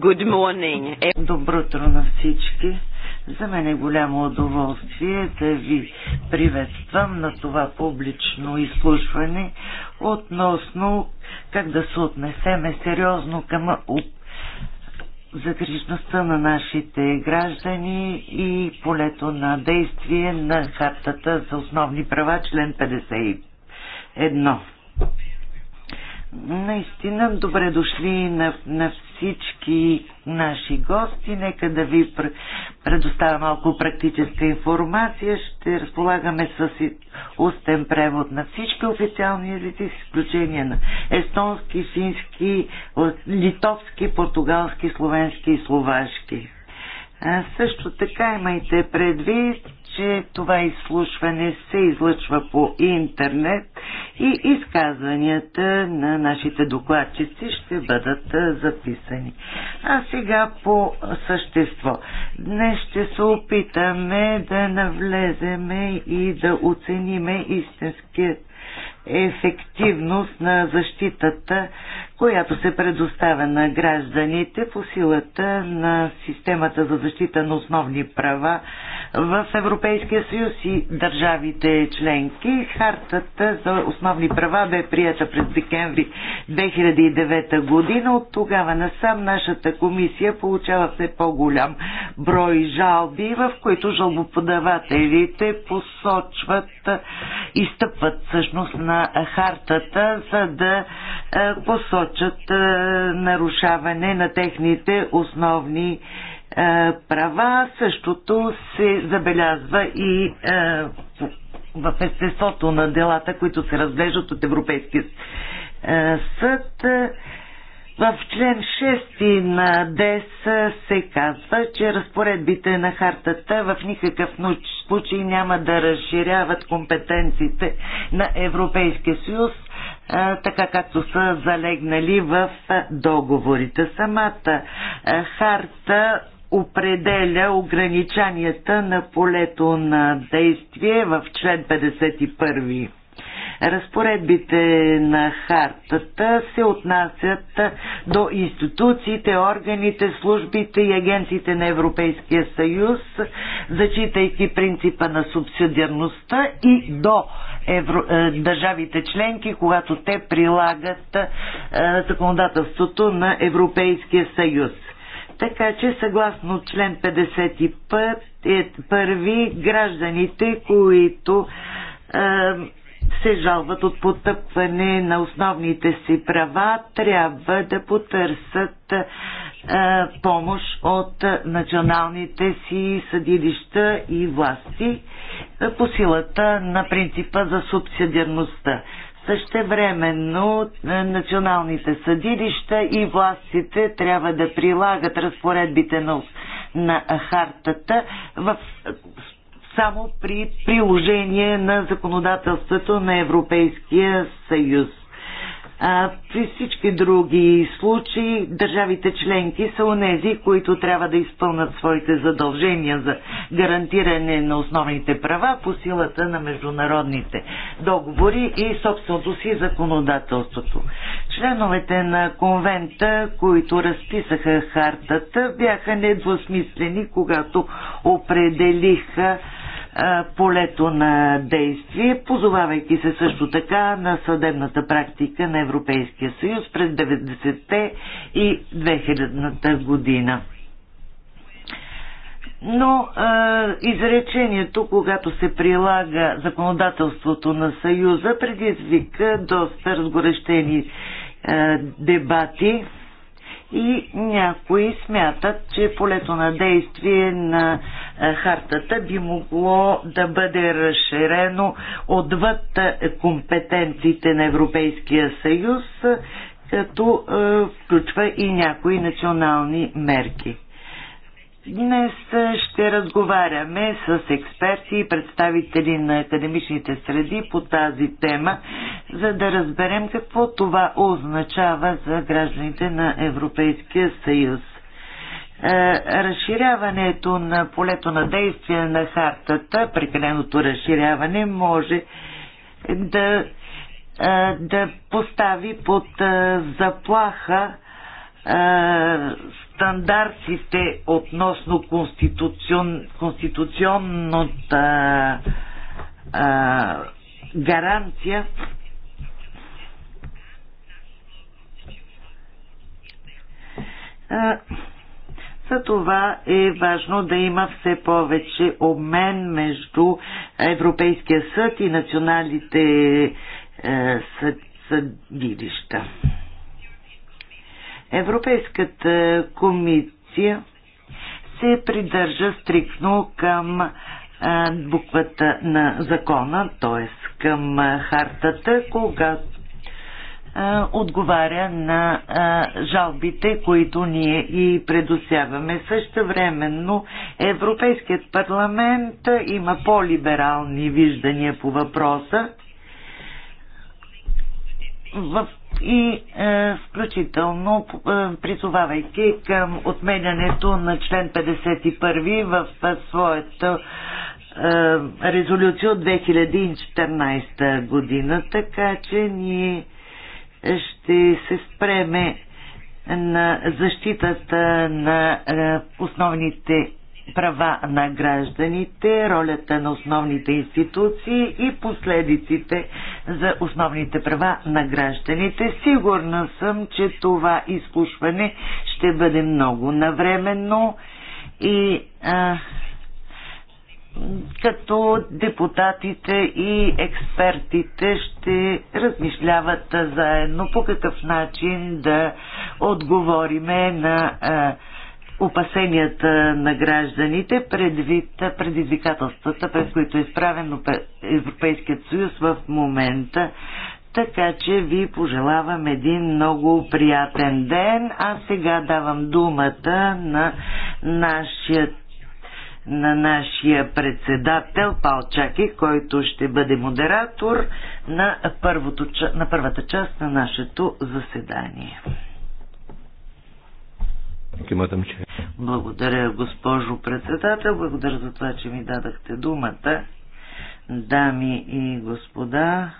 Good morning. Добро утро на всички. За мен е голямо удоволствие да ви приветствам на това публично изслушване относно как да се отнесеме сериозно към загрижността на нашите граждани и полето на действие на Хартата за основни права, член 51 наистина добре дошли на, на всички наши гости. Нека да ви предоставя малко практическа информация. Ще разполагаме с устен превод на всички официални езици, с изключение на естонски, фински, литовски, португалски, словенски и словашки. Също така имайте предвид, че това изслушване се излъчва по интернет и изказванията на нашите докладчици ще бъдат записани. А сега по същество. Днес ще се опитаме да навлеземе и да оцениме истинският ефективност на защитата, която се предоставя на гражданите по силата на системата за защита на основни права в Европейския съюз и държавите членки. Хартата за основни права бе прията през декември 2009 година. От тогава насам нашата комисия получава все по-голям брой жалби, в които жалбоподавателите посочват и стъпват всъщност приложимост на хартата, за да е, посочат е, нарушаване на техните основни е, права. Същото се забелязва и в естеството на делата, които се разглеждат от Европейския съд. В член 6 на ДЕС се казва, че разпоредбите на хартата в никакъв случай няма да разширяват компетенциите на Европейския съюз, така както са залегнали в договорите. Самата харта определя ограниченията на полето на действие в член 51. Разпоредбите на хартата се отнасят до институциите, органите, службите и агенциите на Европейския съюз, зачитайки принципа на субсидиарността и до евро, е, държавите членки, когато те прилагат е, законодателството на Европейския съюз. Така че съгласно член 51 е, първи гражданите, които се жалват от потъпване на основните си права, трябва да потърсят е, помощ от националните си съдилища и власти е, по силата на принципа за субсидиарността. Същевременно е, националните съдилища и властите трябва да прилагат разпоредбите на, на хартата в само при приложение на законодателството на Европейския съюз. А, при всички други случаи държавите членки са онези, които трябва да изпълнат своите задължения за гарантиране на основните права по силата на международните договори и собственото си законодателството. Членовете на конвента, които разписаха хартата, бяха недвусмислени, когато определиха полето на действие, позовавайки се също така на съдебната практика на Европейския съюз през 90-те и 2000-та година. Но е, изречението, когато се прилага законодателството на Съюза, предизвика доста разгорещени е, дебати и някои смятат, че полето на действие на е, хартата би могло да бъде разширено отвъд е, компетенциите на Европейския съюз, е, като включва и някои национални мерки. Днес е, ще разговаряме с експерти и представители на академичните среди по тази тема, за да разберем какво това означава за гражданите на Европейския съюз. Е, разширяването на полето на действие на хартата, прекаленото разширяване, може да, е, да постави под заплаха стандартите относно конституцион, конституционната а, гаранция а, за това е важно да има все повече обмен между Европейския съд и националните е, съд, съдилища. Европейската комисия се придържа стрикно към буквата на закона, т.е. към хартата, когато отговаря на жалбите, които ние и предосяваме. временно Европейският парламент има по-либерални виждания по въпроса в, и е, включително е, призовавайки към отменянето на член 51 в, в е, своята е, резолюция от 2014 година, така че ние ще се спреме на защитата на е, основните права на гражданите, ролята на основните институции и последиците за основните права на гражданите. Сигурна съм, че това изслушване ще бъде много навременно и а, като депутатите и експертите ще размишляват заедно по какъв начин да отговориме на а, опасенията на гражданите предвид предизвикателствата, пред които е изправен Европейският съюз в момента. Така че ви пожелавам един много приятен ден, а сега давам думата на нашия на нашия председател Палчаки, който ще бъде модератор на, първото, на първата част на нашето заседание. Благодаря, госпожо председател. Благодаря за това, че ми дадахте думата. Дами и господа,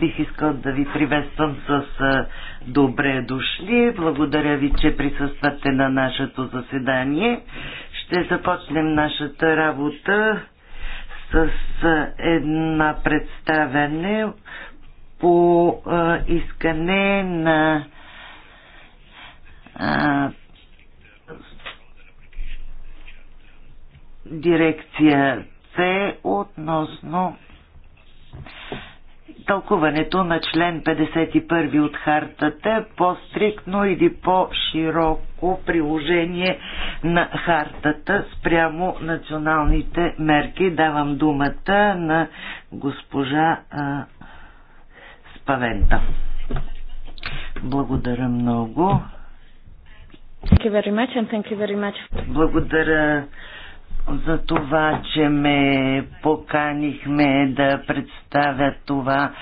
Бих искал да ви приветствам с добре дошли. Благодаря ви, че присъствате на нашето заседание. Ще започнем нашата работа с една представяне по а, искане на а, дирекция С относно тълкуването на член 51 от хартата по-стриктно или по-широко приложение на хартата спрямо националните мерки. Давам думата на госпожа а, Павента. Благодаря много. Благодаря за това, че ме поканихме да представя това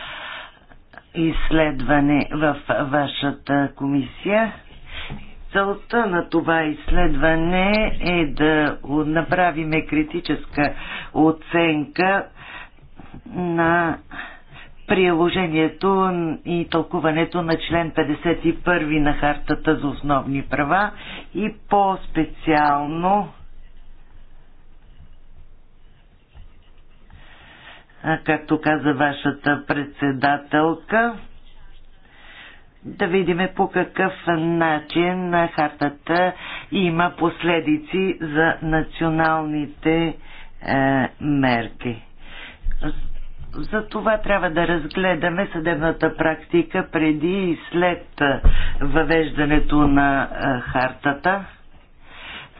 изследване в вашата комисия. Целта на това изследване е да направиме критическа оценка на приложението и тълкуването на член 51 на Хартата за основни права и по-специално както каза вашата председателка, да видим по какъв начин на хартата има последици за националните е, мерки за това трябва да разгледаме съдебната практика преди и след въвеждането на хартата.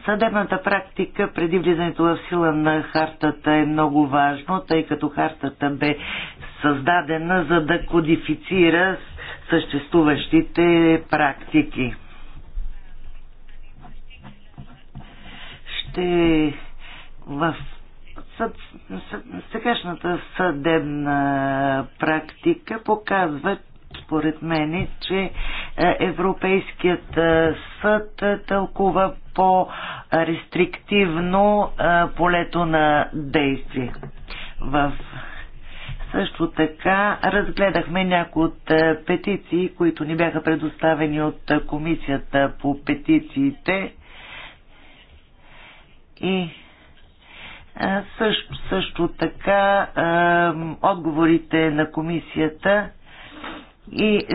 Съдебната практика преди влизането в сила на хартата е много важно, тъй като хартата бе създадена за да кодифицира съществуващите практики. Ще в Съд, сегашната съдебна практика показва, според мен, че е, Европейският е, съд е, тълкува по-рестриктивно полето на действие. В също така разгледахме някои от петиции, които ни бяха предоставени от комисията по петициите и е, също, също така е, отговорите на комисията и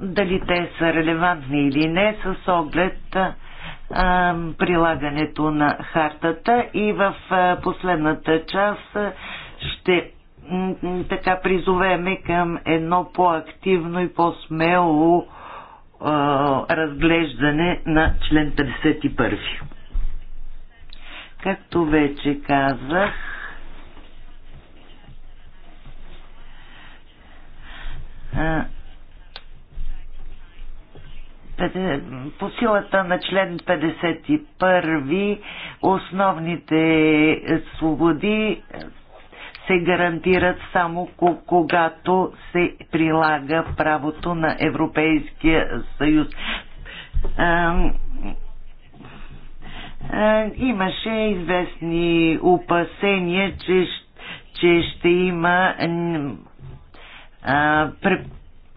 дали те са релевантни или не с оглед е, прилагането на хартата и в последната част ще така призовеме към едно по-активно и по-смело разглеждане на член 51. Както вече казах, по силата на член 51 основните свободи се гарантират само когато се прилага правото на Европейския съюз. Е, имаше известни опасения, че, че ще има а, пре,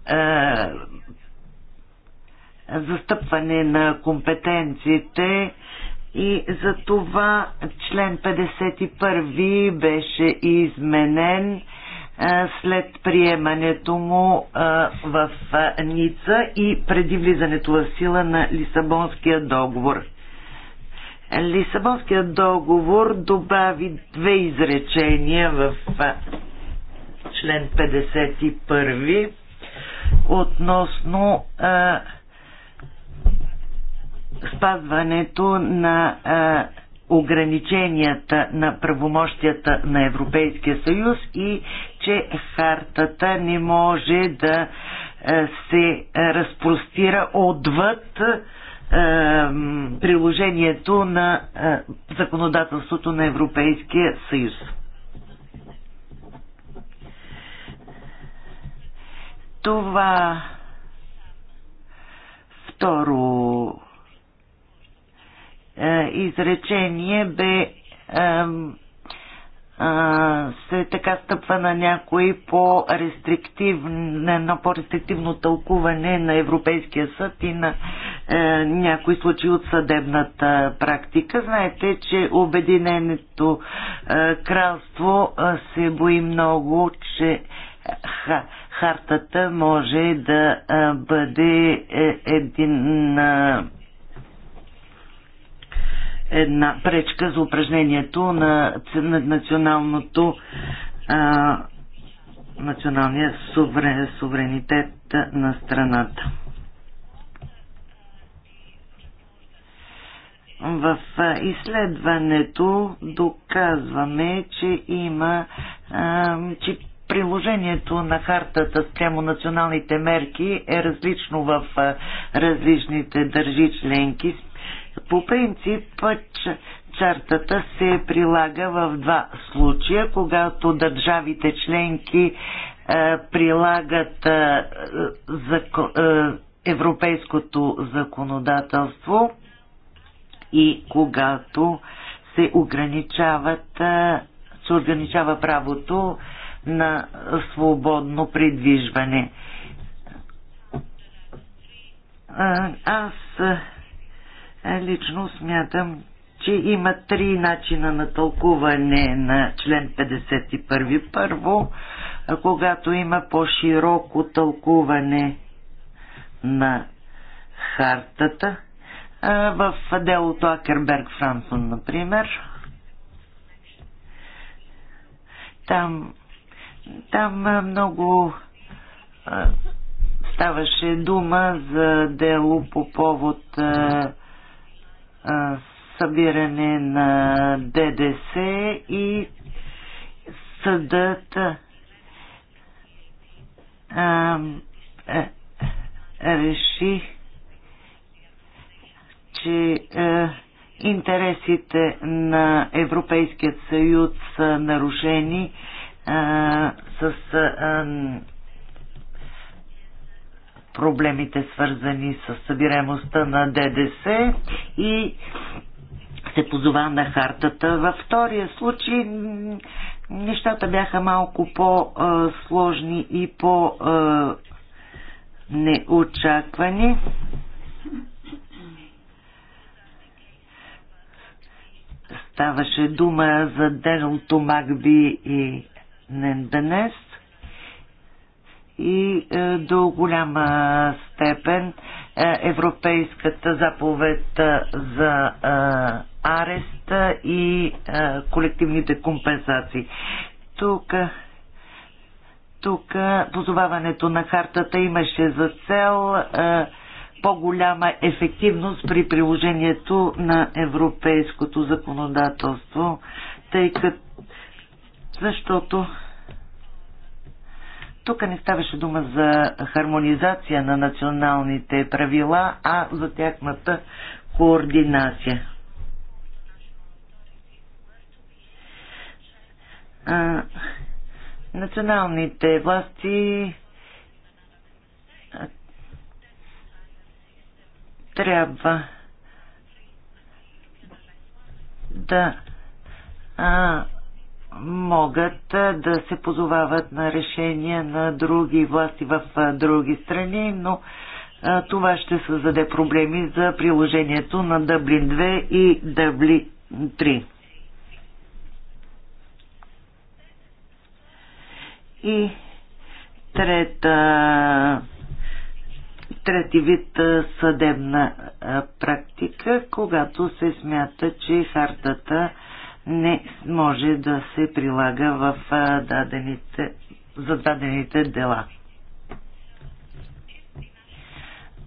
а, застъпване на компетенциите и за това член 51 беше изменен е, след приемането му е, в Ница и преди влизането в сила на Лисабонския договор. Лисабонският договор добави две изречения в член 51 относно а, спазването на а, ограниченията на правомощията на Европейския съюз и че хартата не може да се разпростира отвъд а, приложението на законодателството на Европейския съюз. Това второ изречение бе се така стъпва на някои по-рестриктивно, по-рестриктивно тълкуване на Европейския съд и на е, някои случаи от съдебната практика. Знаете, че Обединеното е, кралство е, се бои много, че е, ха, хартата може да е, бъде е, един. Е, една пречка за упражнението на, на националното а, националния суверен, суверенитет на страната. В изследването доказваме, че има, а, че приложението на хартата спрямо националните мерки е различно в различните държи членки. По принцип, чартата се прилага в два случая, когато държавите членки е, прилагат е, е, европейското законодателство и когато се ограничават, се ограничава правото на свободно придвижване. Аз лично смятам, че има три начина на тълкуване на член 51. Първо, когато има по-широко тълкуване на хартата, в делото Акерберг Франсон, например, там, там много ставаше дума за дело по повод а, събиране на ДДС и съдът а, а, е, реши, че а, интересите на Европейският съюз са нарушени а, с а, проблемите свързани с събираемостта на ДДС и се позова на хартата. Във втория случай нещата бяха малко по-сложни и по-неочаквани. Ставаше дума за Денел магби и Ненденес и е, до голяма степен е, Европейската заповед е, за арест и колективните компенсации. Тук тук позоваването на хартата имаше за цел по-голяма ефективност при приложението на европейското законодателство, тъй като защото тук не ставаше дума за хармонизация на националните правила, а за тяхната координация. А, националните власти а, трябва да а, могат да се позовават на решения на други власти в други страни, но това ще създаде проблеми за приложението на Дъблин 2 и Дъблин 3. И трета, трети вид съдебна практика, когато се смята, че хартата не може да се прилага в дадените, за дадените дела.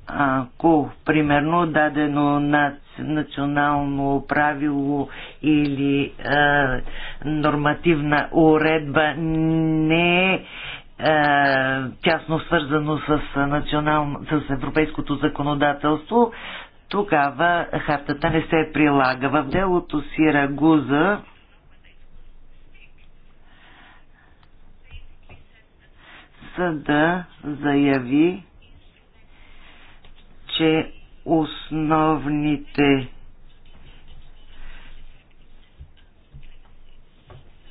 Ако, примерно, дадено национално правило или е, нормативна уредба не е тясно свързано с, национално, с европейското законодателство, тогава хартата не се прилага. В делото си Рагуза съда заяви, че основните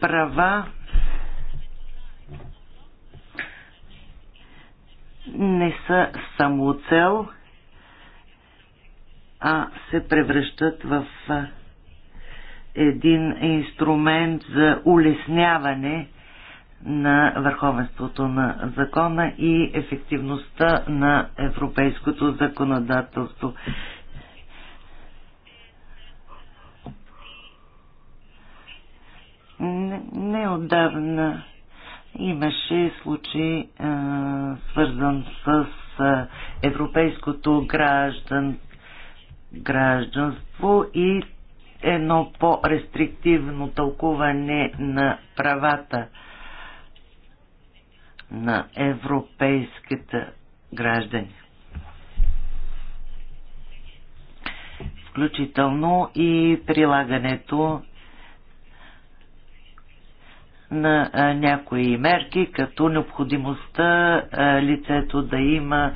права не са самоцел, а се превръщат в един инструмент за улесняване на върховенството на закона и ефективността на европейското законодателство. Неодавна имаше случай свързан с европейското граждан, гражданство и едно по-рестриктивно тълкуване на правата на европейските граждани. Включително и прилагането на някои мерки, като необходимостта лицето да има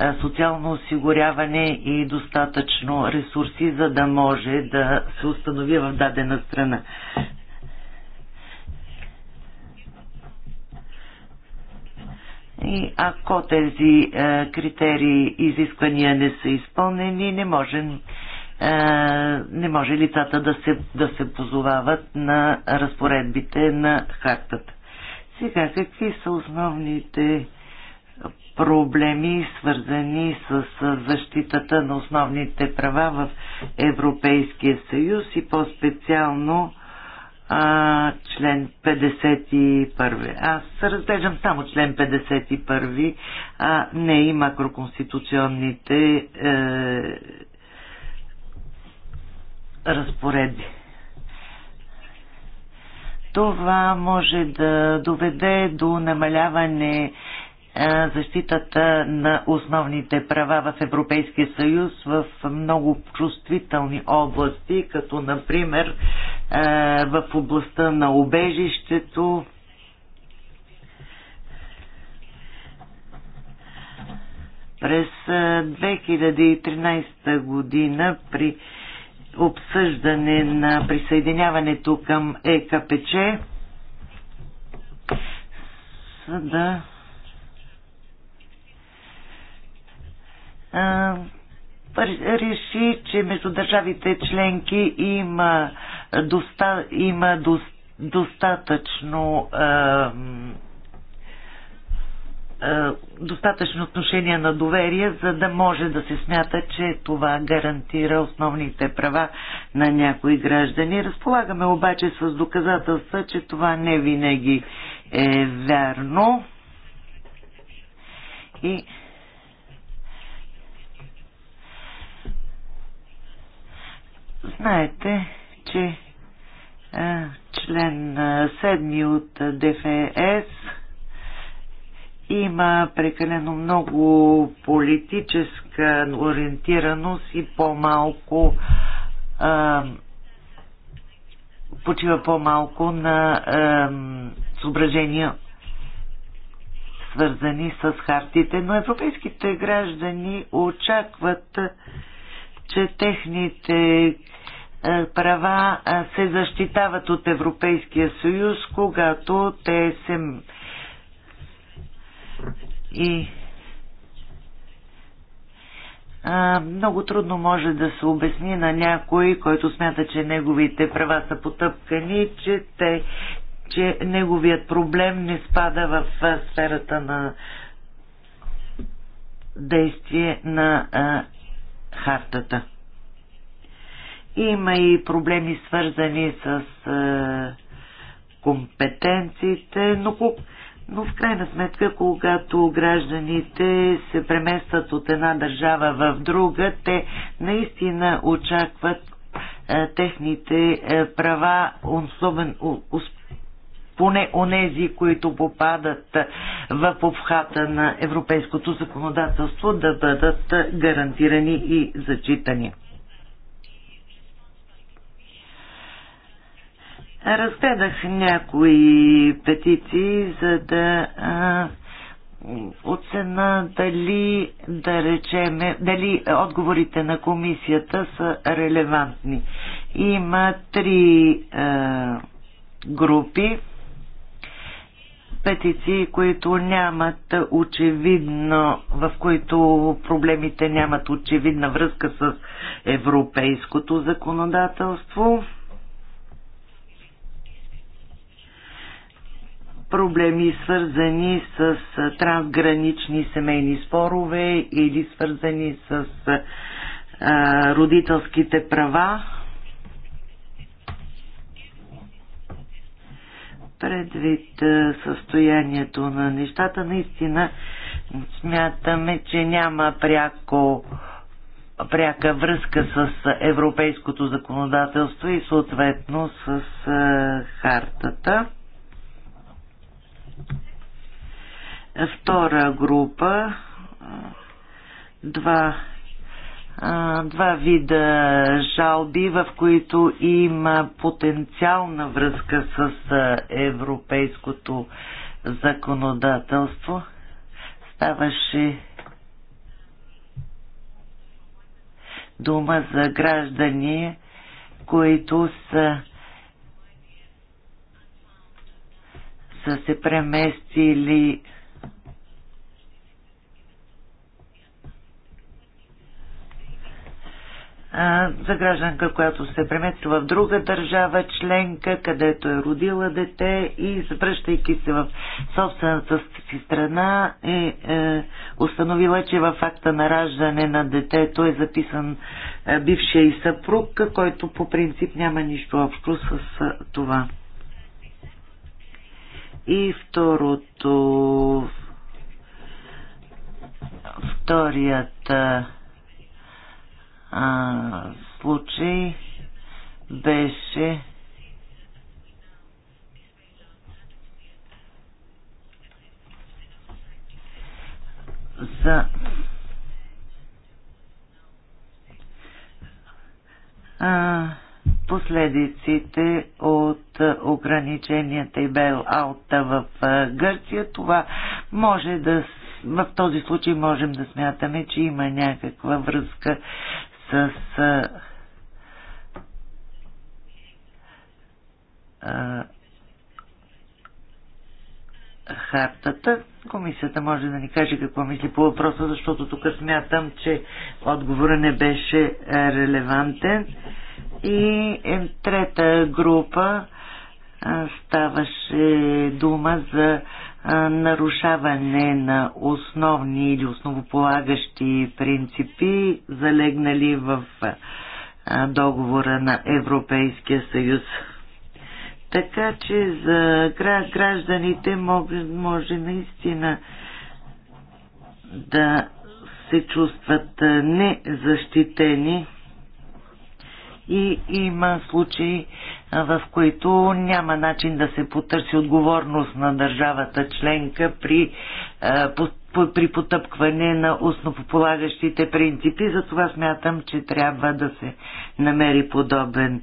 е, социално осигуряване и достатъчно ресурси, за да може да се установи в дадена страна. И ако тези е, критерии изисквания не са изпълнени, не можем е, не може лицата да се, да се позовават на разпоредбите на хартата. Сега, какви са основните проблеми, свързани с защитата на основните права в Европейския съюз и по-специално член 51. Аз разглеждам само член 51, а не и макроконституционните е, разпореди. Това може да доведе до намаляване защитата на основните права в Европейския съюз в много чувствителни области, като например в областта на убежището, През 2013 година при обсъждане на присъединяването към ЕКПЧ да реши, че между държавите членки има, доста, има до, достатъчно достатъчно отношение на доверие, за да може да се смята, че това гарантира основните права на някои граждани. Разполагаме обаче с доказателства, че това не винаги е вярно. И Знаете, че а, член 7 от ДФС има прекалено много политическа ориентираност и по-малко почива по-малко на а, съображения свързани с хартите, но европейските граждани очакват че техните е, права е, се защитават от Европейския съюз, когато те се и а, е, много трудно може да се обясни на някой, който смята, че неговите права са потъпкани, че, те, че неговият проблем не спада в сферата на действие на а, хартата. Има и проблеми свързани с е, компетенциите, но, но в крайна сметка, когато гражданите се преместват от една държава в друга, те наистина очакват е, техните е, права, особено поне онези, които попадат в обхата на европейското законодателство, да бъдат гарантирани и зачитани. Разгледах някои петиции, за да а, оцена дали, да речеме, дали отговорите на комисията са релевантни. Има три а, групи петиции, които нямат очевидно, в които проблемите нямат очевидна връзка с европейското законодателство. Проблеми свързани с трансгранични семейни спорове или свързани с родителските права Предвид състоянието на нещата, наистина смятаме, че няма пряко пряка връзка с европейското законодателство и съответно с хартата. Втора група, два два вида жалби, в които има потенциална връзка с европейското законодателство. Ставаше дума за граждани, които са са се преместили за гражданка, която се премести в друга държава членка, където е родила дете и връщайки се в собствената си страна е, е установила, че в акта на раждане на детето е записан е, бившия и съпруг, който по принцип няма нищо общо с е, това. И второто вторият е, а, случай беше за а, последиците от ограниченията и бейлаута в Гърция. Това може да в този случай можем да смятаме, че има някаква връзка с а, хартата. Комисията може да ни каже какво мисли по въпроса, защото тук смятам, че отговора не беше е, релевантен. И е, трета група ставаше дума за нарушаване на основни или основополагащи принципи, залегнали в договора на Европейския съюз. Така че за гражданите може, може наистина да се чувстват незащитени и има случаи, в които няма начин да се потърси отговорност на държавата членка при, е, при потъпкване на основополагащите принципи. Затова смятам, че трябва да се намери подобен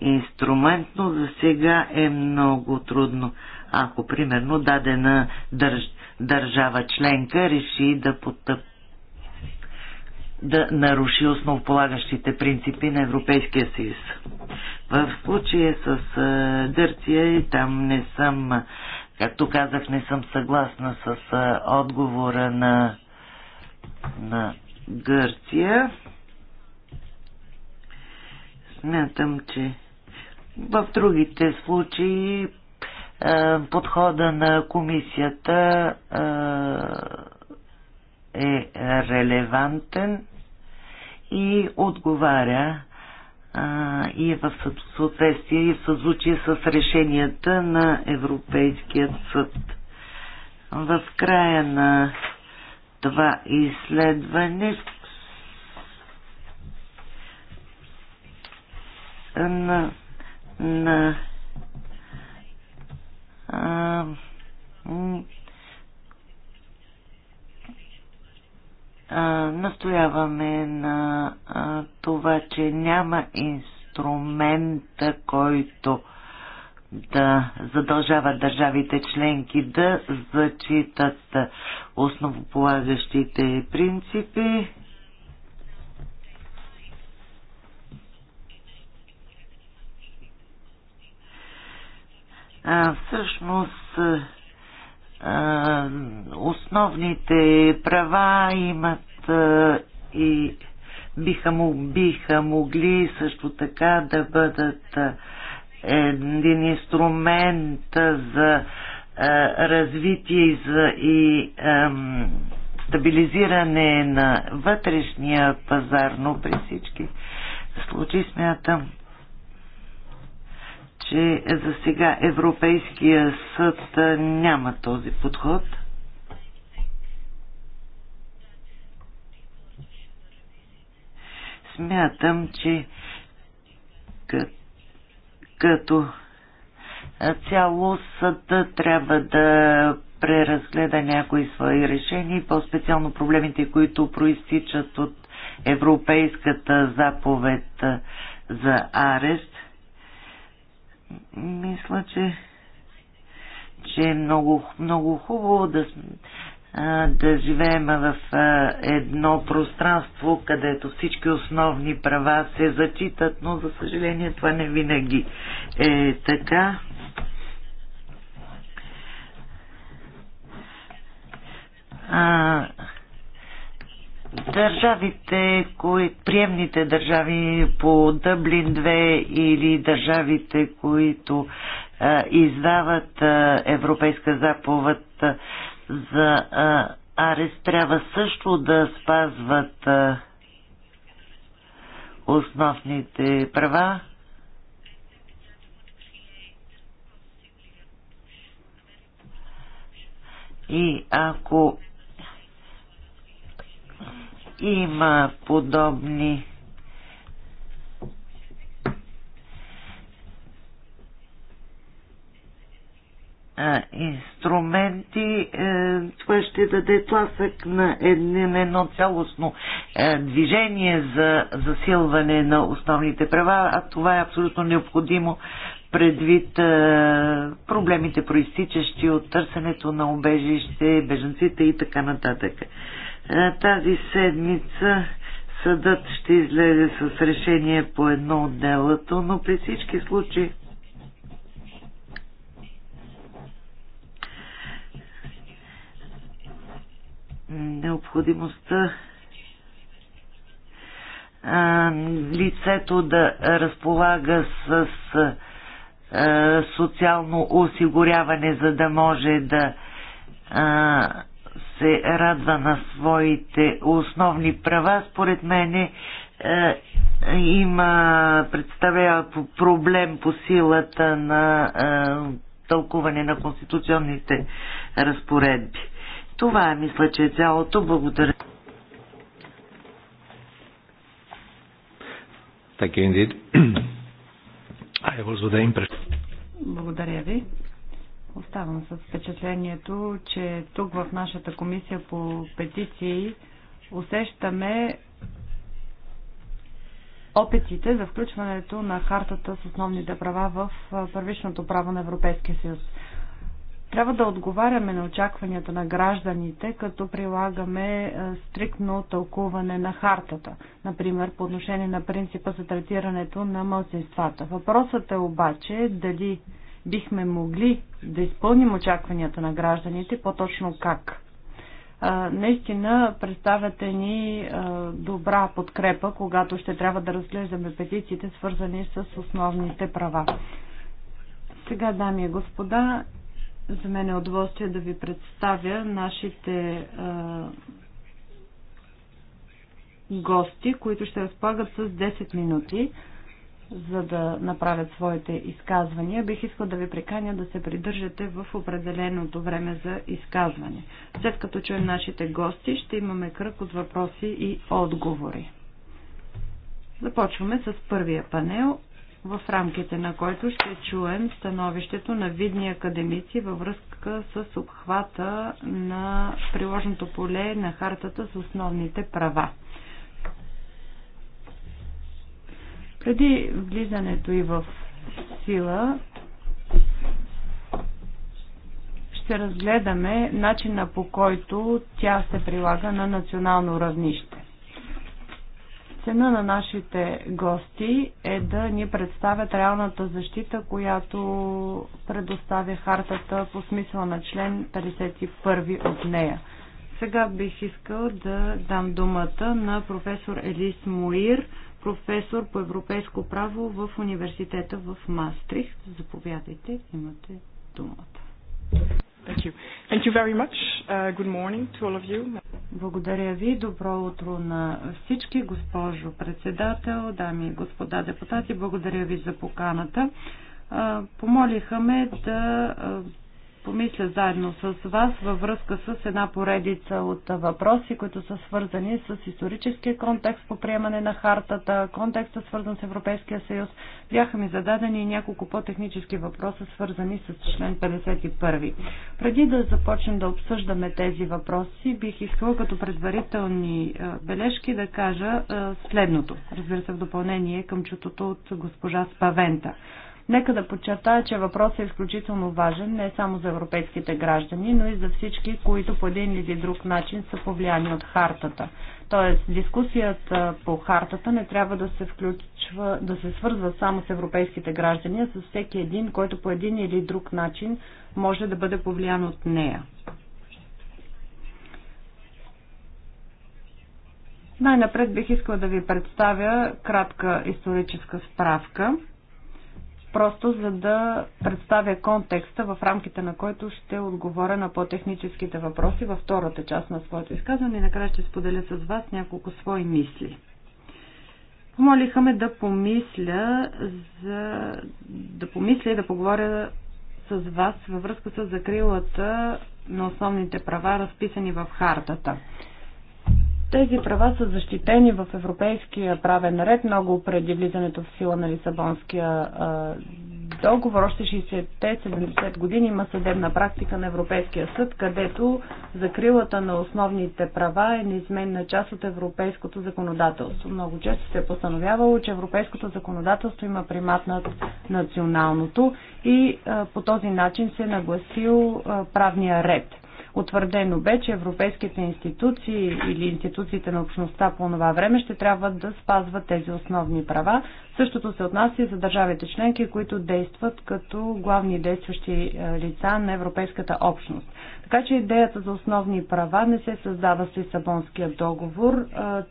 инструмент, но за сега е много трудно. Ако, примерно, дадена държ, държава членка реши да потъп да наруши основополагащите принципи на Европейския съюз. В случая с Гърция и там не съм, както казах, не съм съгласна с отговора на, на Гърция. Смятам, че в другите случаи подхода на комисията е релевантен и отговаря а, и е в съответствие и е в съзвучие с решенията на Европейският съд. В края на това изследване на, на а, настояваме на а, това, че няма инструмента, който да задължава държавите членки да зачитат основополагащите принципи. А, всъщност основните права имат а, и биха, му, биха могли също така да бъдат а, един инструмент а, за а, развитие и, за, и а, стабилизиране на вътрешния пазар, но при всички случаи смятам, че за сега Европейския съд няма този подход. Смятам, че като цяло съд трябва да преразгледа някои свои решения и по-специално проблемите, които проистичат от Европейската заповед за арест мисля, че, че е много, много хубаво да, да живеем в едно пространство, където всички основни права се зачитат, но за съжаление това не винаги е така. А, Държавите, кои, приемните държави по Дъблин 2 или държавите, които а, издават а, Европейска заповед а, за а, арест, трябва също да спазват а, основните права. И ако има подобни инструменти, е, това ще даде тласък на едно, едно цялостно е, движение за засилване на основните права, а това е абсолютно необходимо предвид е, проблемите, проистичащи от търсенето на убежище, беженците и така нататък. Е, тази седмица съдът ще излезе с решение по едно от делото, но при всички случаи необходимостта а, лицето да разполага с а, социално осигуряване, за да може да а, се радва на своите основни права, според мен е, има, представлява проблем по силата на е, тълкуване на конституционните разпоредби. Това е, мисля, че е цялото. Благодаря. Thank you indeed. I was the impression. Благодаря ви. Оставам с впечатлението, че тук в нашата комисия по петиции усещаме опитите за включването на хартата с основните права в първичното право на Европейския съюз. Трябва да отговаряме на очакванията на гражданите, като прилагаме стриктно тълкуване на хартата, например по отношение на принципа за третирането на мълцинствата. Въпросът е обаче дали бихме могли да изпълним очакванията на гражданите, по-точно как? наистина представяте ни добра подкрепа, когато ще трябва да разглеждаме петициите, свързани с основните права. Сега, дами и господа, за мен е удоволствие да ви представя нашите гости, които ще разполагат с 10 минути за да направят своите изказвания. Бих искал да ви приканя да се придържате в определеното време за изказване. След като чуем нашите гости, ще имаме кръг от въпроси и отговори. Започваме с първия панел, в рамките на който ще чуем становището на видни академици във връзка с обхвата на приложното поле на хартата с основните права. Преди влизането и в сила ще разгледаме начина по който тя се прилага на национално равнище. Цена на нашите гости е да ни представят реалната защита, която предоставя хартата по смисъла на член 51 от нея. Сега бих искал да дам думата на професор Елис Муир, професор по европейско право в университета в Мастрихт. Заповядайте, имате думата. Thank you. Thank you very much. Uh, good morning to all of you. Благодаря ви. Добро утро на всички, госпожо председател, дами и господа депутати. Благодаря ви за поканата. Uh, помолиха ме да uh, помисля заедно с вас във връзка с една поредица от въпроси, които са свързани с историческия контекст по приемане на хартата, контекста свързан с Европейския съюз. Бяха ми зададени и няколко по-технически въпроса, свързани с член 51. Преди да започнем да обсъждаме тези въпроси, бих искала като предварителни е, бележки да кажа е, следното, разбира се в допълнение към чутото от госпожа Спавента. Нека да подчертая, че въпросът е изключително важен не само за европейските граждани, но и за всички, които по един или друг начин са повлияни от хартата. Тоест, дискусията по хартата не трябва да се включва, да се свързва само с европейските граждани, а с всеки един, който по един или друг начин може да бъде повлиян от нея. Най-напред бих искала да ви представя кратка историческа справка – просто за да представя контекста в рамките на който ще отговоря на по-техническите въпроси във втората част на своето изказване и накрая ще споделя с вас няколко свои мисли. Помолиха ме да помисля за... да помисля и да поговоря с вас във връзка с закрилата на основните права, разписани в хартата. Тези права са защитени в европейския правен ред много преди влизането в сила на Лисабонския договор. Още 60-70 години има съдебна практика на Европейския съд, където закрилата на основните права е неизменна част от европейското законодателство. Много често се е постановявало, че европейското законодателство има примат над националното и по този начин се е нагласил правния ред – Утвърдено бе, че европейските институции или институциите на общността по това време ще трябва да спазват тези основни права. Същото се отнася и за държавите членки, които действат като главни действащи е, лица на Европейската общност. Така че идеята за основни права не се създава с Лисабонския договор, е,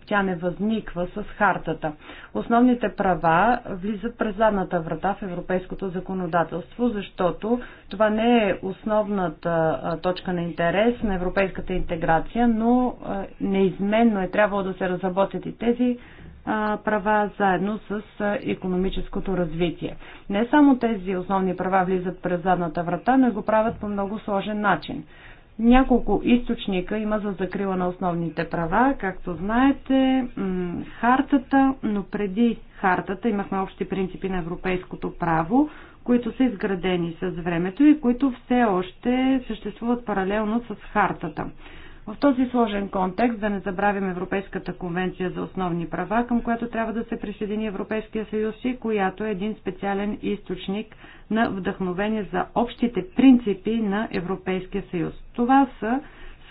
тя не възниква с хартата. Основните права влизат през задната врата в европейското законодателство, защото това не е основната е, точка на интерес интерес на европейската интеграция, но неизменно е трябвало да се разработят и тези права заедно с економическото развитие. Не само тези основни права влизат през задната врата, но и го правят по много сложен начин. Няколко източника има за закрила на основните права, както знаете, хартата, но преди хартата имахме общи принципи на европейското право, които са изградени с времето и които все още съществуват паралелно с хартата. В този сложен контекст да не забравим Европейската конвенция за основни права, към която трябва да се присъедини Европейския съюз и която е един специален източник на вдъхновение за общите принципи на Европейския съюз. Това са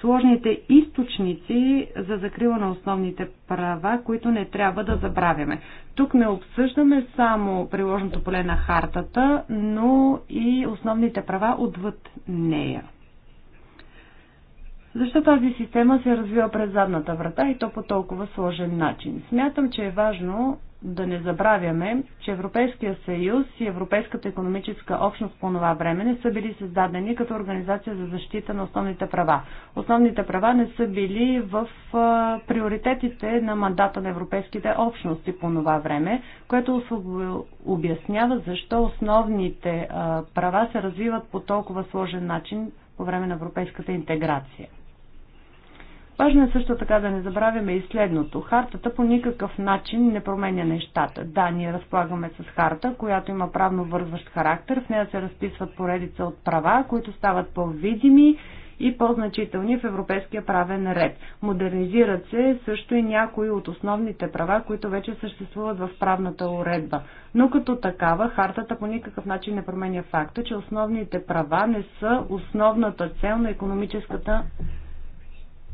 сложните източници за закрила на основните права, които не трябва да забравяме. Тук не обсъждаме само приложното поле на хартата, но и основните права отвъд нея. Защо тази система се е развива през задната врата и то по толкова сложен начин? Смятам, че е важно да не забравяме, че Европейския съюз и Европейската економическа общност по това време не са били създадени като организация за защита на основните права. Основните права не са били в приоритетите на мандата на европейските общности по това време, което обяснява защо основните права се развиват по толкова сложен начин по време на европейската интеграция. Важно е също така да не забравяме и следното. Хартата по никакъв начин не променя нещата. Да, ние разполагаме с харта, която има правно вързващ характер. В нея се разписват поредица от права, които стават по-видими и по-значителни в европейския правен ред. Модернизират се също и някои от основните права, които вече съществуват в правната уредба. Но като такава, хартата по никакъв начин не променя факта, че основните права не са основната цел на економическата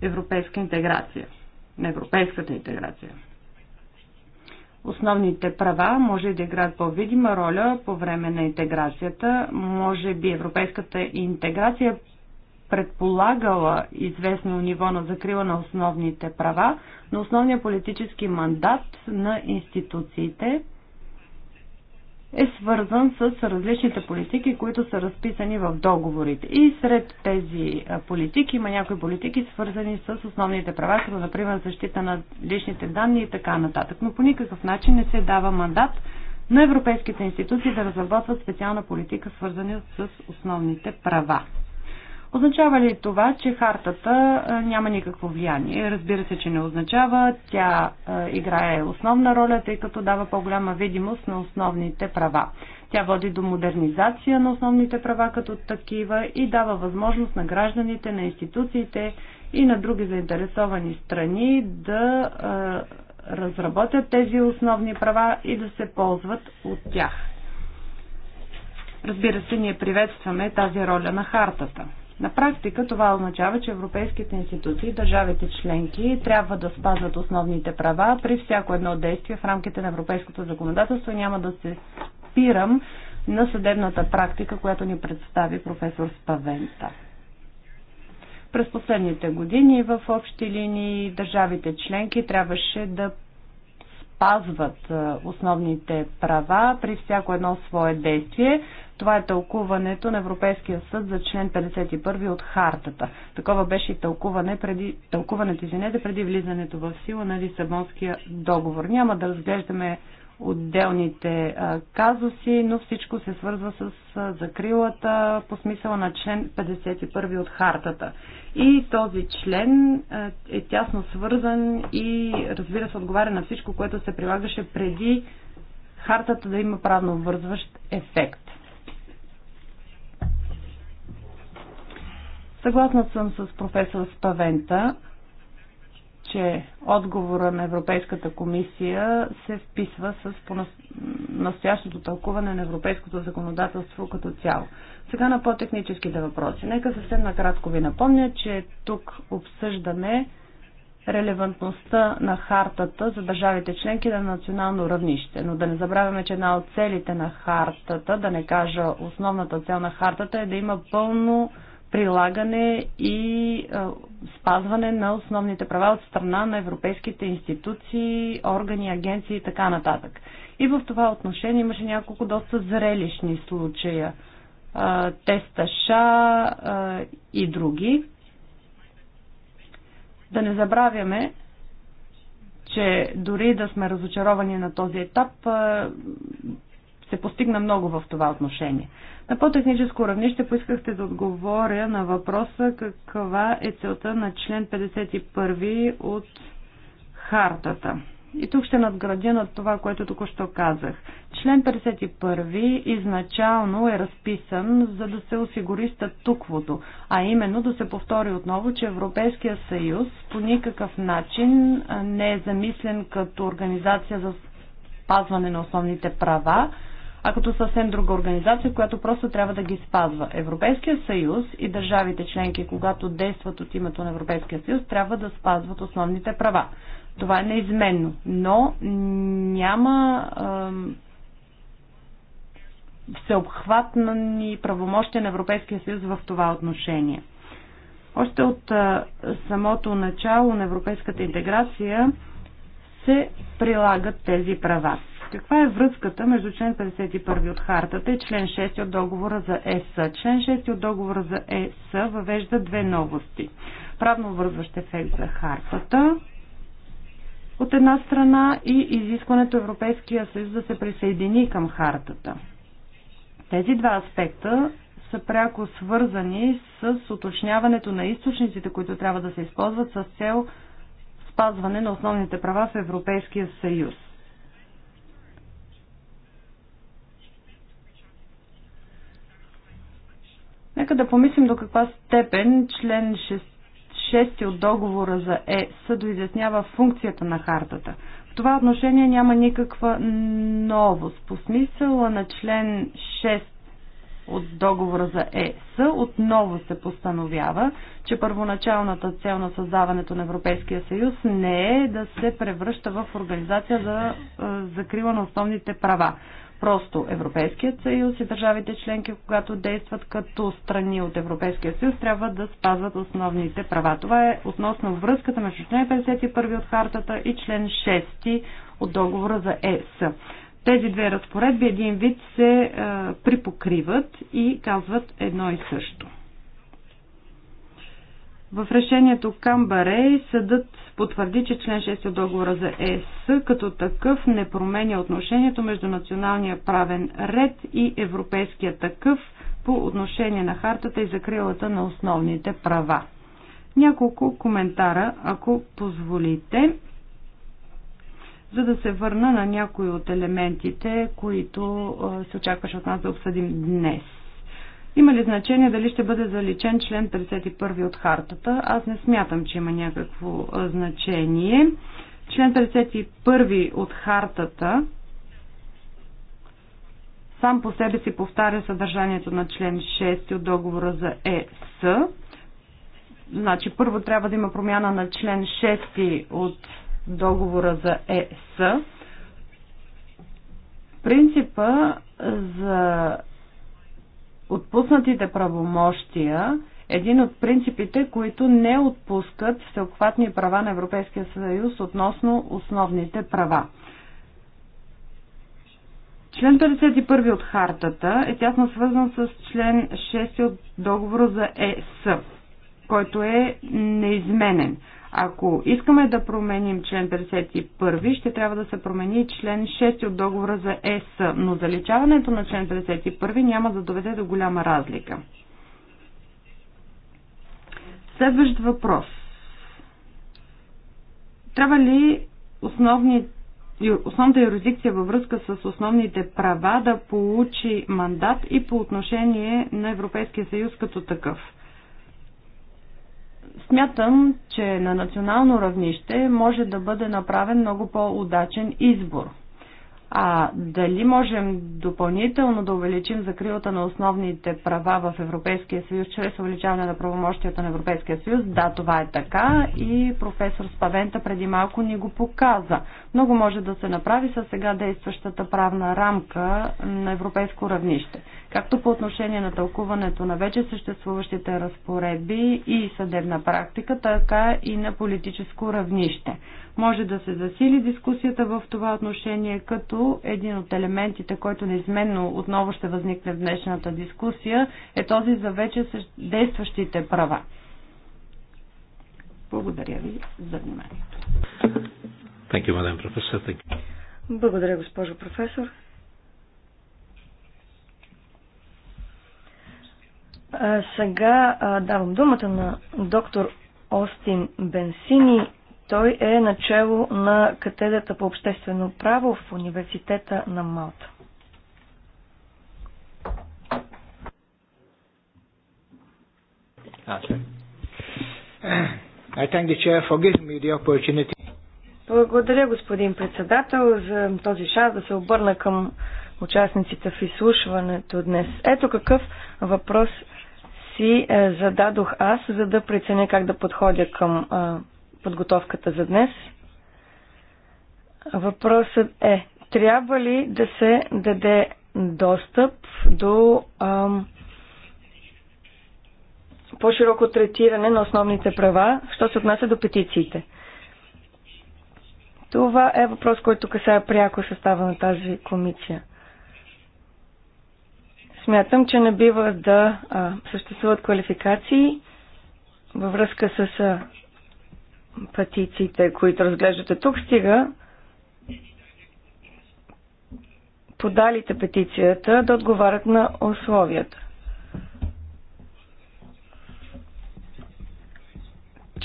европейска интеграция, на европейската интеграция. Основните права може да играят по-видима роля по време на интеграцията. Може би европейската интеграция предполагала известно ниво на закрила на основните права, но основният политически мандат на институциите – е свързан с различните политики, които са разписани в договорите. И сред тези политики има някои политики, свързани с основните права, като например защита на личните данни и така нататък. Но по никакъв начин не се дава мандат на европейските институции да разработват специална политика, свързана с основните права. Означава ли това, че хартата няма никакво влияние? Разбира се, че не означава. Тя играе основна роля, тъй като дава по-голяма видимост на основните права. Тя води до модернизация на основните права като такива и дава възможност на гражданите, на институциите и на други заинтересовани страни да разработят тези основни права и да се ползват от тях. Разбира се, ние приветстваме тази роля на хартата. На практика това означава, че европейските институции и държавите членки трябва да спазват основните права при всяко едно действие в рамките на европейското законодателство. Няма да се спирам на съдебната практика, която ни представи професор Спавента. През последните години в общи линии държавите членки трябваше да спазват е, основните права при всяко едно свое действие. Това е тълкуването на Европейския съд за член 51 от хартата. Такова беше и тълкуване преди, тълкуването извинете, преди влизането в сила на Лисабонския договор. Няма да разглеждаме отделните а, казуси, но всичко се свързва с а, закрилата по смисъла на член 51 от хартата. И този член а, е тясно свързан и разбира се отговаря на всичко, което се прилагаше преди хартата да има правно вързващ ефект. Съгласна съм с професор Спавента, че отговора на Европейската комисия се вписва с настоящото тълкуване на европейското законодателство като цяло. Сега на по-техническите въпроси. Нека съвсем накратко ви напомня, че тук обсъждаме релевантността на хартата за държавите членки на национално равнище. Но да не забравяме, че една от целите на хартата, да не кажа основната цел на хартата, е да има пълно прилагане и спазване на основните права от страна на европейските институции, органи, агенции и така нататък. И в това отношение имаше няколко доста зрелищни случая. теста ША и други. Да не забравяме, че дори да сме разочаровани на този етап, се постигна много в това отношение. На по-техническо равнище поискахте да отговоря на въпроса каква е целта на член 51 от хартата. И тук ще надградя на това, което току-що казах. Член 51 изначално е разписан, за да се осигури статуквото, а именно да се повтори отново, че Европейския съюз по никакъв начин не е замислен като организация за спазване на основните права, а като съвсем друга организация, която просто трябва да ги спазва. Европейския съюз и държавите членки, когато действат от името на Европейския съюз, трябва да спазват основните права. Това е неизменно, но няма всеобхватни правомощия на Европейския съюз в това отношение. Още от самото начало на европейската интеграция се прилагат тези права. Каква е връзката между член 51 от хартата и член 6 от договора за ЕС? Член 6 от договора за ЕС въвежда две новости. Правно вързващ ефект за хартата от една страна и изискването Европейския съюз да се присъедини към хартата. Тези два аспекта са пряко свързани с уточняването на източниците, които трябва да се използват с цел спазване на основните права в Европейския съюз. Нека да помислим до каква степен член 6 от договора за ЕС доизяснява функцията на хартата. В това отношение няма никаква новост. По смисъла на член 6 от договора за ЕС отново се постановява, че първоначалната цел на създаването на Европейския съюз не е да се превръща в организация за е, закрила на основните права. Просто Европейският съюз и държавите членки, когато действат като страни от Европейския съюз, трябва да спазват основните права. Това е относно връзката между член 51 от хартата и член 6 от договора за ЕС. Тези две разпоредби един вид се е, припокриват и казват едно и също. В решението Камбарей съдът потвърди, че член 6 от договора за ЕС като такъв не променя отношението между националния правен ред и европейския такъв по отношение на хартата и закрилата на основните права. Няколко коментара, ако позволите, за да се върна на някои от елементите, които се очакваше от нас да обсъдим днес. Има ли значение дали ще бъде заличен член 51 от хартата? Аз не смятам, че има някакво значение. Член 51 от хартата сам по себе си повтаря съдържанието на член 6 от договора за ЕС. Значи първо трябва да има промяна на член 6 от договора за ЕС. Принципа за отпуснатите правомощия един от принципите, които не отпускат всеобхватни права на Европейския съюз относно основните права. Член 51 от хартата е тясно свързан с член 6 от договора за ЕС, който е неизменен. Ако искаме да променим член 51, ще трябва да се промени член 6 от договора за ЕС, но заличаването на член 51 няма да доведе до голяма разлика. Следващ въпрос. Трябва ли основни, основната юрисдикция във връзка с основните права да получи мандат и по отношение на Европейския съюз като такъв? Смятам, че на национално равнище може да бъде направен много по-удачен избор. А дали можем допълнително да увеличим закрилата на основните права в Европейския съюз чрез увеличаване на правомощията на Европейския съюз? Да, това е така и професор Спавента преди малко ни го показа. Много може да се направи с сега действащата правна рамка на европейско равнище както по отношение на тълкуването на вече съществуващите разпоредби и съдебна практика, така и на политическо равнище. Може да се засили дискусията в това отношение, като един от елементите, който неизменно отново ще възникне в днешната дискусия, е този за вече действащите права. Благодаря ви за вниманието. Благодаря, госпожо професор. А, сега а, давам думата на доктор Остин Бенсини. Той е начало на катедрата по обществено право в университета на Малта. Ah, I thank the chair for giving me the opportunity. Благодаря, господин председател, за този шанс да се обърна към участниците в изслушването днес. Ето какъв въпрос си е, зададох аз, за да преценя как да подходя към е, подготовката за днес. Въпросът е, трябва ли да се даде достъп до ам, по-широко третиране на основните права, що се отнася до петициите? Това е въпрос, който касае пряко състава на тази комисия. Смятам, че не бива да а, съществуват квалификации във връзка с а, петициите, които разглеждате тук, стига подалите петицията да отговарят на условията.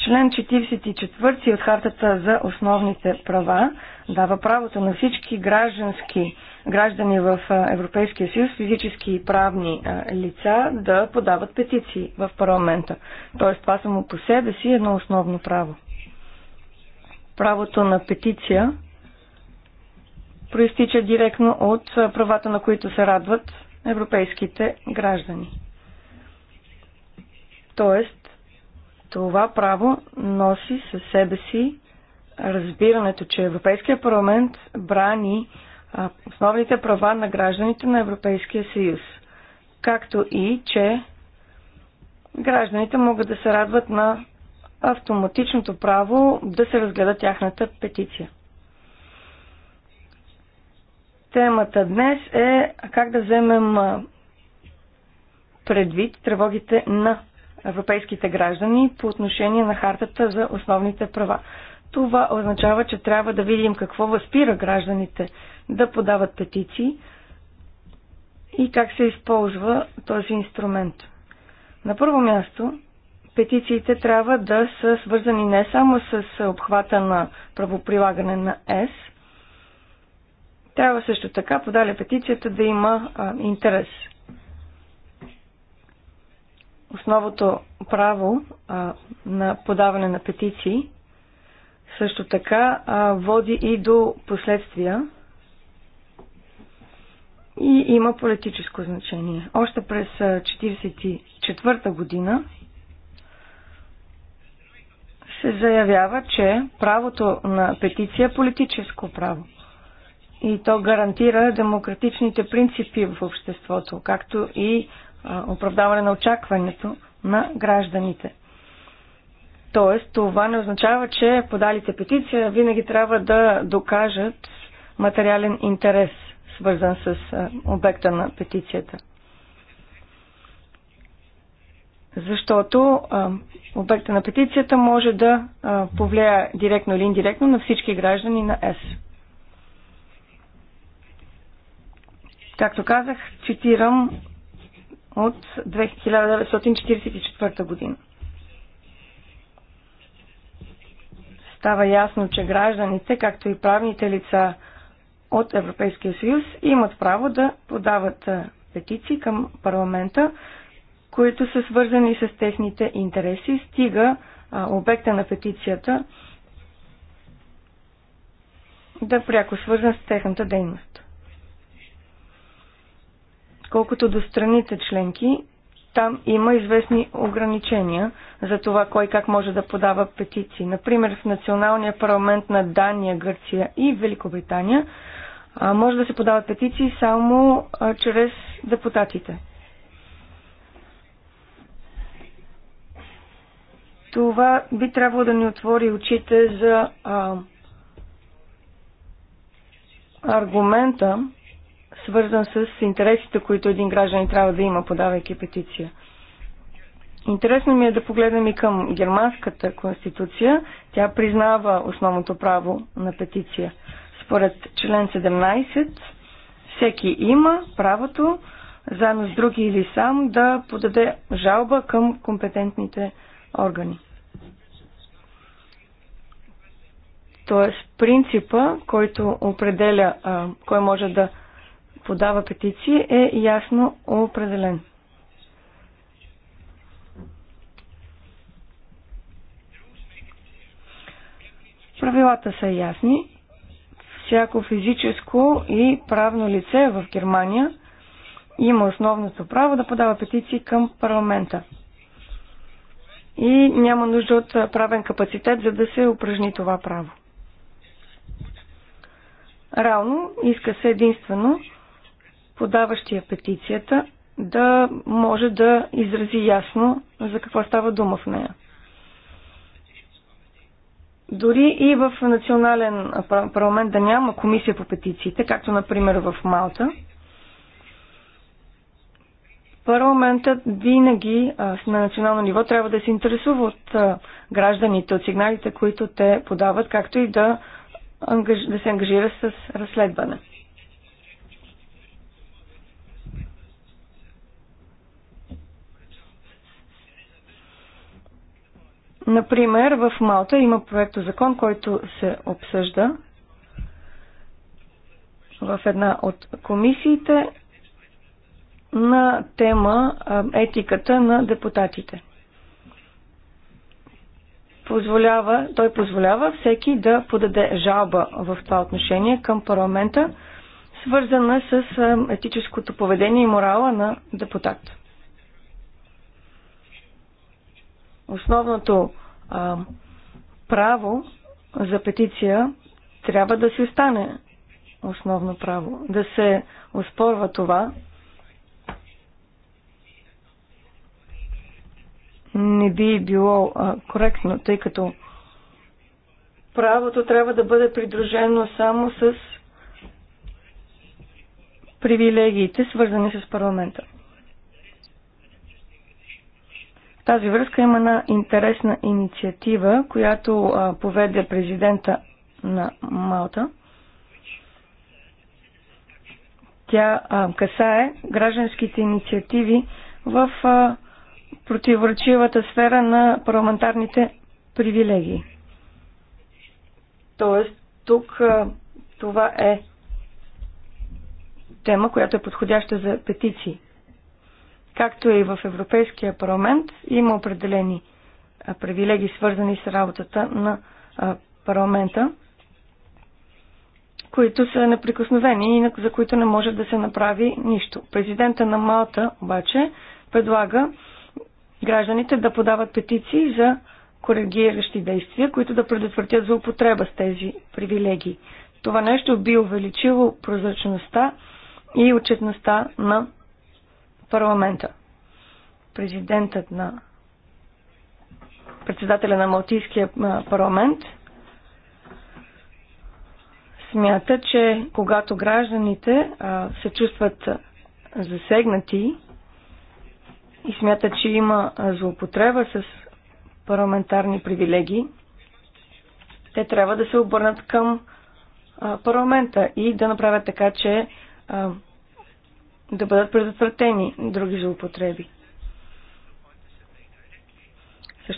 Член 44 от Хартата за основните права дава правото на всички граждански граждани в Европейския съюз, физически и правни лица, да подават петиции в парламента. Тоест това само по себе си е едно основно право. Правото на петиция проистича директно от правата, на които се радват европейските граждани. Тоест, това право носи със себе си разбирането, че Европейския парламент брани основните права на гражданите на Европейския съюз, както и, че гражданите могат да се радват на автоматичното право да се разгледа тяхната петиция. Темата днес е как да вземем предвид тревогите на европейските граждани по отношение на хартата за основните права. Това означава, че трябва да видим какво възпира гражданите да подават петиции и как се използва този инструмент. На първо място, петициите трябва да са свързани не само с обхвата на правоприлагане на ЕС, трябва също така подали петицията да има а, интерес. Основното право а, на подаване на петиции също така а, води и до последствия и има политическо значение. Още през 1944 година се заявява, че правото на петиция е политическо право. И то гарантира демократичните принципи в обществото, както и оправдаване на очакването на гражданите. Тоест, това не означава, че подалите петиция винаги трябва да докажат материален интерес – свързан с обекта на петицията. Защото обекта на петицията може да повлияе директно или индиректно на всички граждани на ЕС. Както казах, цитирам от 1944 година. Става ясно, че гражданите, както и правните лица от Европейския съюз имат право да подават петиции към парламента, които са свързани с техните интереси, стига а, обекта на петицията да е пряко свързан с техната дейност. Колкото до страните членки, там има известни ограничения за това кой как може да подава петиции. Например, в националния парламент на Дания, Гърция и Великобритания – а може да се подават петиции само чрез депутатите. Това би трябвало да ни отвори очите за а, аргумента, свързан с интересите, които един гражданин трябва да има, подавайки петиция. Интересно ми е да погледнем и към германската конституция. Тя признава основното право на петиция. Според член 17 всеки има правото заедно с други или сам да подаде жалба към компетентните органи. Тоест принципа, който определя а, кой може да подава петиции, е ясно определен. Правилата са ясни всяко физическо и правно лице в Германия има основното право да подава петиции към парламента. И няма нужда от правен капацитет, за да се упражни това право. Реално иска се единствено подаващия петицията да може да изрази ясно за какво става дума в нея. Дори и в национален парламент да няма комисия по петициите, както например в Малта, парламентът винаги на национално ниво трябва да се интересува от гражданите, от сигналите, които те подават, както и да, да се ангажира с разследване. Например, в Малта има проект закон, който се обсъжда в една от комисиите на тема етиката на депутатите. Позволява, той позволява всеки да подаде жалба в това отношение към парламента, свързана с етическото поведение и морала на депутата. основното а, право за петиция трябва да си остане основно право. Да се оспорва това не би било а, коректно, тъй като правото трябва да бъде придружено само с привилегиите, свързани с парламента. В тази връзка има една интересна инициатива, която а, поведе президента на Малта. Тя а, касае гражданските инициативи в а, противоречивата сфера на парламентарните привилегии. Тоест, тук а, това е тема, която е подходяща за петиции както е и в Европейския парламент, има определени привилегии, свързани с работата на парламента, които са неприкосновени и за които не може да се направи нищо. Президента на Малта обаче предлага гражданите да подават петиции за коригиращи действия, които да предотвратят злоупотреба с тези привилегии. Това нещо би увеличило прозрачността и отчетността на парламента. Президентът на председателя на Малтийския парламент смята, че когато гражданите се чувстват засегнати и смята, че има злоупотреба с парламентарни привилегии, те трябва да се обърнат към парламента и да направят така, че да бъдат предотвратени други злоупотреби.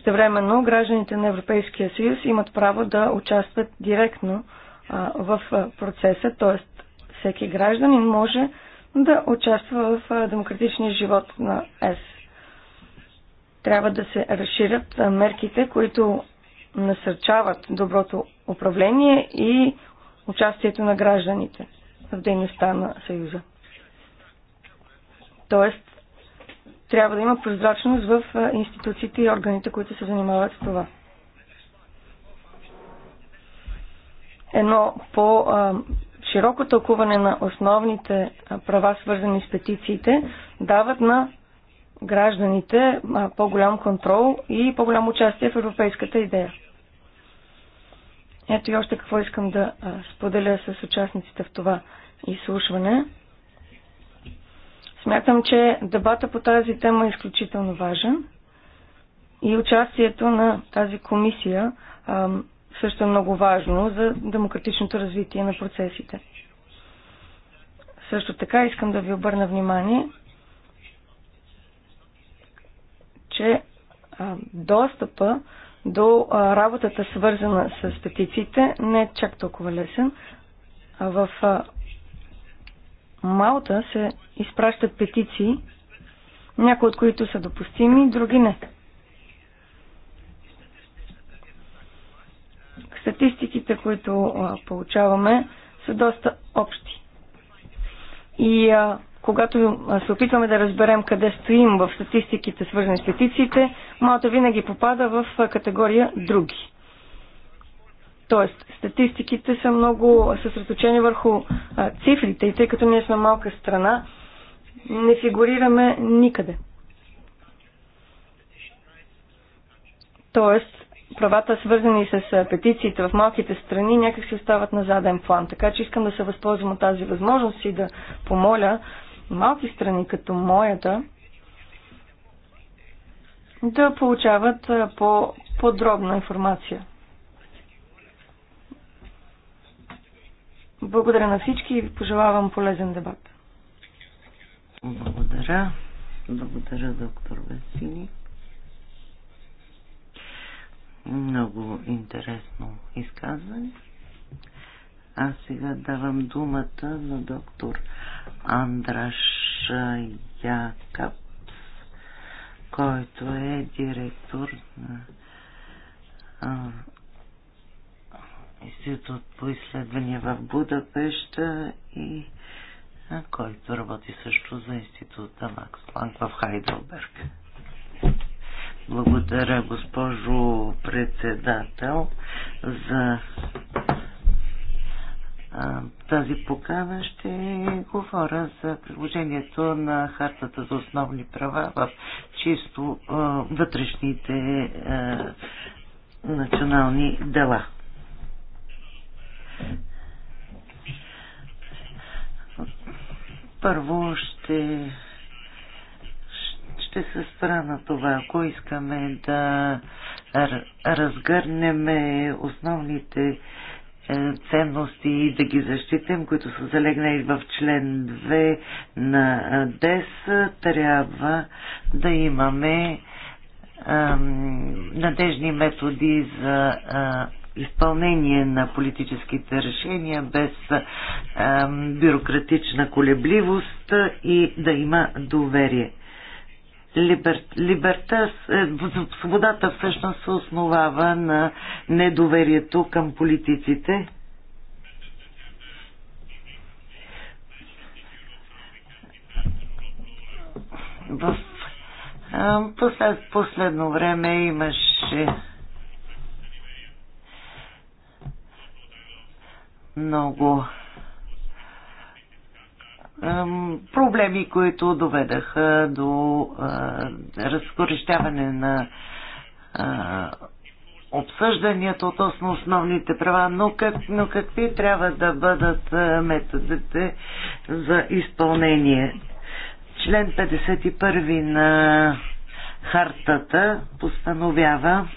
времено гражданите на Европейския съюз имат право да участват директно а, в процеса, т.е. всеки гражданин може да участва в а, демократичния живот на ЕС. Трябва да се разширят а, мерките, които насърчават доброто управление и участието на гражданите в дейността на Съюза. Тоест, трябва да има прозрачност в институциите и органите, които се занимават с това. Едно по-широко тълкуване на основните права, свързани с петициите, дават на гражданите по-голям контрол и по-голямо участие в европейската идея. Ето и още какво искам да споделя с участниците в това изслушване. Смятам, че дебата по тази тема е изключително важен и участието на тази комисия а, също е много важно за демократичното развитие на процесите. Също така искам да ви обърна внимание, че а, достъпа до а, работата, свързана с петициите, не е чак толкова лесен. А в а, Малта се изпращат петиции, някои от които са допустими, други не. Статистиките, които получаваме, са доста общи. И а, когато се опитваме да разберем къде стоим в статистиките, свързани с петициите, Малта винаги попада в категория други. Тоест, статистиките са много съсредоточени върху а, цифрите и тъй като ние сме малка страна, не фигурираме никъде. Тоест, правата свързани с петициите в малките страни някак се остават на заден план. Така че искам да се възползвам от тази възможност и да помоля малки страни като моята да получават по-подробна информация. Благодаря на всички и ви пожелавам полезен дебат. Благодаря. Благодаря, доктор Весини. Много интересно изказване. Аз сега давам думата на доктор Андраш Якабс, който е директор на Институт по изследвания в Будапешта и който работи също за Института Макс Планк в Хайдълберг. Благодаря, госпожо председател, за тази покана ще говоря за приложението на Хартата за основни права в чисто вътрешните национални дела. Първо ще, ще се спра на това, ако искаме да разгърнем основните е, ценности и да ги защитим, които са залегнали в член 2 на е, ДЕС, трябва да имаме надежни методи за изпълнение на политическите решения без а, бюрократична колебливост и да има доверие. Либер, либерта, е, свободата всъщност се основава на недоверието към политиците. В а, послед, последно време имаше много проблеми, които доведаха до разкорещаване на обсъжданията относно основните права, но, как, но какви трябва да бъдат методите за изпълнение? Член 51 на хартата постановява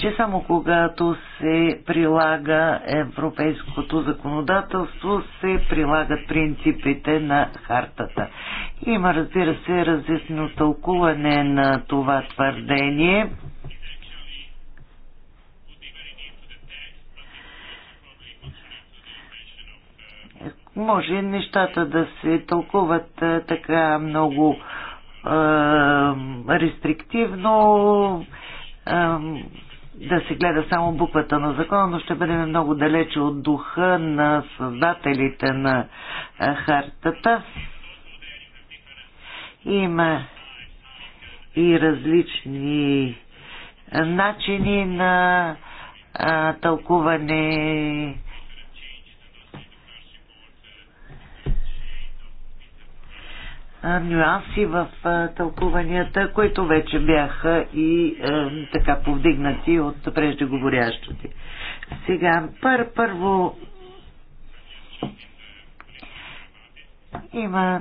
че само когато се прилага европейското законодателство, се прилагат принципите на хартата. Има, разбира се, различно тълкуване на това твърдение. Може нещата да се тълкуват така много е, рестриктивно. Е, да се гледа само буквата на закона, но ще бъдем много далече от духа на създателите на хартата. Има и различни начини на а, тълкуване нюанси в тълкуванията, които вече бяха и така повдигнати от преждеговорящите. Сега, пър, първо има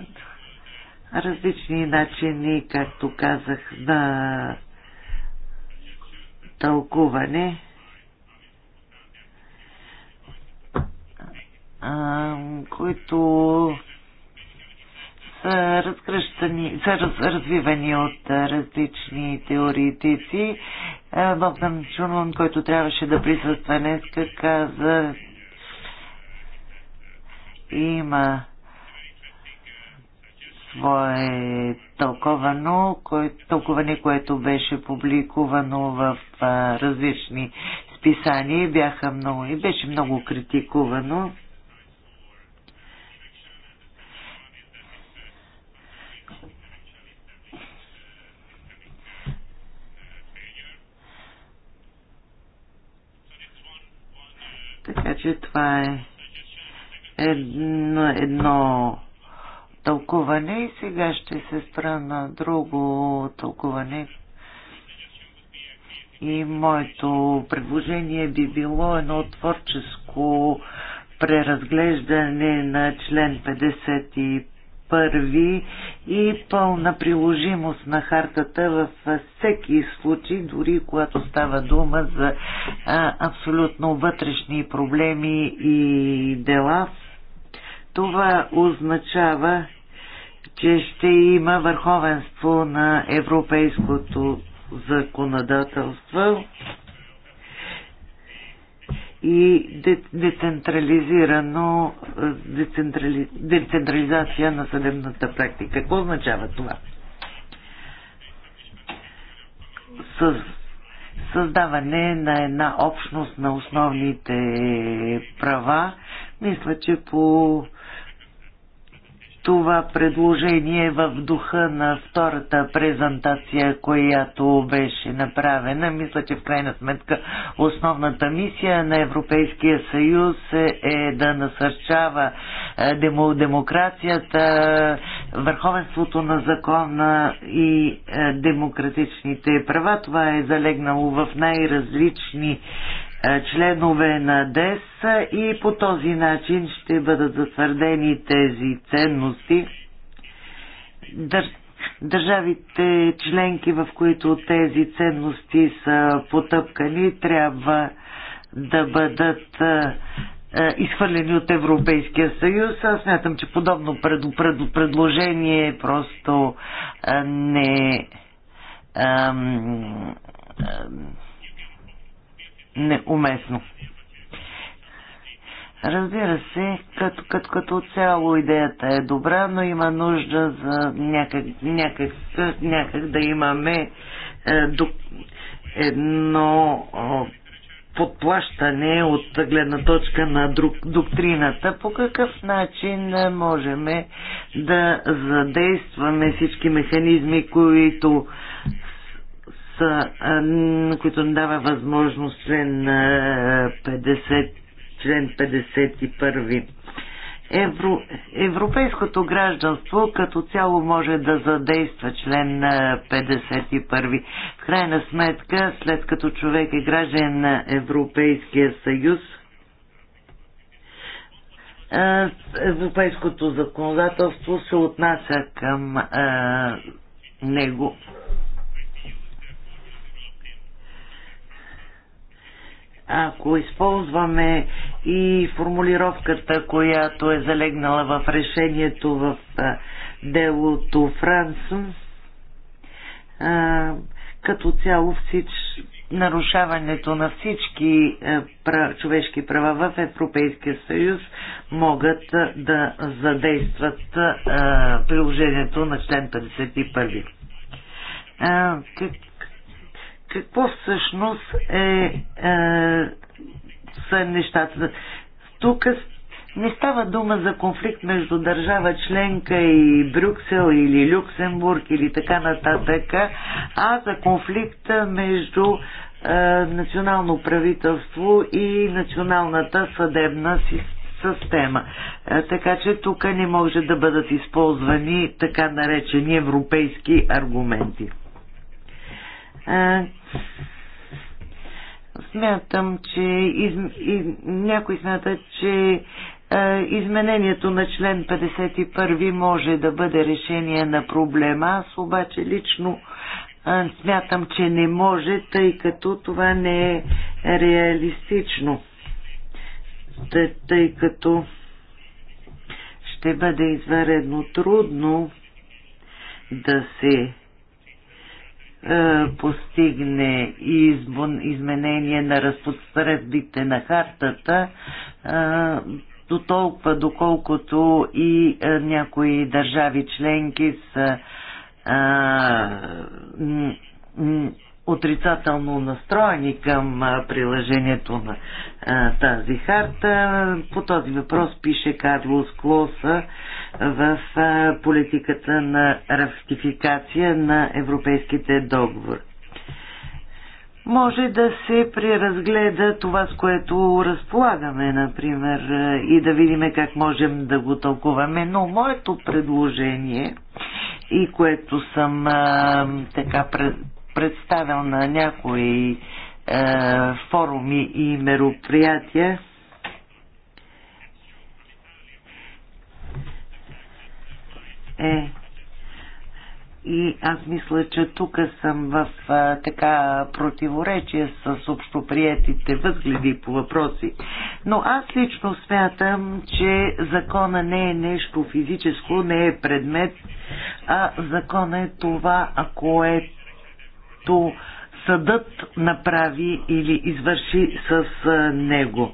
различни начини, както казах, на тълкуване. които са, разгръщани, са раз, развивани от различни теоретици. Богдан Шунлун, който трябваше да присъства днес, каза има свое тълковано, кое, тълковане, което беше публикувано в различни списания, бяха много, и беше много критикувано. Така че това е едно, едно тълкуване и сега ще се спра на друго тълкуване. И моето предложение би било едно творческо преразглеждане на член 55 първи и пълна приложимост на хартата във всеки случай, дори когато става дума за а, абсолютно вътрешни проблеми и дела. Това означава, че ще има върховенство на европейското законодателство и децентрализирано е, децентрали, децентрализация на съдебната практика. Какво означава това? създаване на една общност на основните права, мисля, че по това предложение в духа на втората презентация, която беше направена. Мисля, че в крайна сметка основната мисия на Европейския съюз е, е да насърчава е, демокрацията, върховенството на закона и е, демократичните права. Това е залегнало в най-различни е, членове на ДЕС и по този начин ще бъдат затвърдени тези ценности. Дър... Държавите членки, в които тези ценности са потъпкани, трябва да бъдат е, е, изхвърлени от Европейския съюз. Аз смятам, че подобно предложение просто не неуместно. Разбира се, като, като, като цяло идеята е добра, но има нужда за някак, някак, някак да имаме е, до, едно е, подплащане от гледна точка на друг, доктрината, по какъв начин можем да задействаме всички механизми, които които дава възможност е е, член 50, член 51. Евро, европейското гражданство като цяло може да задейства член 51. Е, В крайна сметка, след като човек е граждан на Европейския съюз, европейското законодателство се отнася към а, него ако използваме и формулировката, която е залегнала в решението в делото Франсън, като цяло всич, нарушаването на всички човешки права в Европейския съюз могат да задействат приложението на член 51 какво всъщност е, е, са нещата. Тук не става дума за конфликт между държава членка и Брюксел или Люксембург или така нататък, а за конфликт между е, национално правителство и националната съдебна система. Система. така че тук не може да бъдат използвани така наречени европейски аргументи. Смятам, че из, и, някой смята, че изменението на член 51 може да бъде решение на проблема. Аз обаче лично смятам, че не може, тъй като това не е реалистично. Тъй, тъй като ще бъде изваредно трудно да се е, постигне избон, изменение на разпоредбите на хартата, е, до толкова, доколкото и е, някои държави членки са отрицателно настроени към приложението на тази харта. По този въпрос пише Карлос Клоса в политиката на ратификация на европейските договори. Може да се преразгледа това, с което разполагаме, например, и да видим как можем да го тълкуваме. Но моето предложение и което съм а, така представил на някои е, форуми и мероприятия. Е, и аз мисля, че тук съм в а, е, така противоречие с общоприетите възгледи по въпроси. Но аз лично смятам, че закона не е нещо физическо, не е предмет, а закона е това, ако е което съдът направи или извърши с него.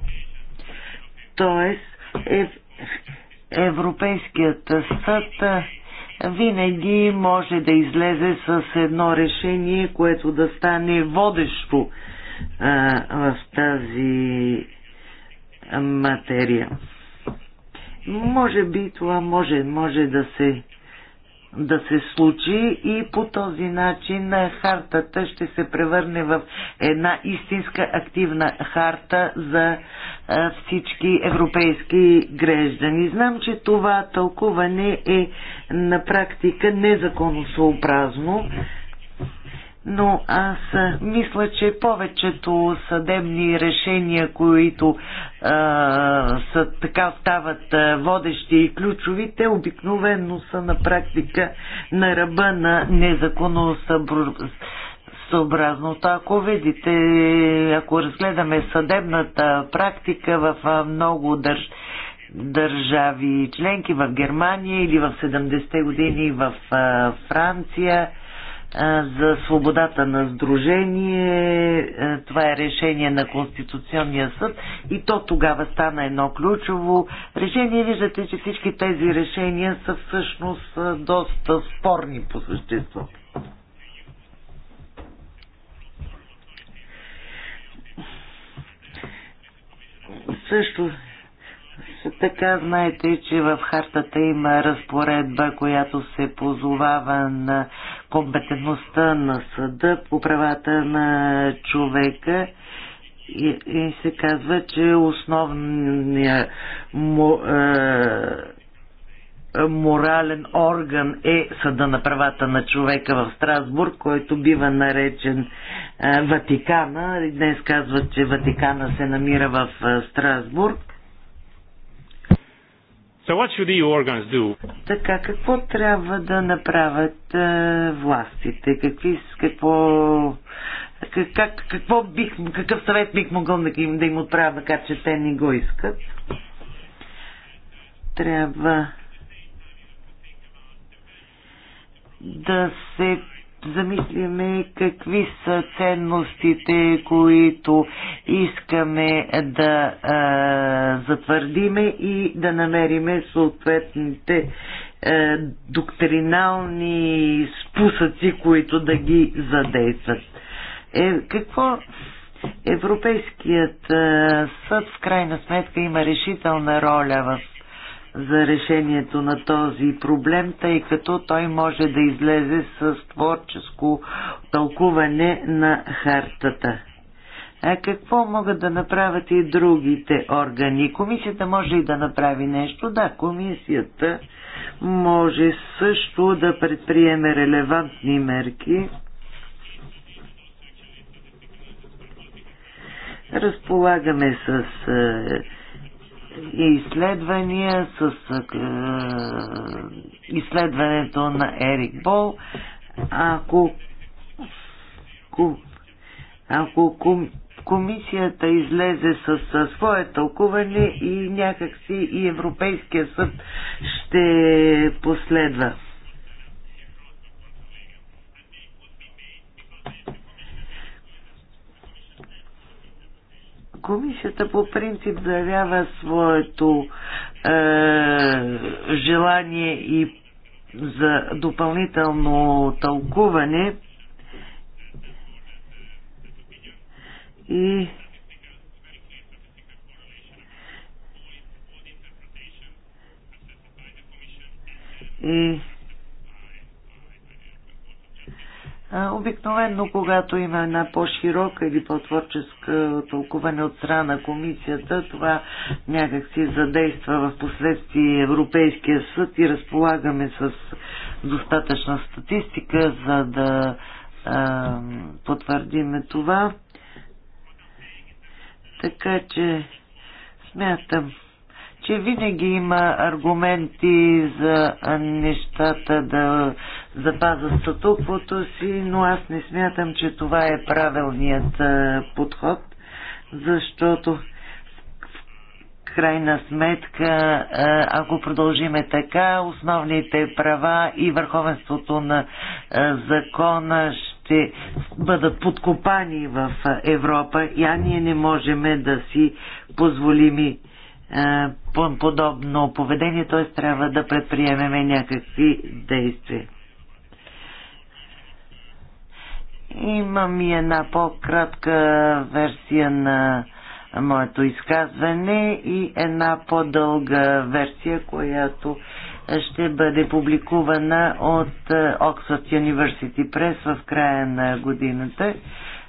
Тоест, ев, Европейският съд винаги може да излезе с едно решение, което да стане водещо а, в тази материя. Може би това може, може да се да се случи и по този начин хартата ще се превърне в една истинска активна харта за всички европейски граждани. Знам, че това тълкуване е на практика незаконосообразно но аз мисля, че повечето съдебни решения, които а, са така стават а, водещи и ключовите, обикновено са на практика на ръба на незаконосъобразност. Ако видите, ако разгледаме съдебната практика в много държ държави членки в Германия или в 70-те години в Франция за свободата на сдружение. Това е решение на Конституционния съд и то тогава стана едно ключово решение. Виждате, че всички тези решения са всъщност доста спорни по същество. Също така знаете, че в хартата има разпоредба, която се позовава на компетентността на съда по правата на човека и, и се казва, че основният му, е, морален орган е съда на правата на човека в Страсбург, който бива наречен е, Ватикана. Днес казват, че Ватикана се намира в е, Страсбург. So what should the organs do? Така, какво трябва да направят е, властите? Какви, какво, как, какво бих, какъв съвет бих могъл да им, да им отправя, макар че те не го искат? Трябва да се замислиме какви са ценностите, които искаме да а, затвърдиме и да намериме съответните а, доктринални спусъци, които да ги задействат. Е, какво Европейският съд в крайна сметка има решителна роля в за решението на този проблем, тъй като той може да излезе с творческо тълкуване на хартата. А какво могат да направят и другите органи? Комисията може и да направи нещо. Да, комисията може също да предприеме релевантни мерки. Разполагаме с е, и изследвания с изследването на Ерик Бол. Ако, ако комисията излезе с, с свое тълкуване и някакси и Европейския съд ще последва. Комисията по принцип заявява своето е, желание и за допълнително тълкуване и и Обикновено, когато има една по-широка или по-творческа тълкуване от страна на комисията, това някак си задейства в последствие Европейския съд и разполагаме с достатъчна статистика, за да а, потвърдиме това. Така че смятам, че винаги има аргументи за нещата да запазят статуквото си, но аз не смятам, че това е правилният подход, защото в крайна сметка, ако продължиме така, основните права и върховенството на закона ще бъдат подкопани в Европа, а ние не можем да си позволим подобно поведение, т.е. трябва да предприемеме някакви действия. Имам и една по-кратка версия на моето изказване и една по-дълга версия, която ще бъде публикувана от е, Oxford University Press в края на годината.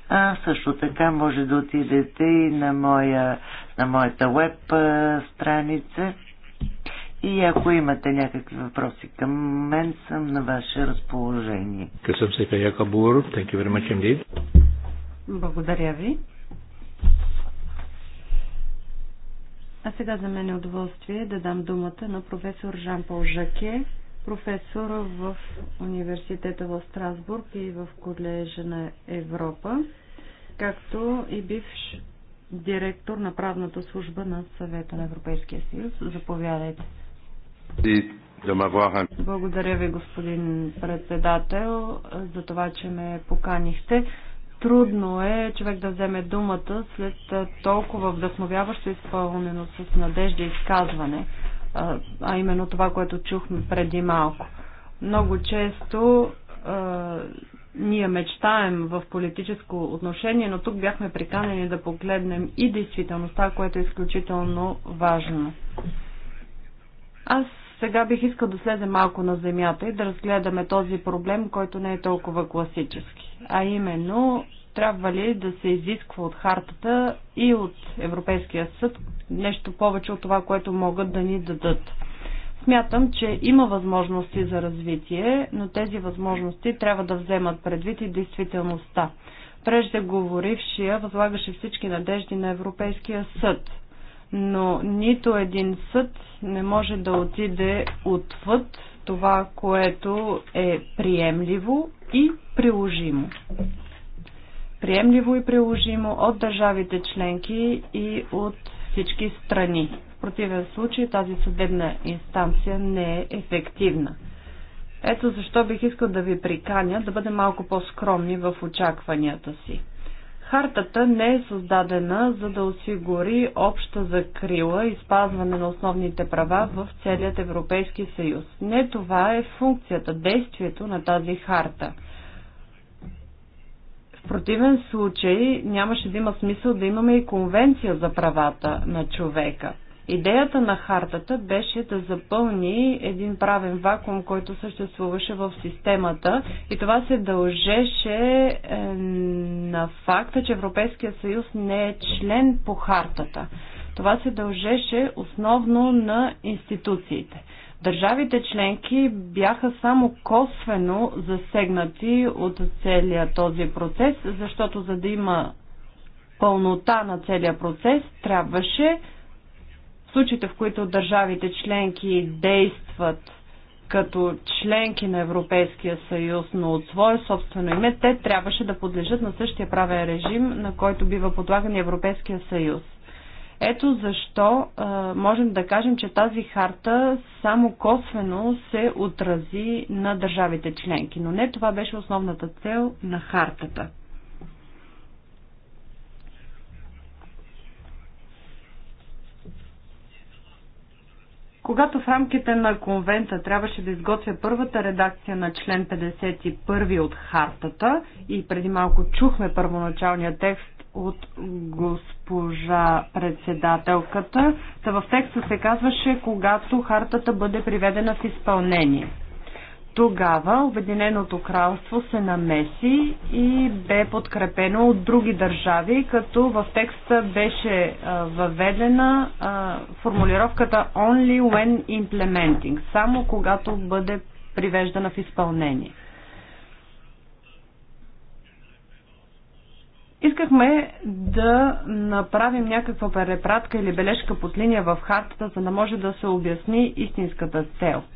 А също така може да отидете и на, моя, на моята веб е, страница и ако имате някакви въпроси към мен, съм на ваше разположение. Късъм се Якабур. Thank you very much indeed. Благодаря ви. А сега за мен е удоволствие да дам думата на професор Жан-Пол Жаке, професор в университета в Страсбург и в колежа на Европа, както и бивш директор на правната служба на съвета на Европейския съюз. Заповядайте. Благодаря ви, господин председател, за това, че ме поканихте. Трудно е човек да вземе думата след толкова вдъхновяващо изпълнено с надежда изказване, а именно това, което чухме преди малко. Много често ние мечтаем в политическо отношение, но тук бяхме приканени да погледнем и действителността, което е изключително важно. Аз сега бих искал да слезем малко на земята и да разгледаме този проблем, който не е толкова класически. А именно, трябва ли да се изисква от хартата и от Европейския съд нещо повече от това, което могат да ни дадат. Смятам, че има възможности за развитие, но тези възможности трябва да вземат предвид и действителността. Преждеговорившия възлагаше всички надежди на Европейския съд – но нито един съд не може да отиде отвъд това, което е приемливо и приложимо. Приемливо и приложимо от държавите членки и от всички страни. В противен случай тази съдебна инстанция не е ефективна. Ето защо бих искал да ви приканя да бъдем малко по-скромни в очакванията си. Хартата не е създадена за да осигури обща закрила и спазване на основните права в целият Европейски съюз. Не това е функцията, действието на тази харта. В противен случай нямаше да има смисъл да имаме и конвенция за правата на човека – Идеята на хартата беше да запълни един правен вакуум, който съществуваше в системата и това се дължеше е, на факта, че Европейския съюз не е член по хартата. Това се дължеше основно на институциите. Държавите членки бяха само косвено засегнати от целия този процес, защото за да има пълнота на целия процес, трябваше случаите, в които държавите членки действат като членки на Европейския съюз, но от свое собствено име, те трябваше да подлежат на същия правен режим, на който бива подлаган Европейския съюз. Ето защо а, можем да кажем, че тази харта само косвено се отрази на държавите членки, но не това беше основната цел на хартата. Когато в рамките на конвента трябваше да изготвя първата редакция на член 51 от хартата и преди малко чухме първоначалния текст от госпожа председателката, та в текста се казваше когато хартата бъде приведена в изпълнение. Тогава Обединеното кралство се намеси и бе подкрепено от други държави, като в текста беше въведена формулировката Only when implementing, само когато бъде привеждана в изпълнение. Искахме да направим някаква препратка или бележка под линия в хартата, за да може да се обясни истинската цел –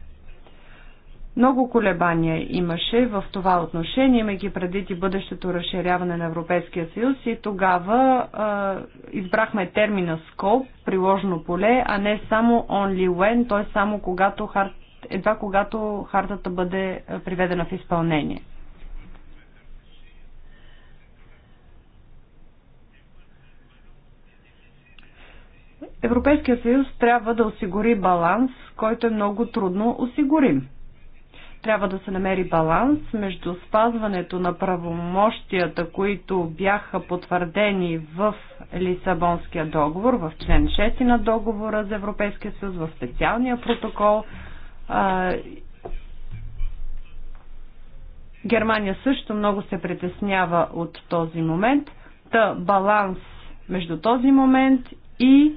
много колебания имаше в това отношение, имайки предвид и бъдещето разширяване на Европейския съюз и тогава а, избрахме термина scope, приложено поле, а не само only when, т.е. само когато хар... едва когато хартата бъде приведена в изпълнение. Европейския съюз трябва да осигури баланс, който е много трудно осигурим. Трябва да се намери баланс между спазването на правомощията, които бяха потвърдени в Лисабонския договор, в член 6 на договора за Европейския съюз, в специалния протокол. Германия също много се притеснява от този момент. Та баланс между този момент и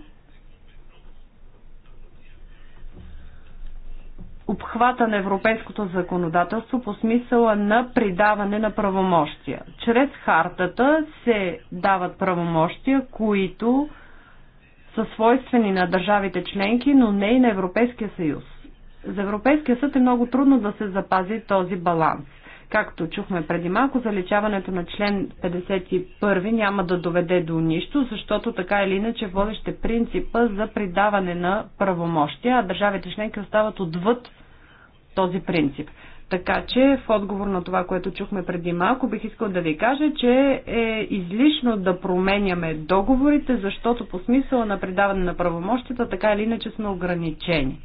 обхвата на европейското законодателство по смисъла на придаване на правомощия. Чрез хартата се дават правомощия, които са свойствени на държавите членки, но не и на Европейския съюз. За Европейския съд е много трудно да се запази този баланс. Както чухме преди малко, заличаването на член 51 няма да доведе до нищо, защото така или иначе водеще принципа за придаване на правомощия, а държавите членки остават отвъд този принцип. Така че, в отговор на това, което чухме преди малко, бих искал да ви кажа, че е излишно да променяме договорите, защото по смисъла на придаване на правомощията така или иначе сме ограничени.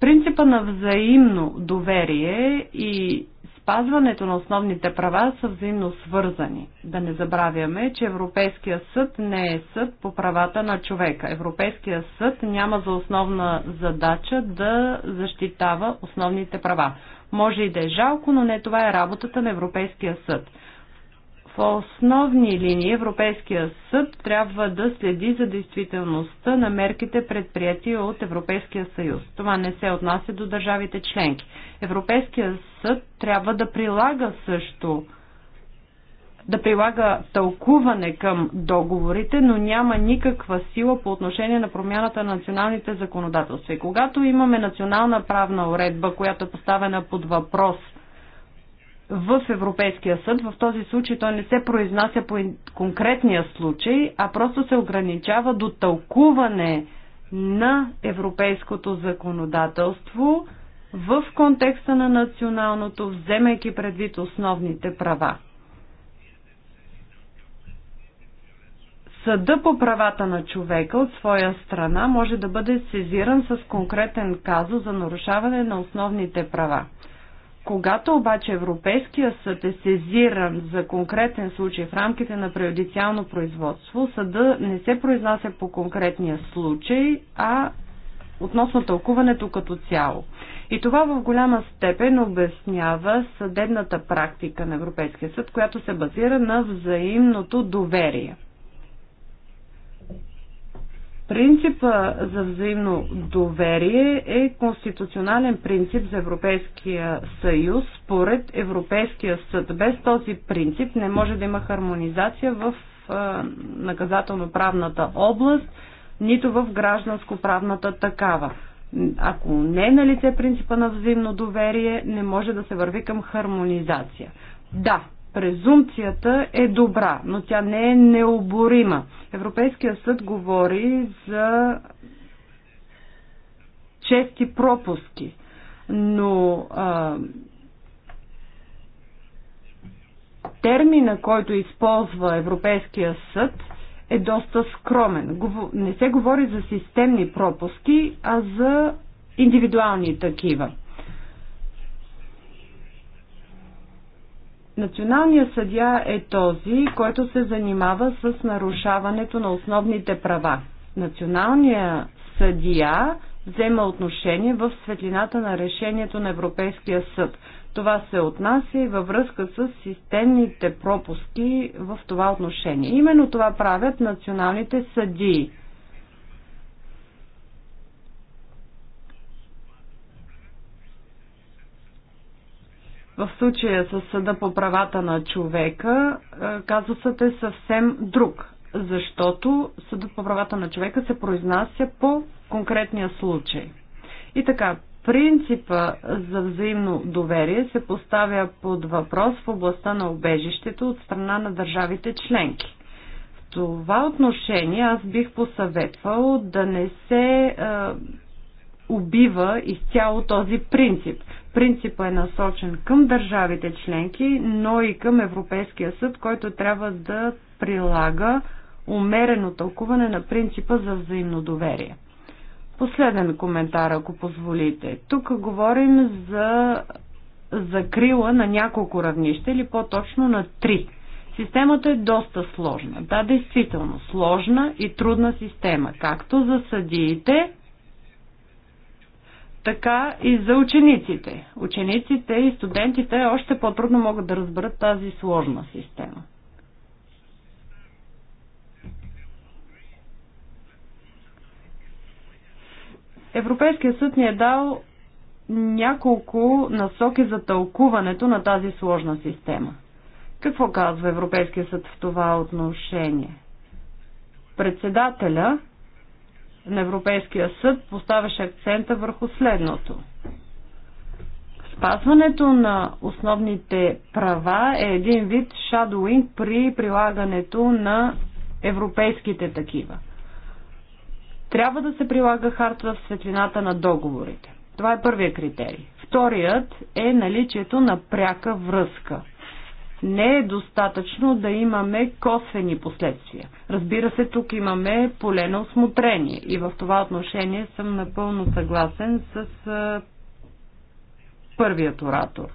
Принципа на взаимно доверие и спазването на основните права са взаимно свързани. Да не забравяме, че Европейския съд не е съд по правата на човека. Европейския съд няма за основна задача да защитава основните права. Може и да е жалко, но не това е работата на Европейския съд основни линии Европейския съд трябва да следи за действителността на мерките предприятия от Европейския съюз. Това не се отнася до държавите членки. Европейския съд трябва да прилага също да прилага тълкуване към договорите, но няма никаква сила по отношение на промяната на националните законодателства. И когато имаме национална правна уредба, която е поставена под въпрос – в Европейския съд. В този случай той не се произнася по конкретния случай, а просто се ограничава до тълкуване на европейското законодателство в контекста на националното, вземайки предвид основните права. Съда по правата на човека от своя страна може да бъде сезиран с конкретен казус за нарушаване на основните права. Когато обаче Европейския съд е сезиран за конкретен случай в рамките на преюдициално производство, съда не се произнася по конкретния случай, а относно тълкуването като цяло. И това в голяма степен обяснява съдебната практика на Европейския съд, която се базира на взаимното доверие. Принципа за взаимно доверие е конституционален принцип за Европейския съюз според Европейския съд. Без този принцип не може да има хармонизация в наказателно-правната област, нито в гражданско-правната такава. Ако не е на лице принципа на взаимно доверие, не може да се върви към хармонизация. Да, презумпцията е добра, но тя не е необорима. Европейския съд говори за чести пропуски, но а, термина, който използва Европейския съд, е доста скромен. Не се говори за системни пропуски, а за индивидуални такива. Националният съдия е този, който се занимава с нарушаването на основните права. Националният съдия взема отношение в светлината на решението на Европейския съд. Това се отнася и във връзка с системните пропуски в това отношение. Именно това правят националните съдии – В случая с съда по правата на човека е, казусът е съвсем друг, защото съдът по правата на човека се произнася по конкретния случай. И така, принципа за взаимно доверие се поставя под въпрос в областта на обежището от страна на държавите членки В това отношение аз бих посъветвал да не се е, убива изцяло този принцип. Принципът е насочен към държавите членки, но и към Европейския съд, който трябва да прилага умерено тълкуване на принципа за взаимно доверие. Последен коментар, ако позволите. Тук говорим за закрила на няколко равнища или по-точно на три. Системата е доста сложна. Да, действително, сложна и трудна система, както за съдиите, така и за учениците. Учениците и студентите още по-трудно могат да разберат тази сложна система. Европейският съд ни е дал няколко насоки за тълкуването на тази сложна система. Какво казва Европейския съд в това отношение? Председателя на Европейския съд поставяше акцента върху следното. Спазването на основните права е един вид шадоинг при прилагането на европейските такива. Трябва да се прилага харта в светлината на договорите. Това е първия критерий. Вторият е наличието на пряка връзка – не е достатъчно да имаме косвени последствия. Разбира се, тук имаме поле на осмотрение и в това отношение съм напълно съгласен с първият оратор.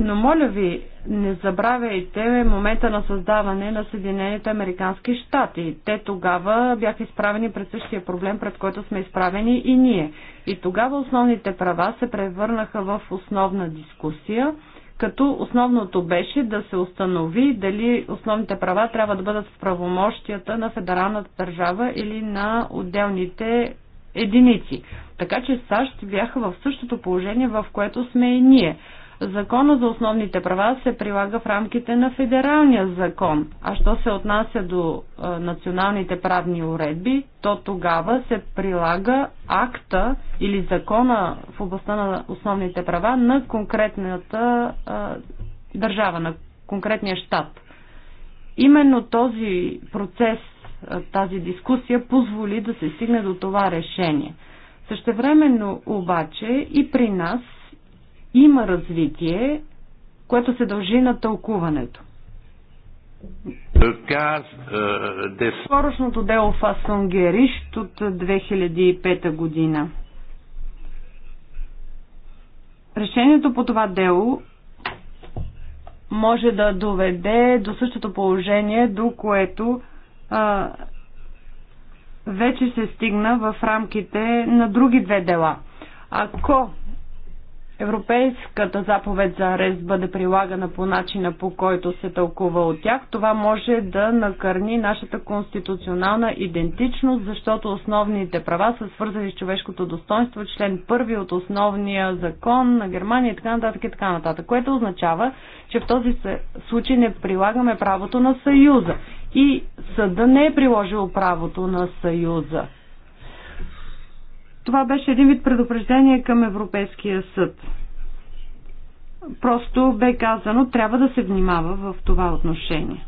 Но моля ви, не забравяйте момента на създаване на Съединените Американски щати. Те тогава бяха изправени пред същия проблем, пред който сме изправени и ние. И тогава основните права се превърнаха в основна дискусия като основното беше да се установи дали основните права трябва да бъдат в правомощията на федералната държава или на отделните единици. Така че САЩ бяха в същото положение, в което сме и ние. Закона за основните права се прилага в рамките на федералния закон, а що се отнася до националните правни уредби, то тогава се прилага акта или закона в областта на основните права на конкретната държава, на конкретния щат. Именно този процес, тази дискусия позволи да се стигне до това решение. Същевременно обаче и при нас има развитие, което се дължи на тълкуването. Е, Скорошното дело Фасон Гериш от 2005 година. Решението по това дело може да доведе до същото положение, до което а, вече се стигна в рамките на други две дела. Ако Европейската заповед за арест бъде прилагана по начина по който се тълкува от тях, това може да накърни нашата конституционална идентичност, защото основните права са свързани с човешкото достоинство, член първи от основния закон на Германия и така нататък и така нататък, което означава, че в този случай не прилагаме правото на Съюза и съда не е приложил правото на Съюза. Това беше един вид предупреждение към Европейския съд. Просто бе казано, трябва да се внимава в това отношение.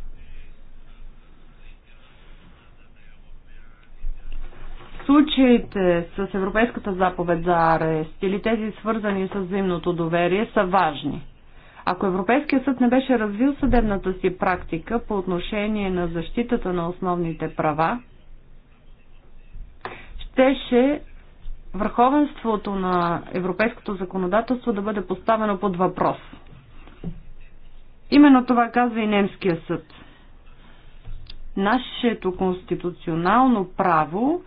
Случаите с Европейската заповед за арест или тези свързани с взаимното доверие са важни. Ако Европейския съд не беше развил съдебната си практика по отношение на защитата на основните права, щеше върховенството на европейското законодателство да бъде поставено под въпрос. Именно това казва и немския съд. Нашето конституционално право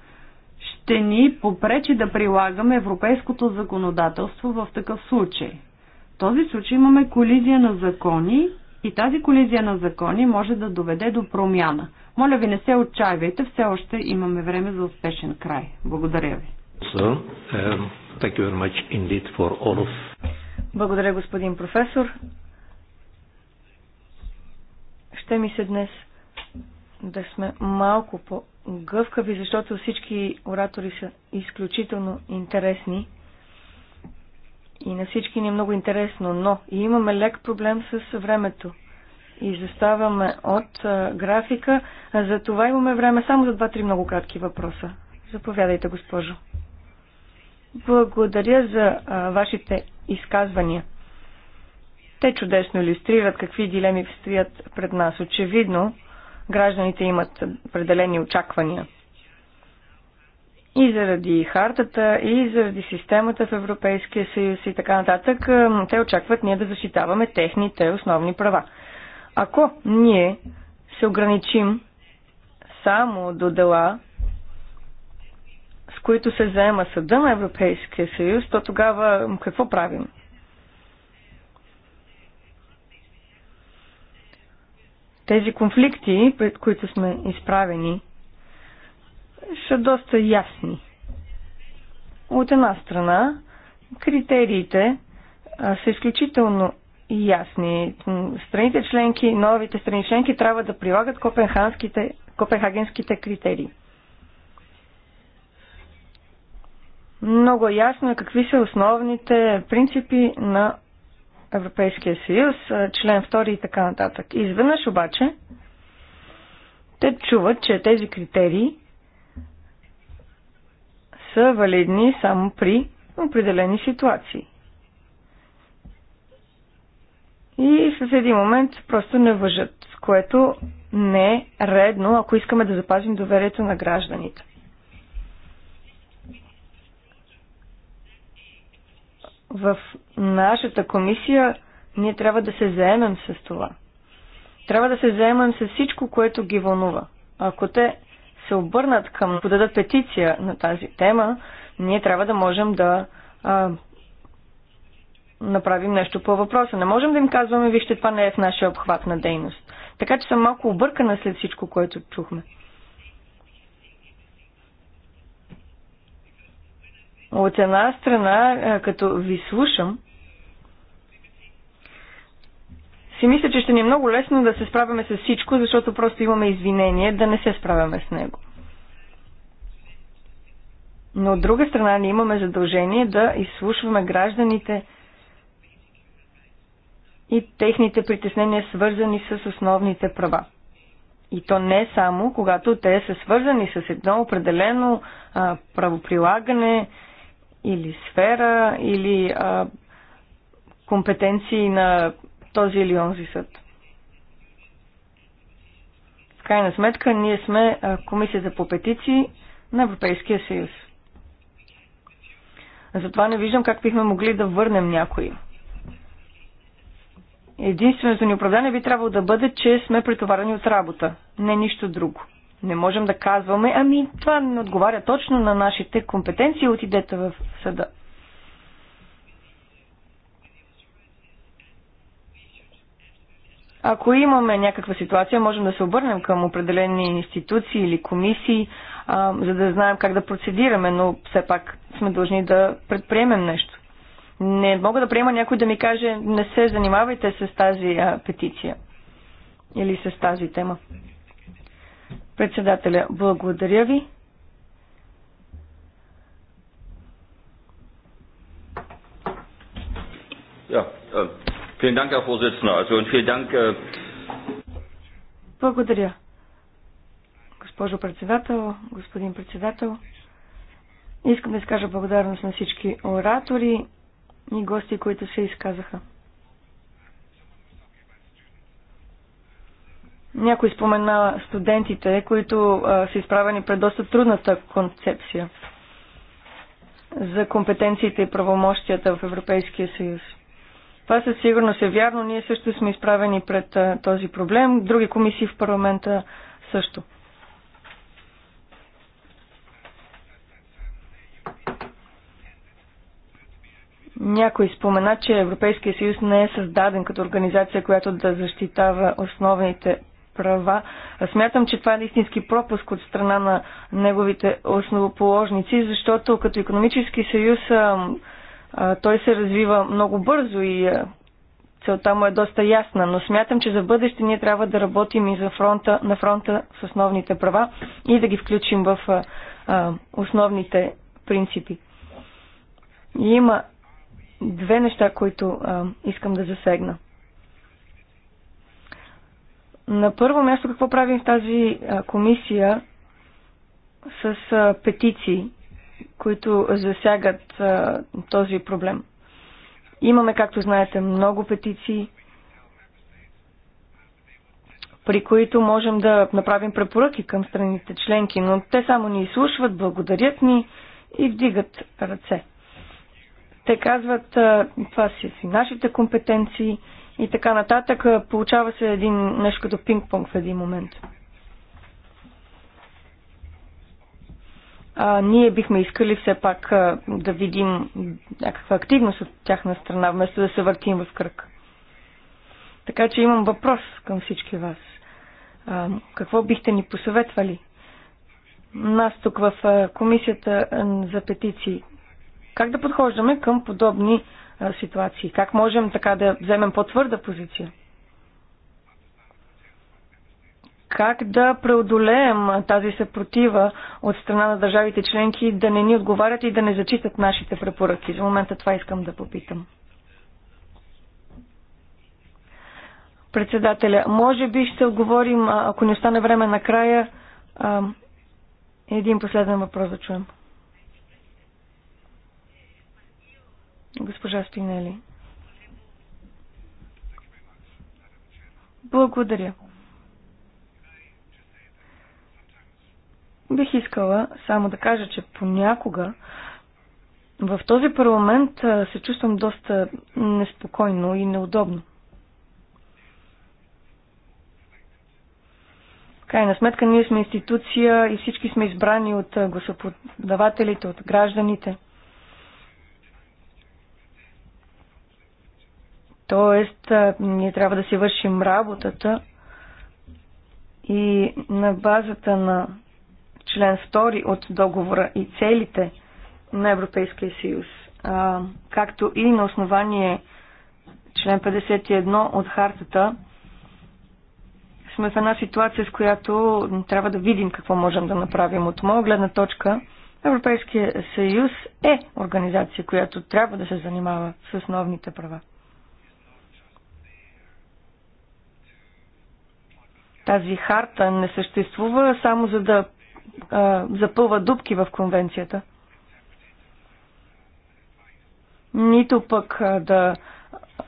ще ни попречи да прилагаме европейското законодателство в такъв случай. В този случай имаме колизия на закони и тази колизия на закони може да доведе до промяна. Моля ви, не се отчаивайте, все още имаме време за успешен край. Благодаря ви. So, um, Благодаря, господин професор. Ще ми се днес да сме малко по-гъвкави, защото всички оратори са изключително интересни и на всички ни е много интересно, но и имаме лек проблем с времето. И заставаме от а, графика, за това имаме време само за 2-3 много кратки въпроса. Заповядайте, госпожо. Благодаря за а, вашите изказвания. Те чудесно иллюстрират какви дилеми стоят пред нас. Очевидно, гражданите имат определени очаквания. И заради хартата, и заради системата в Европейския съюз и така нататък, те очакват ние да защитаваме техните основни права. Ако ние се ограничим само до дела, с които се заема съда на Европейския съюз, то тогава какво правим? Тези конфликти, пред които сме изправени, са доста ясни. От една страна, критериите са изключително ясни. Страните членки, новите страни членки трябва да прилагат копенхагенските критерии. Много ясно е какви са основните принципи на Европейския съюз, член 2 и така нататък. Изведнъж обаче те чуват, че тези критерии са валидни само при определени ситуации. И в един момент просто не въжат, което не е редно, ако искаме да запазим доверието на гражданите. в нашата комисия ние трябва да се заемем с това. Трябва да се заемем с всичко, което ги вълнува. Ако те се обърнат към, подадат петиция на тази тема, ние трябва да можем да а, направим нещо по въпроса. Не можем да им казваме, вижте, това не е в нашия обхват на дейност. Така че съм малко объркана след всичко, което чухме. От една страна, е, като ви слушам, си мисля, че ще ни е много лесно да се справяме с всичко, защото просто имаме извинение да не се справяме с него. Но от друга страна ние имаме задължение да изслушваме гражданите и техните притеснения, свързани с основните права. И то не само, когато те са свързани с едно определено а, правоприлагане, или сфера, или а, компетенции на този или онзи съд. В крайна сметка, ние сме Комисията по петиции на Европейския съюз. Затова не виждам как бихме могли да върнем някои. Единственото ни оправдание би трябвало да бъде, че сме претоварени от работа, не нищо друго. Не можем да казваме, ами това не отговаря точно на нашите компетенции, отидете в съда. Ако имаме някаква ситуация, можем да се обърнем към определени институции или комисии, а, за да знаем как да процедираме, но все пак сме длъжни да предприемем нещо. Не мога да приема някой да ми каже не се занимавайте с тази а, петиция или с тази тема. Председателя, благодаря ви. Äh, äh, благодаря. Госпожо председател, господин председател, искам да изкажа благодарност на всички оратори и гости, които се изказаха. Някой спомена студентите, които а, са изправени пред доста трудната концепция за компетенциите и правомощията в Европейския съюз. Това със сигурност е вярно. Ние също сме изправени пред а, този проблем. Други комисии в парламента също. Някой спомена, че Европейския съюз не е създаден като организация, която да защитава основните права. Смятам, че това е истински пропуск от страна на неговите основоположници, защото като економически съюз а, а, той се развива много бързо и а, целта му е доста ясна, но смятам, че за бъдеще ние трябва да работим и за фронта, на фронта с основните права и да ги включим в а, а, основните принципи. И има две неща, които а, искам да засегна. На първо място какво правим в тази комисия с петиции, които засягат този проблем? Имаме, както знаете, много петиции, при които можем да направим препоръки към страните членки, но те само ни изслушват, благодарят ни и вдигат ръце. Те казват, това си, си нашите компетенции, и така нататък. Получава се един нещо като пинг-понг в един момент. А, ние бихме искали все пак а, да видим някаква активност от тяхна страна, вместо да се въртим в кръг. Така че имам въпрос към всички вас. А, какво бихте ни посъветвали? Нас тук в комисията за петиции. Как да подхождаме към подобни ситуации? Как можем така да вземем по-твърда позиция? Как да преодолеем тази съпротива от страна на държавите членки да не ни отговарят и да не зачитат нашите препоръки? За момента това искам да попитам. Председателя, може би ще отговорим, ако не остане време накрая, един последен въпрос да чуем. Госпожа Спинели. Благодаря. Бих искала само да кажа, че понякога в този парламент се чувствам доста неспокойно и неудобно. крайна сметка ние сме институция и всички сме избрани от гласоподавателите, от гражданите – Тоест, ние трябва да си вършим работата и на базата на член 2 от договора и целите на Европейския съюз, както и на основание член 51 от хартата, сме в една ситуация, с която трябва да видим какво можем да направим. От моя гледна точка, Европейския съюз е организация, която трябва да се занимава с основните права. тази харта не съществува само за да а, запълва дубки в конвенцията. Нито пък а, да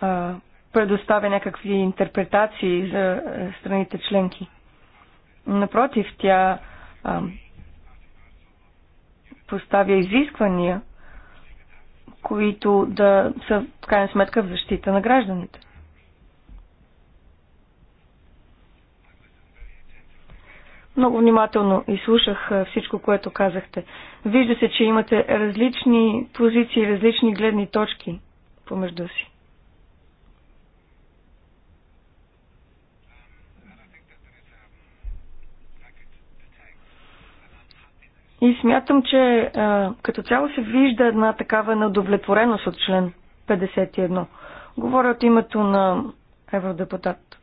а, предоставя някакви интерпретации за а, страните членки. Напротив, тя а, поставя изисквания, които да са в крайна сметка в защита на гражданите. Много внимателно изслушах всичко, което казахте. Вижда се, че имате различни позиции, различни гледни точки помежду си. И смятам, че а, като цяло се вижда една такава неудовлетвореност от член 51. Говоря от името на евродепутат.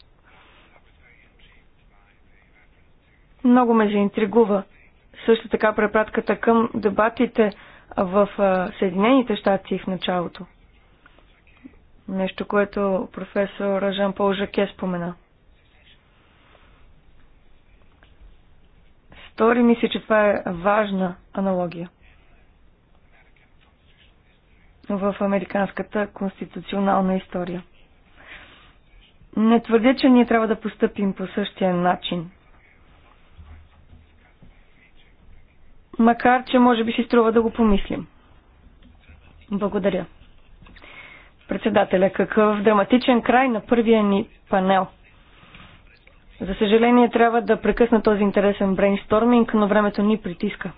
Много ме заинтригува също така препратката към дебатите в Съединените щати в началото. Нещо, което професор Жан Пол Жаке спомена. Стори ми се, че това е важна аналогия в американската конституционална история. Не твърдя, че ние трябва да постъпим по същия начин – макар че може би си струва да го помислим. Благодаря. Председателя, какъв драматичен край на първия ни панел. За съжаление трябва да прекъсна този интересен брейнсторминг, но времето ни притиска.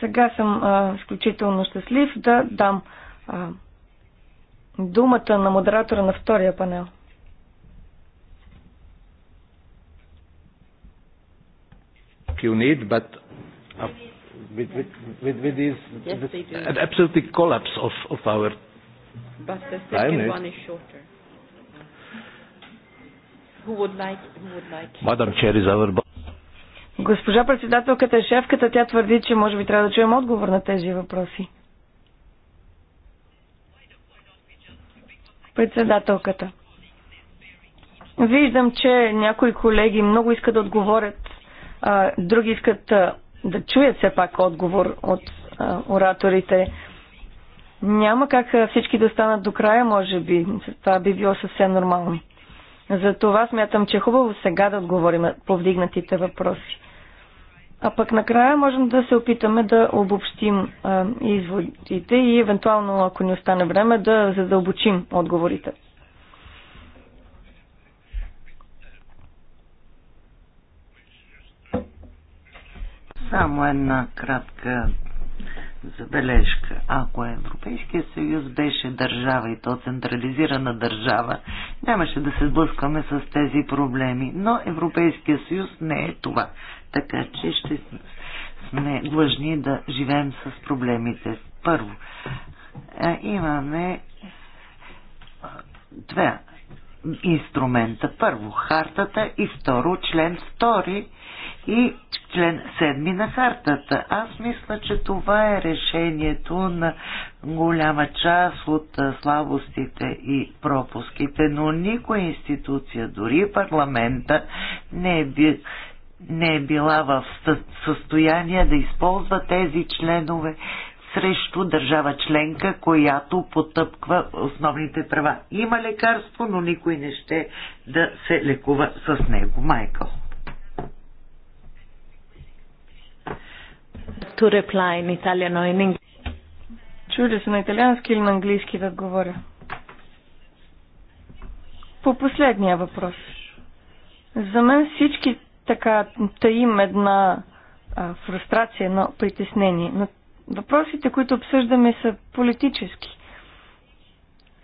Сега съм а, изключително щастлив да дам а, думата на модератора на втория панел. you need, but uh, with, with, with, with this, yes, this an absolutely collapse of, of our But the second climate. one is shorter. Who would like, who would like... Madam Chair is our... Госпожа председателката е шефката. Тя твърди, че може би трябва да чуем отговор на тези въпроси. Председателката. Виждам, че някои колеги много искат да отговорят а, други искат а, да чуят все пак отговор от а, ораторите. Няма как всички да станат до края, може би. Това би било съвсем нормално. Затова смятам, че е хубаво сега да отговорим повдигнатите въпроси. А пък накрая можем да се опитаме да обобщим а, изводите и евентуално, ако ни остане време, да задълбочим отговорите. Само една кратка забележка. Ако Европейския съюз беше държава и то централизирана държава, нямаше да се сблъскваме с тези проблеми. Но Европейския съюз не е това. Така че ще сме длъжни да живеем с проблемите. Първо, имаме две инструмента. Първо, хартата и второ, член втори и член 7 на хартата. Аз мисля, че това е решението на голяма част от слабостите и пропуските, но никоя институция, дори парламента, не е би, не е била в състояние да използва тези членове срещу държава членка, която потъпква основните права. Има лекарство, но никой не ще да се лекува с него. Майкъл. To reply in Italian or in English. Чули се на италиански или на английски да говоря? По последния въпрос. За мен всички така таим една а, фрустрация, едно притеснение. Но въпросите, които обсъждаме, са политически.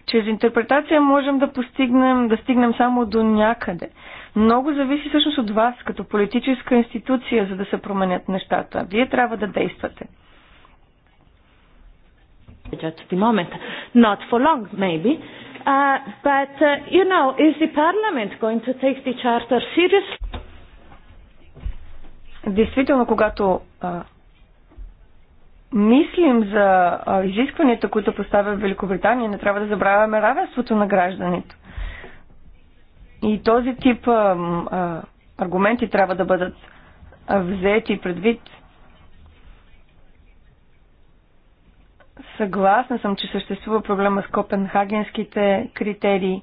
Чрез интерпретация можем да постигнем, да стигнем само до някъде. Много зависи всъщност от вас като политическа институция, за да се променят нещата. Вие трябва да действате. Just the moment, not for long maybe, uh, but uh, you know, is the parliament going to take the charter seriously? Действително, когато мислим за а, изискванията, които поставя Великобритания, не трябва да забравяме равенството на гражданите. И този тип а, а, аргументи трябва да бъдат взети предвид. Съгласна съм, че съществува проблема с копенхагенските критерии.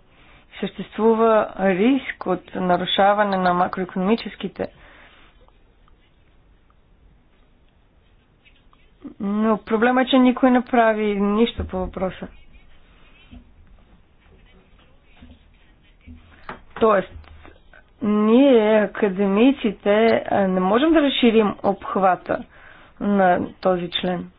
Съществува риск от нарушаване на макроекономическите. Но проблема е, че никой не прави нищо по въпроса. Тоест, ние, академиците, не можем да разширим обхвата на този член.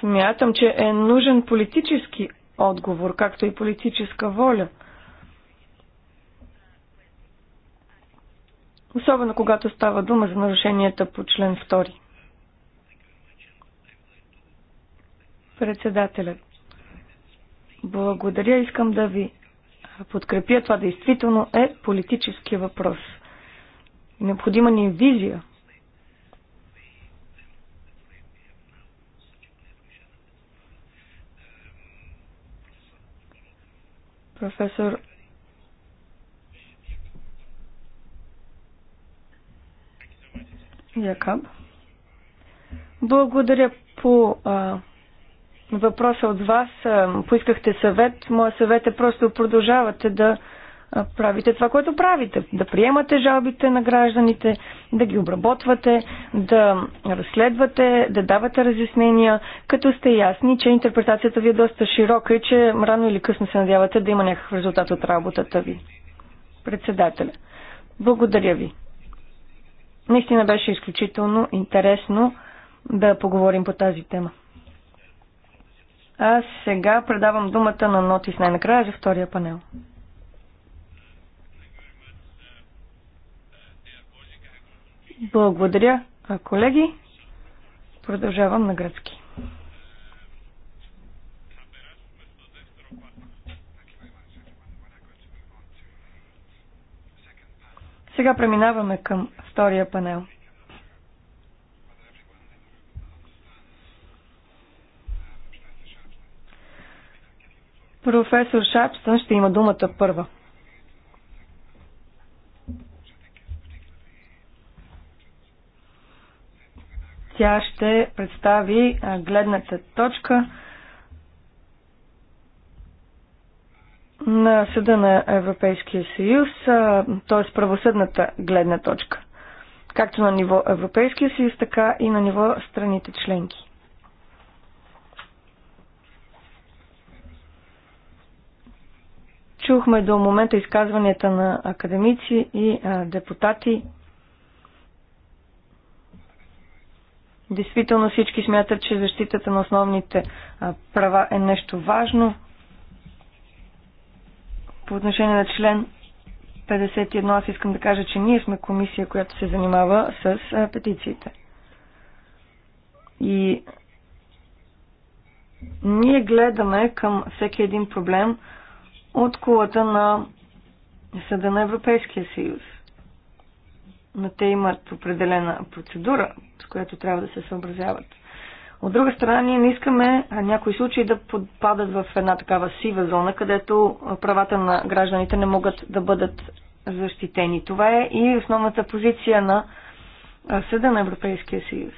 Смятам, че е нужен политически отговор, както и политическа воля – особено когато става дума за нарушенията по член 2. Председателят. Благодаря, искам да ви подкрепя. Това действително е политически въпрос. Необходима ни е визия. Професор Якаб. Благодаря по а, въпроса от вас. А, поискахте съвет. Моя съвет е просто продължавате да а, правите това, което правите. Да приемате жалбите на гражданите, да ги обработвате, да разследвате, да давате разяснения, като сте ясни, че интерпретацията ви е доста широка и че рано или късно се надявате да има някакъв резултат от работата ви. Председателя. Благодаря ви. Наистина беше изключително интересно да поговорим по тази тема. А сега предавам думата на Нотис най-накрая за втория панел. Благодаря, колеги. Продължавам на гръцки. Сега преминаваме към втория панел. Професор Шапстън ще има думата първа. Тя ще представи гледната точка на Съда на Европейския съюз, т.е. правосъдната гледна точка, както на ниво Европейския съюз, така и на ниво страните членки. Чухме до момента изказванията на академици и а, депутати. Действително всички смятат, че защитата на основните а, права е нещо важно, по отношение на член 51 аз искам да кажа, че ние сме комисия, която се занимава с а, петициите. И ние гледаме към всеки един проблем от кулата на Съда на Европейския съюз. Но те имат определена процедура, с която трябва да се съобразяват. От друга страна, ние не искаме някои случаи да подпадат в една такава сива зона, където правата на гражданите не могат да бъдат защитени. Това е и основната позиция на Съда на Европейския съюз.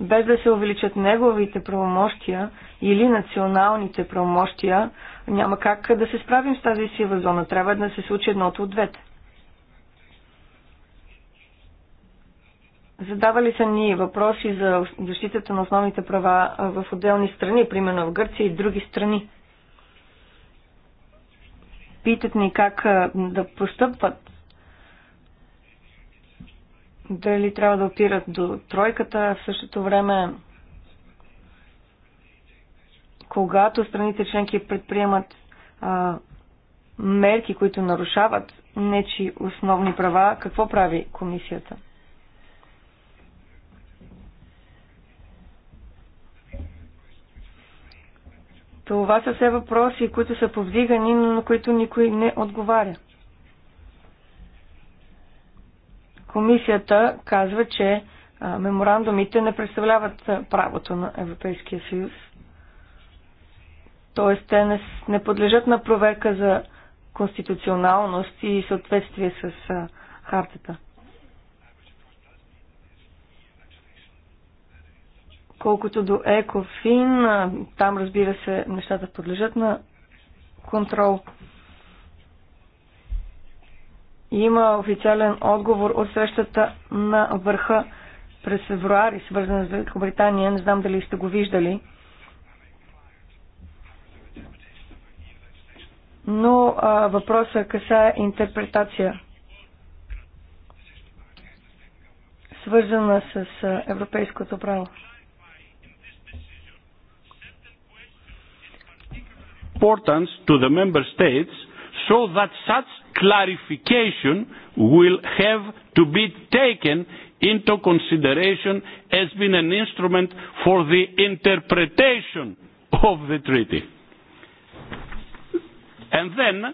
Без да се увеличат неговите правомощия или националните правомощия, няма как да се справим с тази сива зона. Трябва да се случи едното от двете. Задавали са ни въпроси за защитата на основните права в отделни страни, примерно в Гърция и други страни. Питат ни как да постъпват. Дали трябва да отират до тройката, в същото време когато страните членки предприемат а, мерки, които нарушават нечи основни права, какво прави комисията? Това са все въпроси, които са повдигани, но на които никой не отговаря. Комисията казва, че меморандумите не представляват правото на Европейския съюз. Т.е. те не, подлежат на проверка за конституционалност и съответствие с хартата. Колкото до Екофин, там разбира се, нещата подлежат на контрол. Има официален отговор от срещата на върха през февруари, свързан с Великобритания. Не знам дали сте го виждали. Но а, въпросът касае интерпретация, свързана с а, европейското право. importance to the Member States so that such clarification will have to be taken into consideration as being an instrument for the interpretation of the treaty. And then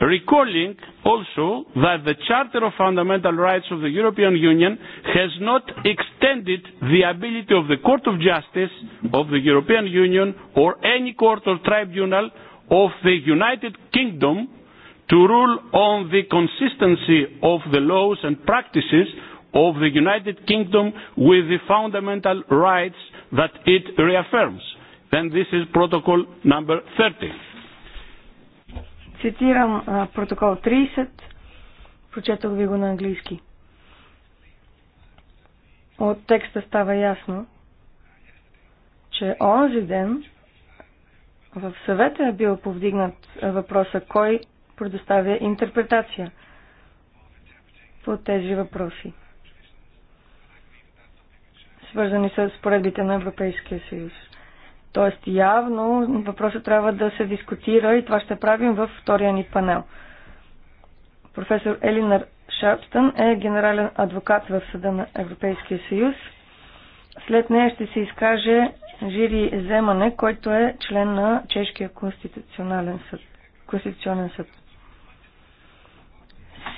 recalling also that the Charter of Fundamental Rights of the European Union has not extended the ability of the Court of Justice of the European Union or any court or tribunal of the United Kingdom to rule on the consistency of the laws and practices of the United Kingdom with the fundamental rights that it reaffirms. Then this is protocol number 30 Цитирам а, протокол 30. Прочетох ви го на английски. От текста става ясно, че онзи ден в съвета е бил повдигнат въпроса кой предоставя интерпретация по тези въпроси, свързани с поредбите на Европейския съюз. Тоест явно въпросът трябва да се дискутира и това ще правим във втория ни панел. Професор Елинар Шарпстън е генерален адвокат в Съда на Европейския съюз. След нея ще се изкаже Жири Земане, който е член на Чешкия конституционален съд. Конституционен съд.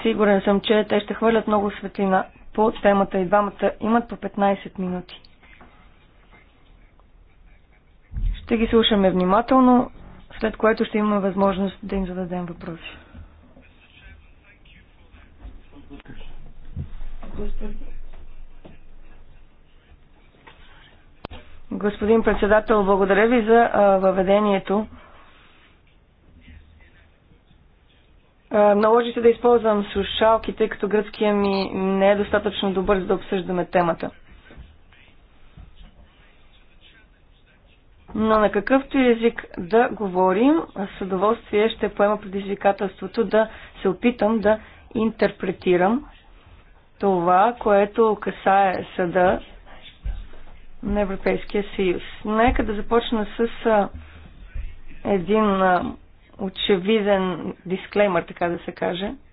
Сигурен съм, че те ще хвърлят много светлина по темата и двамата имат по 15 минути. Ще ги слушаме внимателно, след което ще имаме възможност да им зададем въпроси. Господин председател, благодаря ви за въведението. Наложи се да използвам слушалките, като гръцкия ми не е достатъчно добър, за да обсъждаме темата. Но на какъвто и език да говорим, с удоволствие ще поема предизвикателството да се опитам да интерпретирам това, което касае съда на Европейския съюз. Нека да започна с един очевиден дисклеймър, така да се каже –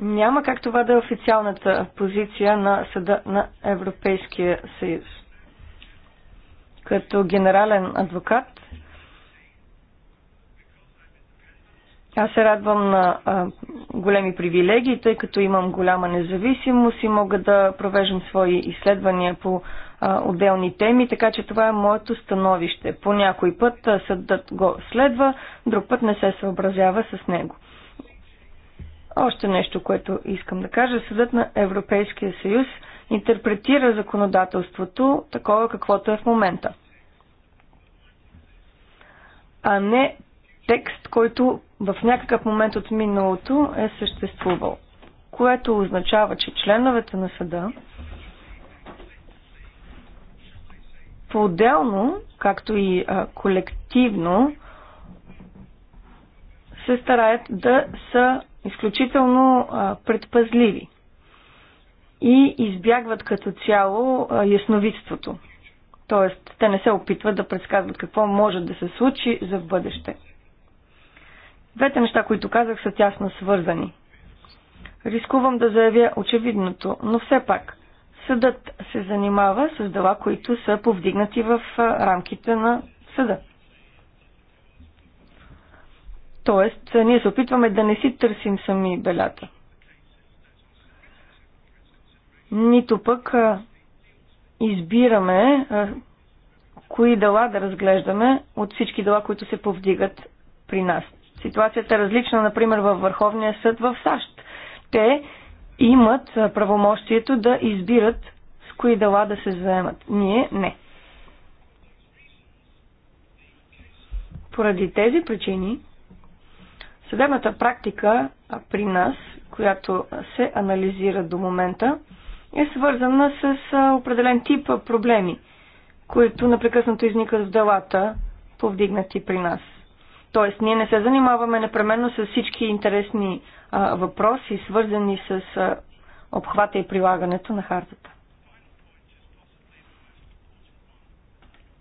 Няма как това да е официалната позиция на Съда на Европейския съюз. Като генерален адвокат, аз се радвам на а, големи привилегии, тъй като имам голяма независимост и мога да провеждам свои изследвания по а, отделни теми, така че това е моето становище. По някой път съдът го следва, друг път не се съобразява с него. Още нещо, което искам да кажа. Съдът на Европейския съюз интерпретира законодателството такова каквото е в момента. А не текст, който в някакъв момент от миналото е съществувал. Което означава, че членовете на съда по-отделно, както и а, колективно, се стараят да са изключително предпазливи и избягват като цяло ясновидството. Тоест, те не се опитват да предсказват какво може да се случи за в бъдеще. Двете неща, които казах, са тясно свързани. Рискувам да заявя очевидното, но все пак съдът се занимава с дела, които са повдигнати в рамките на съда. Тоест, ние се опитваме да не си търсим сами белята. Нито пък избираме кои дела да разглеждаме от всички дела, които се повдигат при нас. Ситуацията е различна, например, във Върховния съд в САЩ. Те имат правомощието да избират с кои дела да се заемат. Ние не. Поради тези причини Съдебната практика при нас, която се анализира до момента, е свързана с определен тип проблеми, които напрекъснато изникват в делата, повдигнати при нас. Тоест, ние не се занимаваме непременно с всички интересни а, въпроси, свързани с а, обхвата и прилагането на хартата.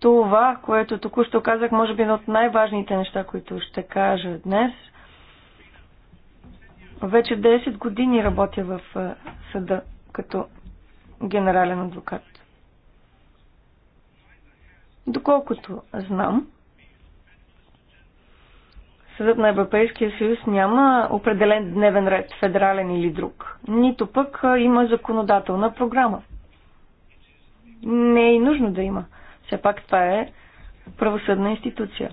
Това, което току-що казах, може би е едно от най-важните неща, които ще кажа днес – вече 10 години работя в съда като генерален адвокат. Доколкото знам, Съдът на Европейския съюз няма определен дневен ред, федерален или друг. Нито пък има законодателна програма. Не е и нужно да има. Все пак това е правосъдна институция.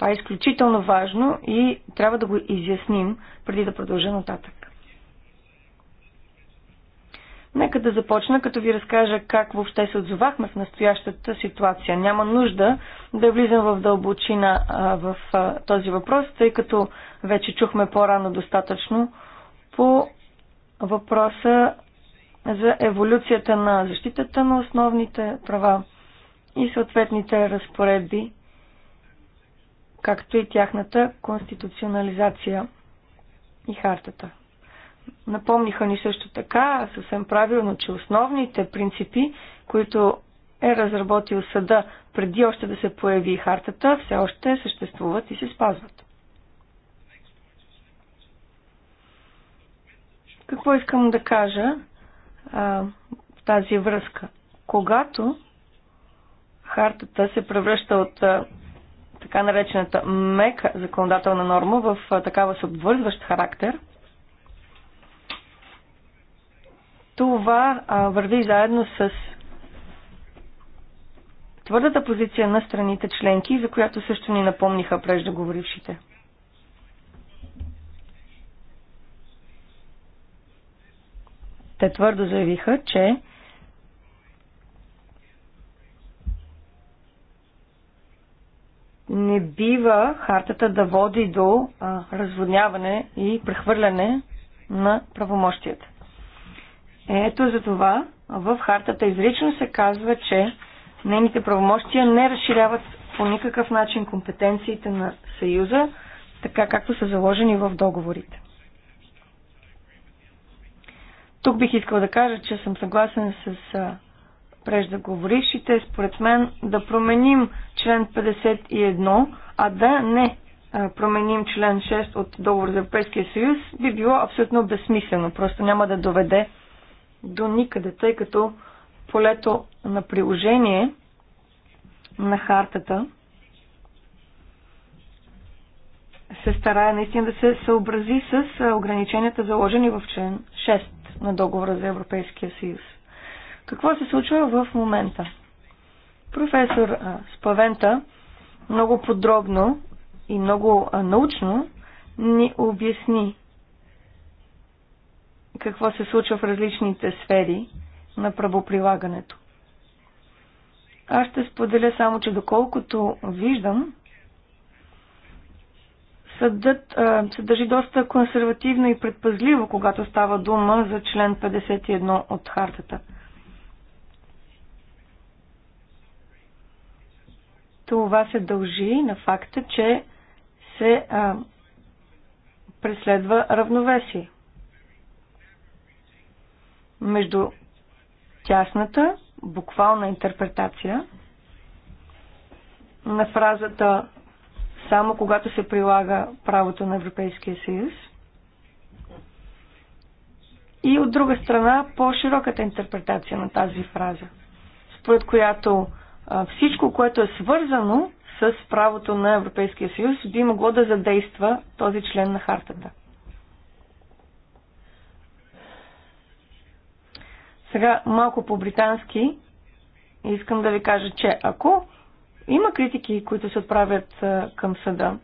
Това е изключително важно и трябва да го изясним преди да продължа нататък. Нека да започна, като ви разкажа как въобще се отзовахме в настоящата ситуация. Няма нужда да влизам в дълбочина а, в а, този въпрос, тъй като вече чухме по-рано достатъчно по въпроса за еволюцията на защитата на основните права и съответните разпоредби както и тяхната конституционализация и хартата. Напомниха ни също така, съвсем правилно, че основните принципи, които е разработил съда преди още да се появи хартата, все още съществуват и се спазват. Какво искам да кажа а, в тази връзка? Когато хартата се превръща от а, така наречената мека законодателна норма в такава с обвързващ характер. Това а, върви заедно с твърдата позиция на страните членки, за която също ни напомниха преждеговорившите. Те твърдо заявиха, че не бива хартата да води до а, разводняване и прехвърляне на правомощията. Ето за това в хартата изрично се казва, че нейните правомощия не разширяват по никакъв начин компетенциите на Съюза, така както са заложени в договорите. Тук бих искал да кажа, че съм съгласен с преждаговорившите. Според мен да променим член 51, а да не променим член 6 от договор за Европейския съюз, би било абсолютно безсмислено. Просто няма да доведе до никъде, тъй като полето на приложение на хартата се старае наистина да се съобрази с ограниченията заложени в член 6 на договора за Европейския съюз. Какво се случва в момента? Професор Спавента много подробно и много научно ни обясни какво се случва в различните сфери на правоприлагането. Аз ще споделя само, че доколкото виждам, съдът а, се държи доста консервативно и предпазливо, когато става дума за член 51 от хартата – Това се дължи на факта, че се а, преследва равновесие между тясната, буквална интерпретация на фразата само когато се прилага правото на Европейския съюз и от друга страна по-широката интерпретация на тази фраза, според която всичко, което е свързано с правото на Европейския съюз, би могло да задейства този член на хартата. Сега малко по-британски искам да ви кажа, че ако има критики, които се отправят към съда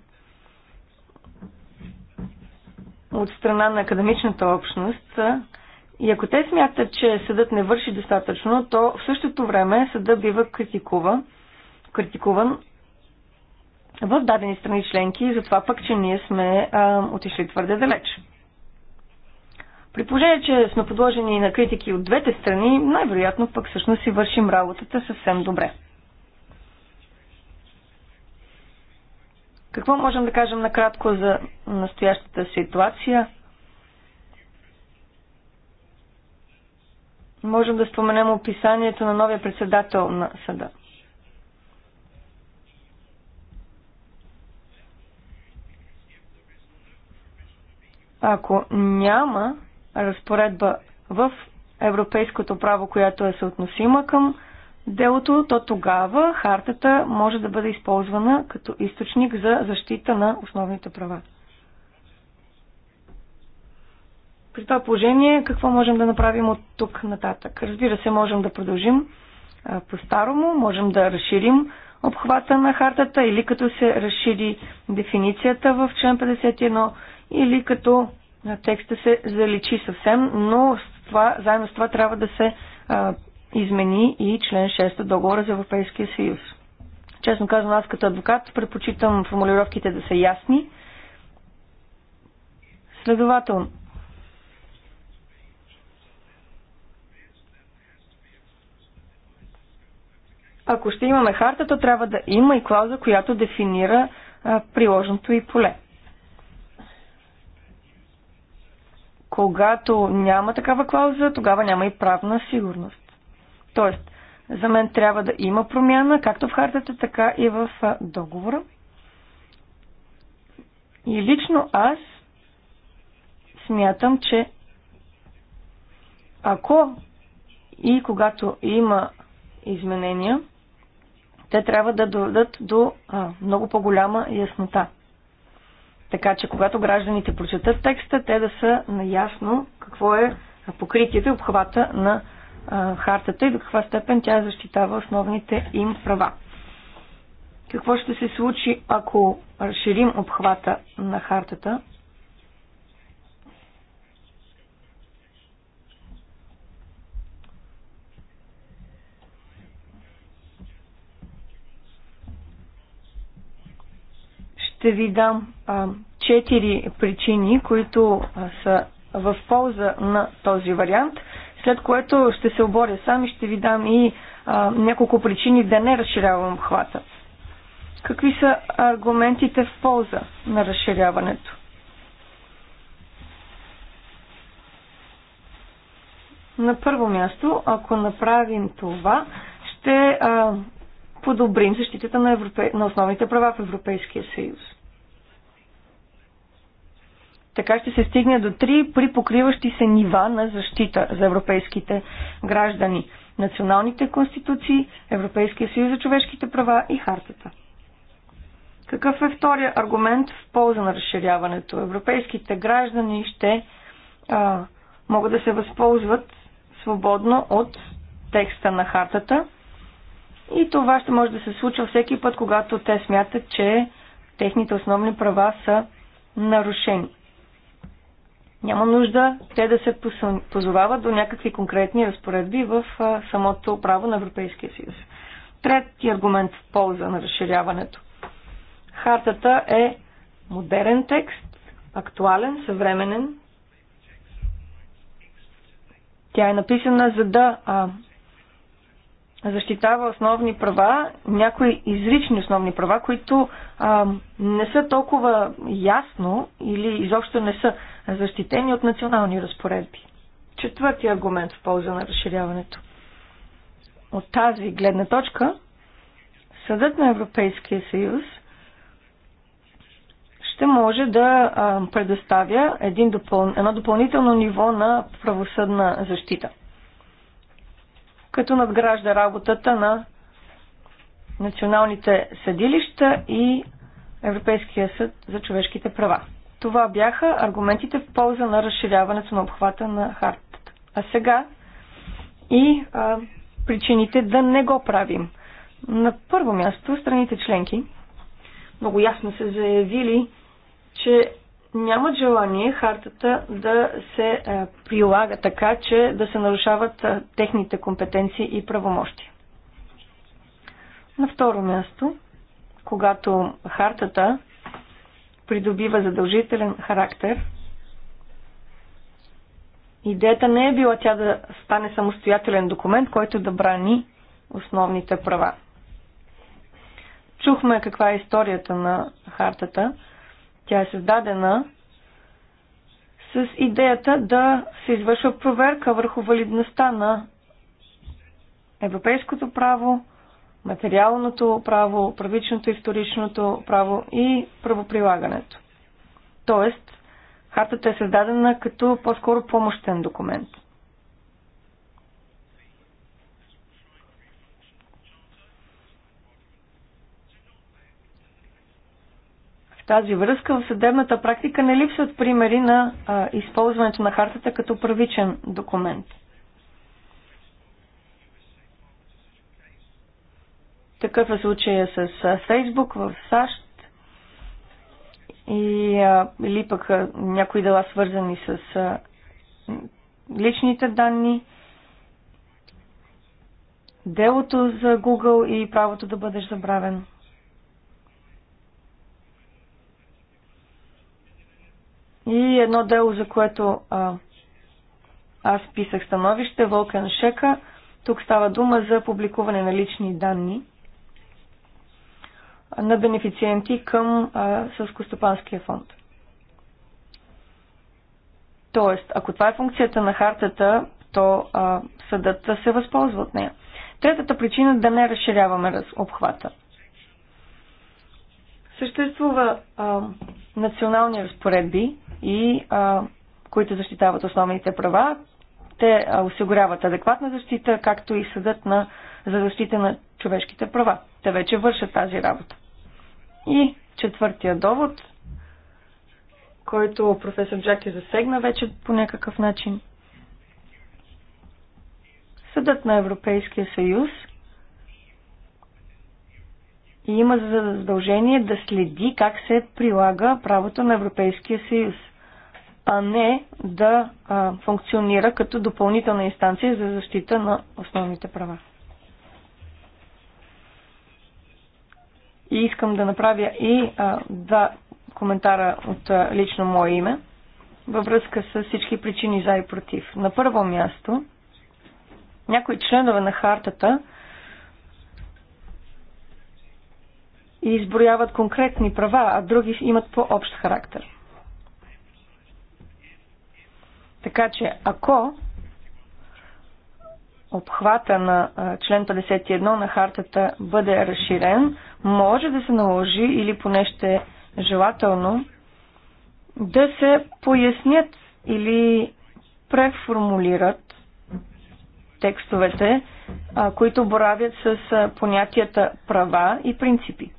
от страна на академичната общност, и ако те смятат, че съдът не върши достатъчно, то в същото време съда бива критикува, критикуван в дадени страни членки и за това пък, че ние сме а, отишли твърде далеч. При положение, че сме подложени на критики от двете страни, най-вероятно пък всъщност си вършим работата съвсем добре. Какво можем да кажем накратко за настоящата ситуация – можем да споменем описанието на новия председател на съда. Ако няма разпоредба в европейското право, която е съотносима към делото, то тогава хартата може да бъде използвана като източник за защита на основните права. При това положение, какво можем да направим от тук нататък? Разбира се, можем да продължим по-старому, можем да разширим обхвата на хартата или като се разшири дефиницията в член 51 или като текста се заличи съвсем, но с това, заедно с това трябва да се а, измени и член 6 от договора за Европейския съюз. Честно казвам, аз като адвокат предпочитам формулировките да са ясни. Следователно, Ако ще имаме харта, то трябва да има и клауза, която дефинира а, приложното и поле. Когато няма такава клауза, тогава няма и правна сигурност. Тоест, за мен трябва да има промяна, както в хартата, така и в договора. И лично аз смятам, че ако и когато има изменения, те трябва да доведат до а, много по-голяма яснота. Така че, когато гражданите прочетат текста, те да са наясно какво е покритието и обхвата на а, хартата и до каква степен тя защитава основните им права. Какво ще се случи, ако разширим обхвата на хартата ще ви дам а, четири причини, които а, са в полза на този вариант, след което ще се оборя сам и ще ви дам и а, няколко причини да не разширявам хвата. Какви са аргументите в полза на разширяването? На първо място, ако направим това, ще а, подобрим защитата на, европе... на основните права в Европейския съюз. Така ще се стигне до три припокриващи се нива на защита за европейските граждани. Националните конституции, Европейския съюз за човешките права и хартата. Какъв е втория аргумент в полза на разширяването? Европейските граждани ще а, могат да се възползват свободно от текста на хартата и това ще може да се случва всеки път, когато те смятат, че техните основни права са нарушени. Няма нужда те да се позовават до някакви конкретни разпоредби в самото право на Европейския съюз. Трети аргумент в полза на разширяването. Хартата е модерен текст, актуален, съвременен. Тя е написана за да а, защитава основни права, някои изрични основни права, които а, не са толкова ясно или изобщо не са защитени от национални разпоредби. Четвъртия аргумент в полза на разширяването. От тази гледна точка, Съдът на Европейския съюз ще може да предоставя един допъл... едно допълнително ниво на правосъдна защита – като надгражда работата на националните съдилища и Европейския съд за човешките права. Това бяха аргументите в полза на разширяването на обхвата на хартата. А сега и а, причините да не го правим. На първо място страните членки много ясно са заявили, че нямат желание хартата да се е, прилага така, че да се нарушават е, техните компетенции и правомощи. На второ място, когато хартата придобива задължителен характер, идеята не е била тя да стане самостоятелен документ, който да брани основните права. Чухме каква е историята на хартата – тя е създадена с идеята да се извършва проверка върху валидността на европейското право, материалното право, правичното историчното право и правоприлагането. Тоест, хартата е създадена като по-скоро помощен документ – тази връзка в съдебната практика не липсват примери на а, използването на хартата като правичен документ. Такъв е случая с Фейсбук в САЩ и, а, или пък а, някои дела свързани с а, личните данни, делото за Google и правото да бъдеш забравен. И едно дело, за което а, аз писах становище, Волкен Шека. Тук става дума за публикуване на лични данни на бенефициенти към Съскостопанския фонд. Тоест, ако това е функцията на хартата, то а, съдът да се възползва от нея. Третата причина е да не разширяваме раз, обхвата. Съществува а, национални разпоредби, и а, които защитават основните права. Те а, осигуряват адекватна защита, както и съдът на, за защита на човешките права. Те вече вършат тази работа. И четвъртия довод, който професор Джаки засегна вече по някакъв начин. Съдът на Европейския съюз и има за задължение да следи как се прилага правото на Европейския съюз, а не да а, функционира като допълнителна инстанция за защита на основните права. И искам да направя и а, два коментара от а, лично мое име във връзка с всички причини за и против. На първо място, някои членове на хартата и изброяват конкретни права, а други имат по-общ характер. Така че, ако обхвата на член 51 на хартата бъде разширен, може да се наложи или поне ще е желателно да се пояснят или преформулират текстовете, които боравят с понятията права и принципи.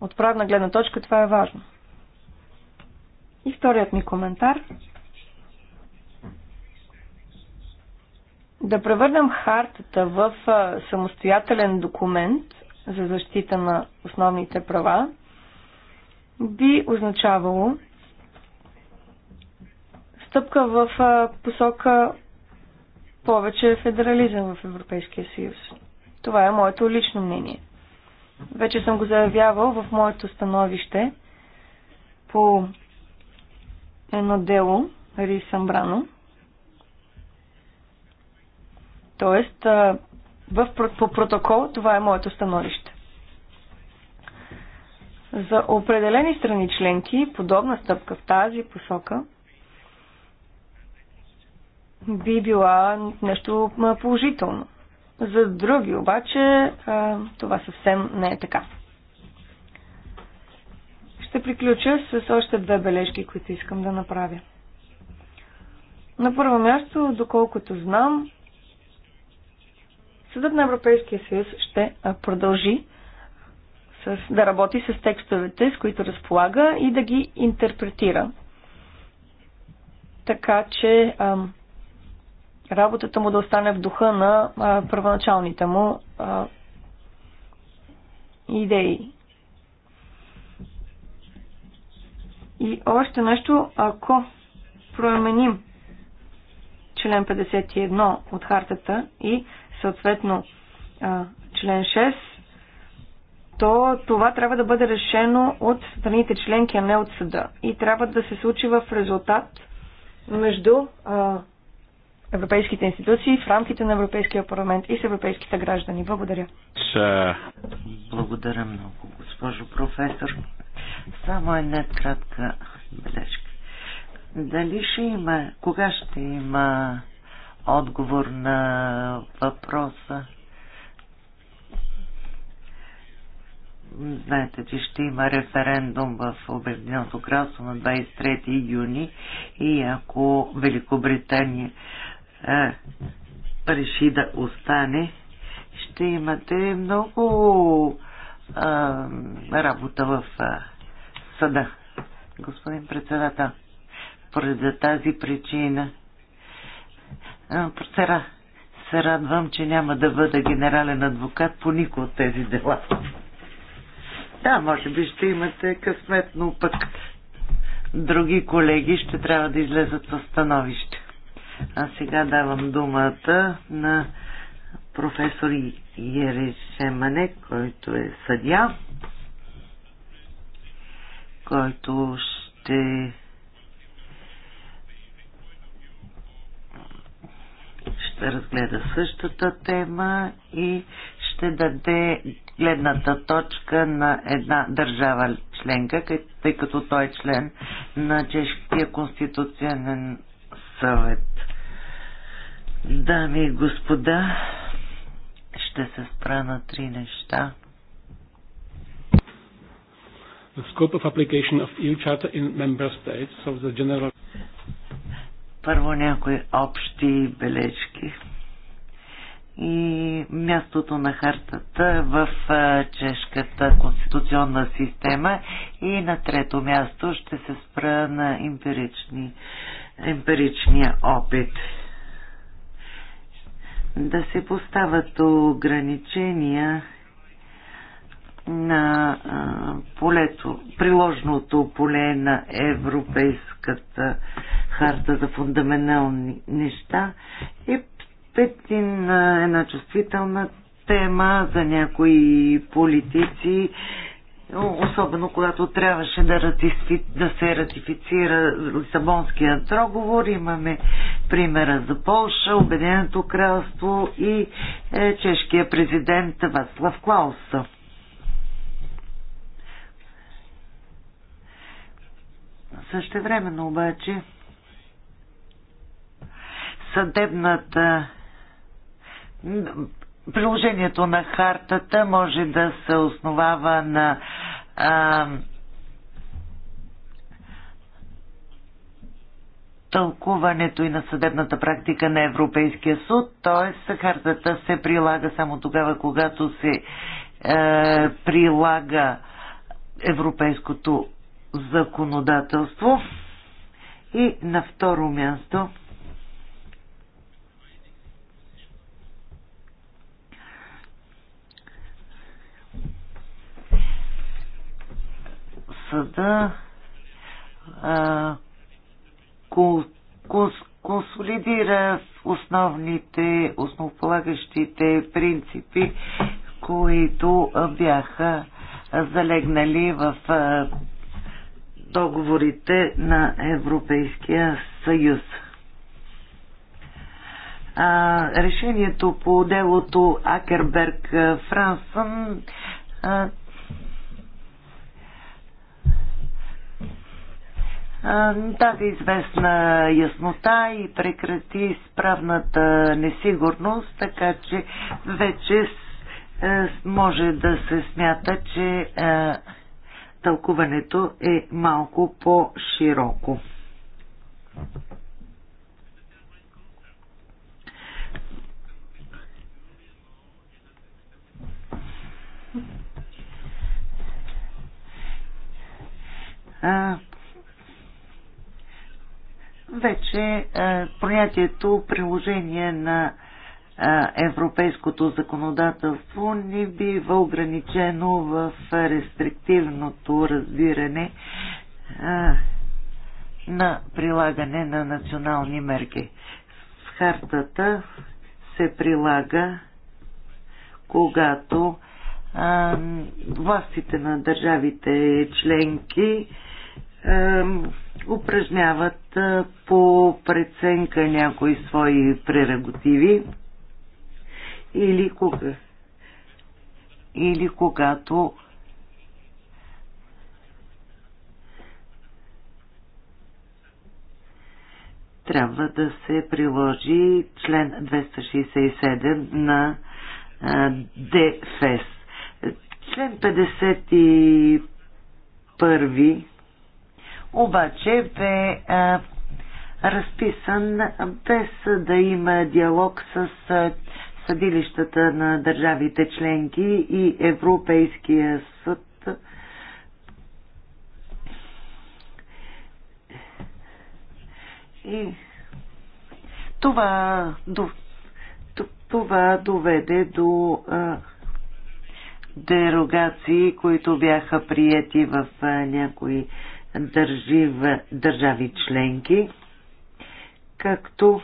От правна гледна точка това е важно. И вторият ми коментар. Да превърнем хартата в самостоятелен документ за защита на основните права би означавало стъпка в посока повече федерализъм в Европейския съюз. Това е моето лично мнение. Вече съм го заявявал в моето становище по едно дело Ри Самбрано. Тоест, в, по протокол това е моето становище. За определени страни членки подобна стъпка в тази посока би била нещо положително. За други обаче това съвсем не е така. Ще приключа с още две бележки, които искам да направя. На първо място, доколкото знам, Съдът на Европейския съюз ще продължи с, да работи с текстовете, с които разполага и да ги интерпретира. Така че А, работата му да остане в духа на а, първоначалните му а, идеи. И още нещо, ако променим член 51 от хартата и съответно а, член 6, то това трябва да бъде решено от страните членки, а не от съда. И трябва да се случи в резултат между а, европейските институции, в рамките на Европейския парламент и с европейските граждани. Благодаря. Благодаря много, госпожо професор. Само една кратка бележка. Дали ще има, кога ще има отговор на въпроса? знаете, че ще има референдум в Обединеното кралство на 23 юни и ако Великобритания а, реши да остане, ще имате много а, работа в а, съда, господин председател. за тази причина. процера, се радвам, че няма да бъда генерален адвокат по никой от тези дела. Да, може би ще имате късмет, но пък други колеги ще трябва да излезат със становище. А сега давам думата на професор Ерис който е съдя, който ще ще разгледа същата тема и ще даде гледната точка на една държава членка, тъй като той е член на Чешкия конституционен съвет. Дами и господа, ще се спра на три неща. The scope of application of EU Charter in member states of the general... Първо някои общи бележки и мястото на хартата в чешката конституционна система и на трето място ще се спра на имперични емпиричния опит. Да се поставят ограничения на полето, приложното поле на Европейската харта за фундаментални неща е петин една чувствителна тема за някои политици особено когато трябваше да, ратифи, да се ратифицира Лисабонския договор. Имаме примера за Полша, Обединеното кралство и е, чешкия президент Клауса. Също времено обаче съдебната приложението на хартата може да се основава на а, тълкуването и на съдебната практика на Европейския суд, т.е. хартата се прилага само тогава, когато се е, прилага европейското законодателство. И на второ място съда а, кул, консолидира основните, основополагащите принципи, които бяха залегнали в договорите на Европейския съюз. Решението по делото Акерберг-Франсън тази известна яснота и прекрати справната несигурност, така че вече е, може да се смята, че е, тълкуването е малко по-широко. Вече е, понятието приложение на е, европейското законодателство не бива ограничено в рестриктивното разбиране е, на прилагане на национални мерки. Хартата се прилага, когато а, властите на държавите членки а, упражняват по преценка някои свои прерогативи или кога или когато трябва да се приложи член 267 на ДФС. Член 51 обаче бе а, разписан без да има диалог с съдилищата на държавите членки и Европейския съд. И това, това доведе до а, дерогации, които бяха приети в а, някои държи, държави членки, както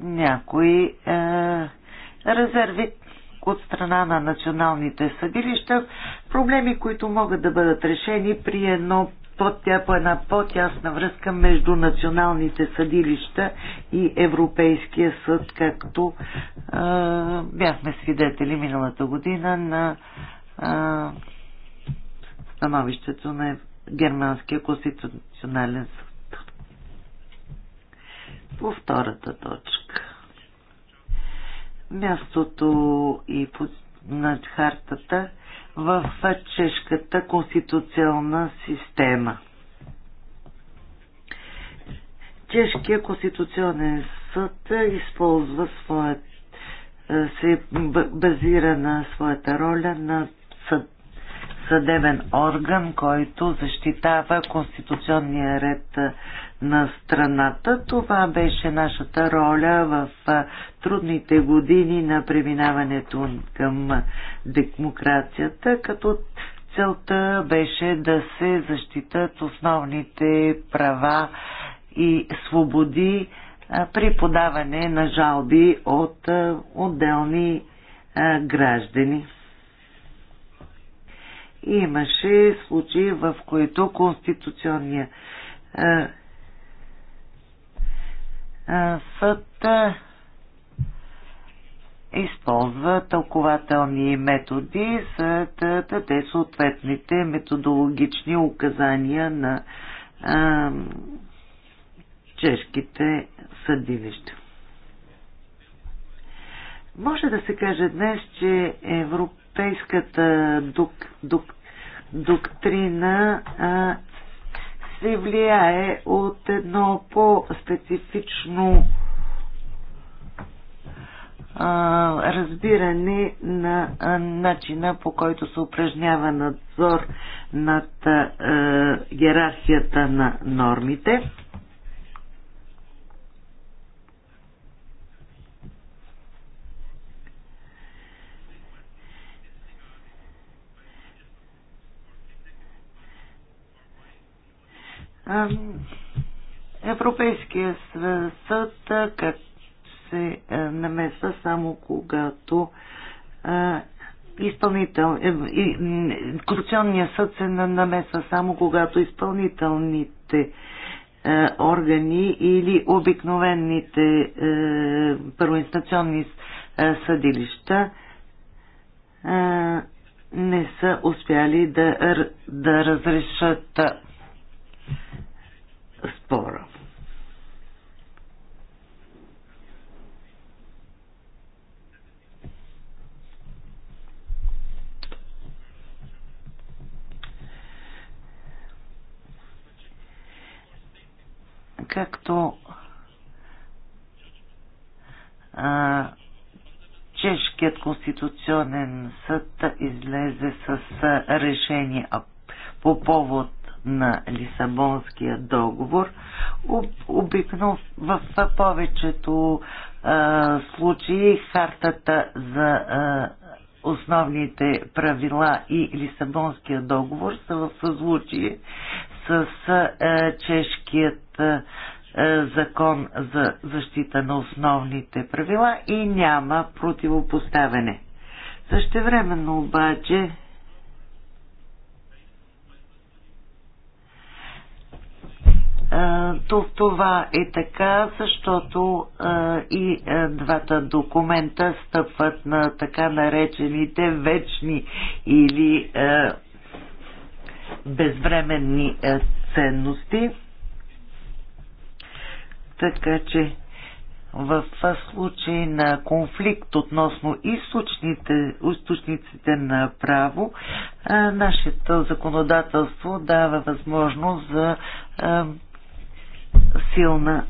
някои е, резерви от страна на националните съдилища, проблеми, които могат да бъдат решени при едно по, по една по-тясна връзка между националните съдилища и Европейския съд, както а, бяхме свидетели миналата година на а, становището на Германския конституционален съд. По втората точка. Мястото и под, над хартата в чешката конституционна система. Чешкият конституционен съд използва своят е, се базира на своята роля на съдебен орган, който защитава конституционния ред на страната. Това беше нашата роля в трудните години на преминаването към демокрацията, като целта беше да се защитат основните права и свободи при подаване на жалби от отделни граждани имаше случаи, в които Конституционния съд използва тълкователни методи, за да даде съответните методологични указания на а, чешките съдилища. Може да се каже днес, че Европа европейската док, док, доктрина а, се влияе от едно по-специфично разбиране на начина по който се упражнява надзор над а, е, иерархията на нормите. Европейския съд как се намесва само когато изпълнител... Е, съд се намесва само когато изпълнителните органи или обикновените първоинстанционни съдилища не са успяли да, да разрешат спора. Както а, Чешкият конституционен съд излезе с решение по повод на Лисабонския договор, обикно в повечето а, случаи хартата за а, основните правила и Лисабонския договор са в съзвучие с а, чешкият а, закон за защита на основните правила и няма противопоставяне. Същевременно обаче Е, това е така, защото е, и е, двата документа стъпват на така наречените вечни или безвременни ценности. Така че в случай на конфликт относно източните, източниците на право, нашето законодателство дава възможност за силна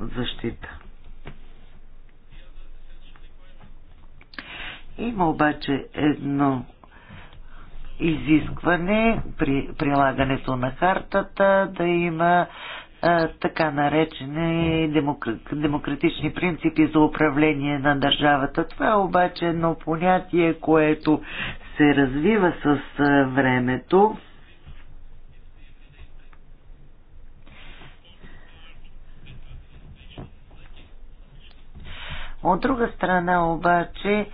защита. Има обаче едно изискване при прилагането на хартата да има а, така наречени демократични принципи за управление на държавата. Това е обаче едно понятие, което се развива с времето. От друга страна обаче е,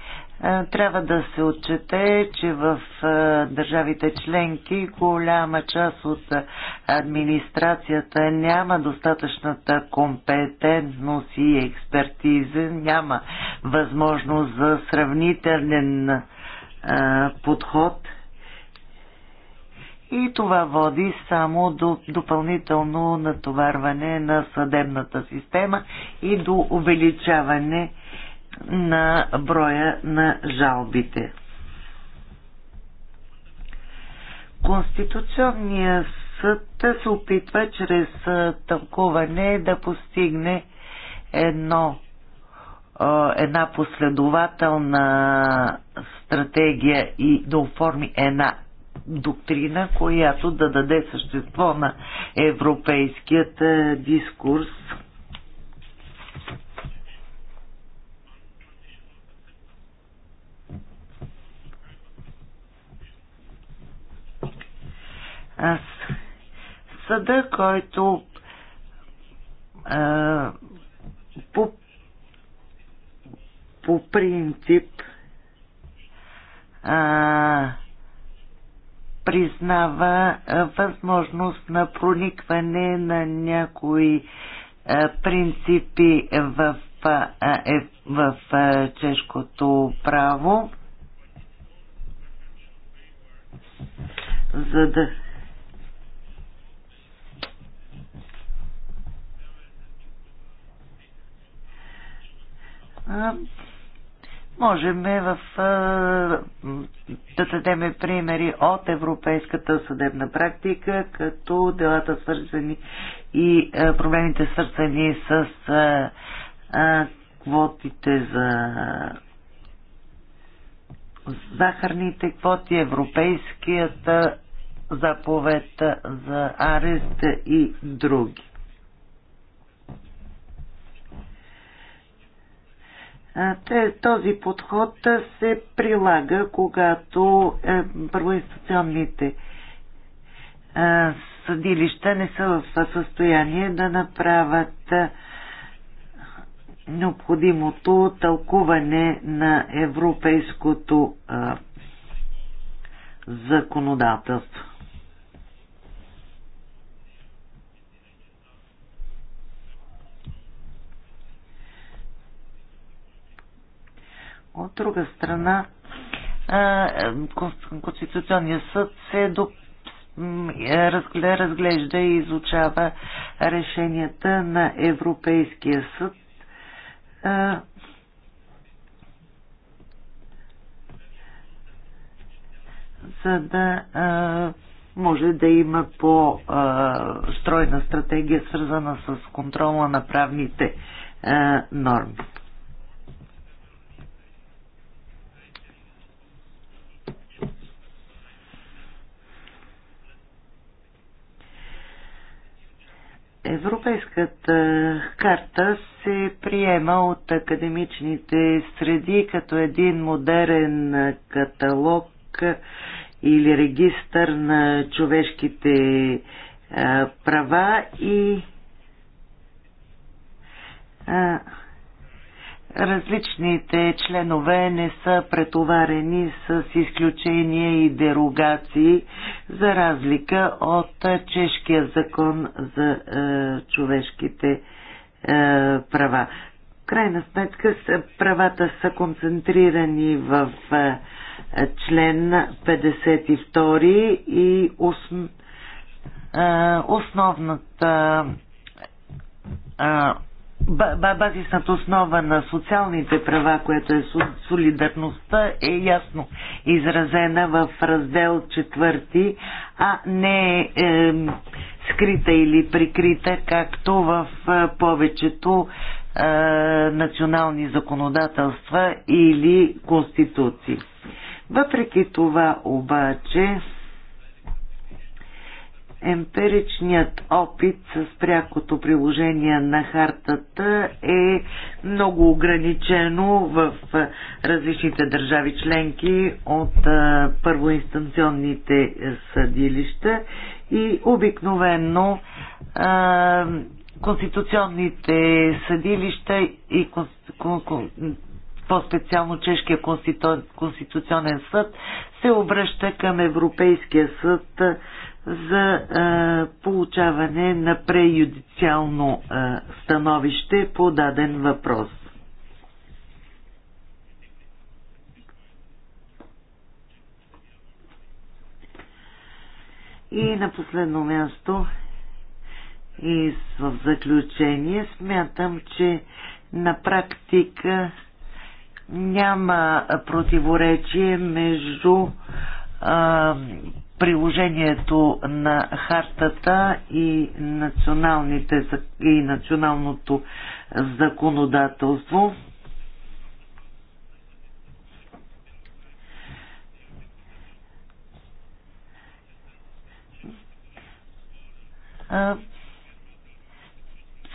трябва да се отчете, че в е, държавите членки голяма част от е, администрацията няма достатъчната компетентност и експертиза, няма възможност за сравнителен подход и това води само до допълнително натоварване на съдебната система и до увеличаване на броя на жалбите. Конституционният съд се опитва чрез тълкуване да постигне едно, една последователна стратегия и да оформи една доктрина, която да даде същество на европейският е, дискурс. Аз съда, който а, е, по, по принцип а, е, признава възможност на проникване на някои принципи в, е, в чешкото право, за да можем е в, да дадем примери от европейската съдебна практика, като делата свързани и проблемите свързани с квотите за захарните квоти, европейският заповед за арест и други. Те, този подход се прилага, когато е, първоинституционните е, съдилища не са в състояние да направят е, необходимото тълкуване на европейското е, законодателство. От друга страна, Конституционният съд се до е, разглежда и изучава решенията на Европейския съд. за да а, може да има по-стройна стратегия, свързана с контрола на правните а, норми. Европейската карта се приема от академичните среди като един модерен каталог или регистър на човешките права и различните членове не са претоварени с изключения и дерогации, за разлика от чешкия закон за е, човешките е, права. Крайна сметка правата са концентрирани в е, член 52 и основ, е, основната е, базисната основа на социалните права, което е солидарността, е ясно изразена в раздел четвърти, а не е, е скрита или прикрита, както в е, повечето е, национални законодателства или конституции. Въпреки това обаче Емпиричният опит с прякото приложение на хартата е много ограничено в различните държави членки от първоинстанционните съдилища и обикновено конституционните съдилища и по-специално Чешкия конститу... конституционен съд се обръща към Европейския съд за е, получаване на преюдициално е, становище по даден въпрос. И на последно място и в заключение смятам, че на практика няма противоречие между а, приложението на хартата и, националните, и националното законодателство.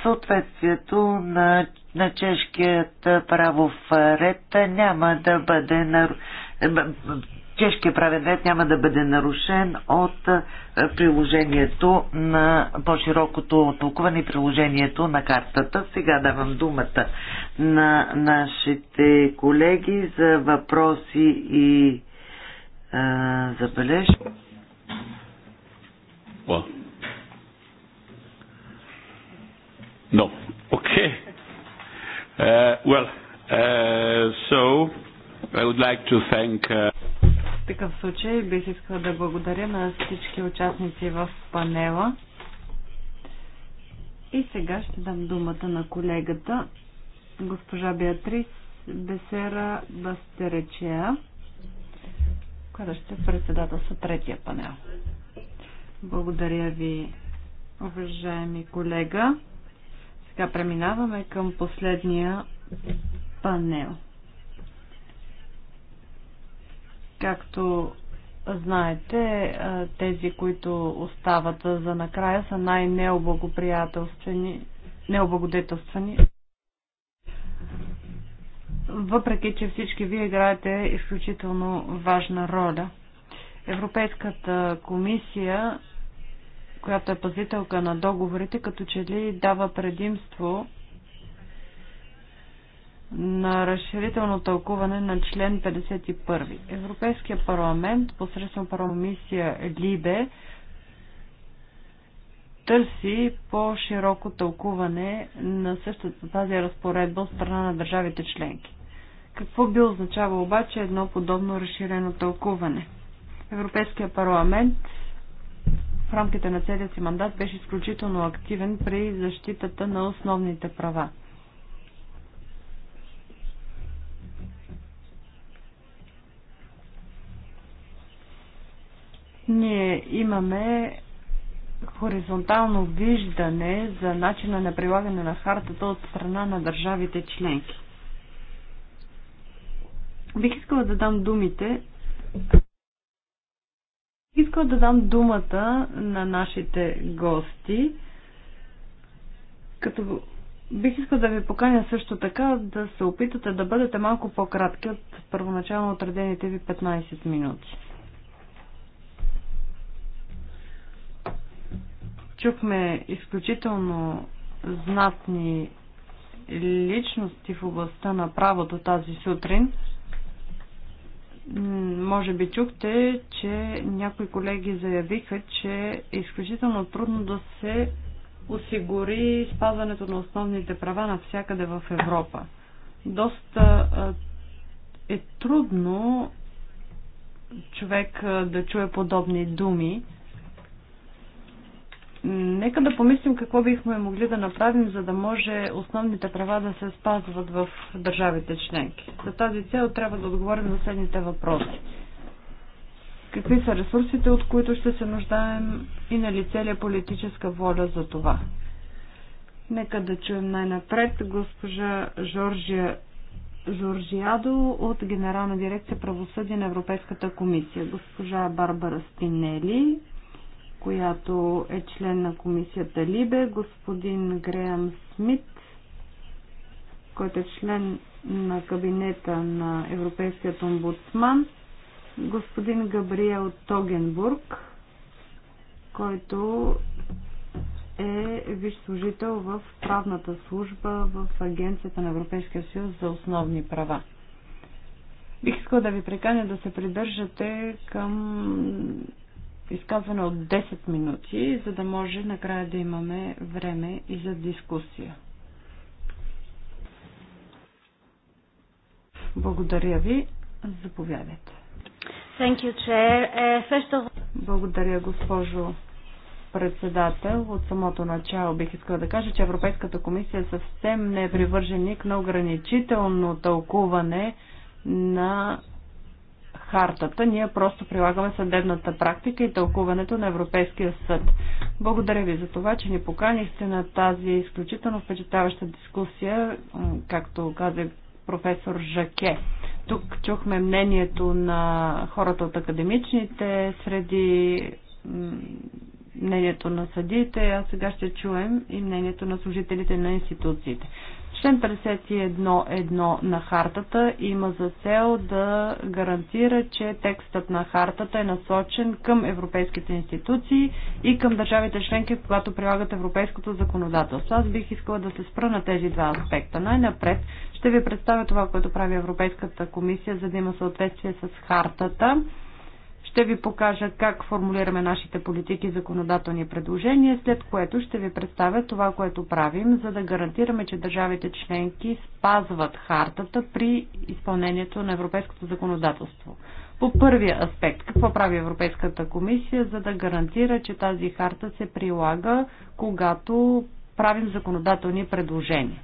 съответствието на, на чешкият правов ред няма да бъде на, тежкият правен ред няма да бъде нарушен от е, приложението на по-широкото толкуване и приложението на картата. Сега давам думата на нашите колеги за въпроси и а, е, забележки. No. Okay. Uh, well, uh, so I would like to thank uh, такъв случай бих искала да благодаря на всички участници в панела. И сега ще дам думата на колегата, госпожа Беатрис Бесера Бастеречеа, която ще председателства третия панел. Благодаря ви, уважаеми колега. Сега преминаваме към последния панел. Както знаете, тези, които остават за накрая, са най-необлагоприятелствени, необлагодетелствани. Въпреки, че всички вие играете изключително важна роля. Европейската комисия, която е пазителка на договорите, като че ли дава предимство на разширително тълкуване на член 51. Европейския парламент посредством парламисия Либе търси по-широко тълкуване на същата тази разпоредба от страна на държавите членки. Какво би означава обаче едно подобно разширено тълкуване? Европейския парламент в рамките на целия си мандат беше изключително активен при защитата на основните права. Ние имаме хоризонтално виждане за начина на прилагане на хартата от страна на държавите членки. Бих искала да дам думите. Бих искала да дам думата на нашите гости, като бих искал да ви поканя също така да се опитате да бъдете малко по-кратки от първоначално отредените ви 15 минути. Чухме изключително знатни личности в областта на правото тази сутрин. Може би чухте, че някои колеги заявиха, че е изключително трудно да се осигури спазването на основните права навсякъде в Европа. Доста е трудно човек да чуе подобни думи, Нека да помислим какво бихме могли да направим, за да може основните права да се спазват в държавите членки. За тази цел трябва да отговорим на следните въпроси. Какви са ресурсите, от които ще се нуждаем и на лице ли е политическа воля за това? Нека да чуем най-напред госпожа Жоржия Жоржиадо от Генерална дирекция правосъдие на Европейската комисия. Госпожа Барбара Спинели която е член на комисията Либе, господин Греъм Смит, който е член на кабинета на Европейският омбудсман, господин Габриел Тогенбург, който е виж служител в правната служба в Агенцията на Европейския съюз за основни права. Бих искал да ви преканя да се придържате към изказване от 10 минути, за да може накрая да имаме време и за дискусия. Благодаря ви. Заповядайте. Thank you, Chair. Uh, first of... Благодаря, госпожо председател. От самото начало бих искала да кажа, че Европейската комисия е съвсем не е привърженик на ограничително тълкуване на хартата. Ние просто прилагаме съдебната практика и тълкуването на Европейския съд. Благодаря ви за това, че ни поканихте на тази изключително впечатляваща дискусия, както каза професор Жаке. Тук чухме мнението на хората от академичните среди мнението на съдиите, а сега ще чуем и мнението на служителите на институциите. Член 51.1 на хартата има за цел да гарантира, че текстът на хартата е насочен към европейските институции и към държавите членки, когато прилагат европейското законодателство. Аз бих искала да се спра на тези два аспекта. Най-напред ще ви представя това, което прави Европейската комисия, за да има съответствие с хартата ще ви покажа как формулираме нашите политики и законодателни предложения, след което ще ви представя това, което правим, за да гарантираме, че държавите членки спазват хартата при изпълнението на европейското законодателство. По първия аспект, какво прави Европейската комисия, за да гарантира, че тази харта се прилага, когато правим законодателни предложения?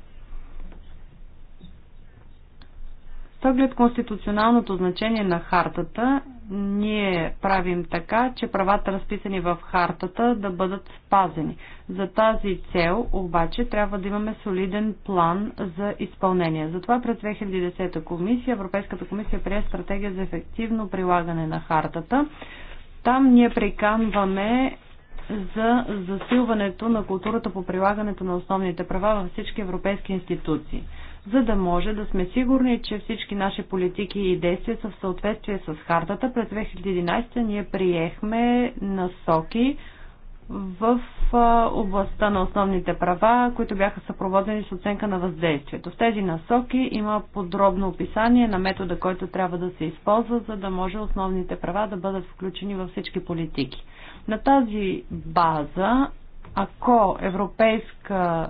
С оглед конституционалното значение на хартата, ние правим така, че правата разписани в хартата да бъдат спазени. За тази цел обаче трябва да имаме солиден план за изпълнение. Затова през 2010 комисия, Европейската комисия прие стратегия за ефективно прилагане на хартата. Там ние приканваме за засилването на културата по прилагането на основните права във всички европейски институции за да може да сме сигурни, че всички наши политики и действия са в съответствие с хартата. През 2011 ние приехме насоки в областта на основните права, които бяха съпроводени с оценка на въздействието. В тези насоки има подробно описание на метода, който трябва да се използва, за да може основните права да бъдат включени във всички политики. На тази база, ако Европейска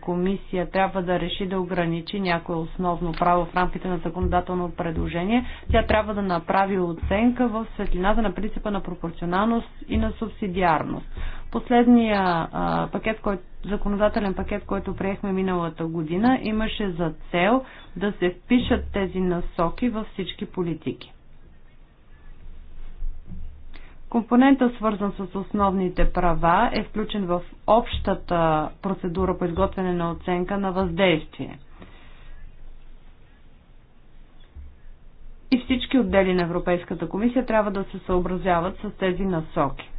комисия трябва да реши да ограничи някое основно право в рамките на законодателно предложение, тя трябва да направи оценка в светлината на принципа на пропорционалност и на субсидиарност. Последния а, пакет, който, законодателен пакет, който приехме миналата година, имаше за цел да се впишат тези насоки във всички политики. Компонента, свързан с основните права, е включен в общата процедура по изготвяне на оценка на въздействие. И всички отдели на Европейската комисия трябва да се съобразяват с тези насоки.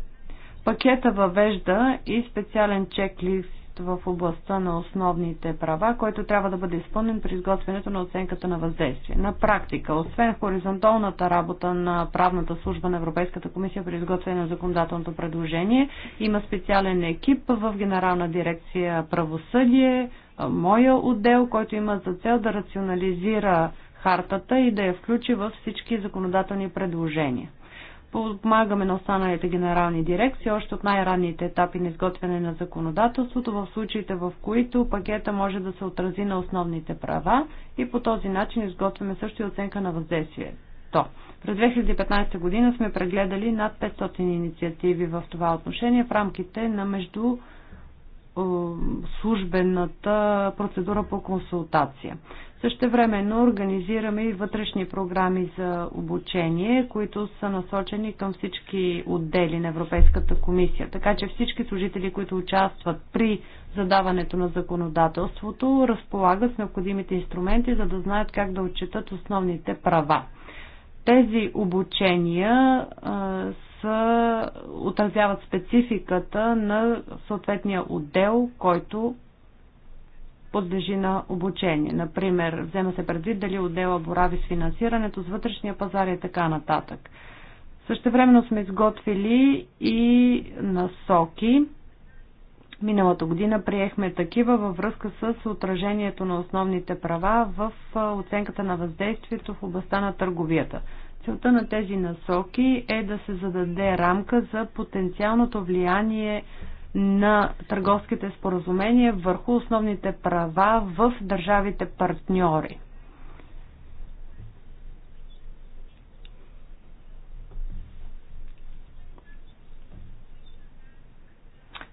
Пакета въвежда и специален чеклист в областта на основните права, който трябва да бъде изпълнен при изготвянето на оценката на въздействие. На практика, освен хоризонталната работа на правната служба на Европейската комисия при изготвяне на законодателното предложение, има специален екип в Генерална дирекция правосъдие, моя отдел, който има за цел да рационализира хартата и да я включи във всички законодателни предложения. Помагаме на останалите генерални дирекции още от най-ранните етапи на изготвяне на законодателството, в случаите в които пакета може да се отрази на основните права и по този начин изготвяме също и оценка на въздействието. През 2015 година сме прегледали над 500 инициативи в това отношение в рамките на между службената процедура по консултация. Същевременно организираме и вътрешни програми за обучение, които са насочени към всички отдели на Европейската комисия. Така че всички служители, които участват при задаването на законодателството, разполагат с необходимите инструменти, за да знаят как да отчитат основните права. Тези обучения а, са, отразяват спецификата на съответния отдел, който подлежи на обучение. Например, взема се предвид дали отдела борави с финансирането, с вътрешния пазар и така нататък. Същевременно сме изготвили и насоки. Миналата година приехме такива във връзка с отражението на основните права в оценката на въздействието в областта на търговията. Целта на тези насоки е да се зададе рамка за потенциалното влияние на търговските споразумения върху основните права в държавите партньори.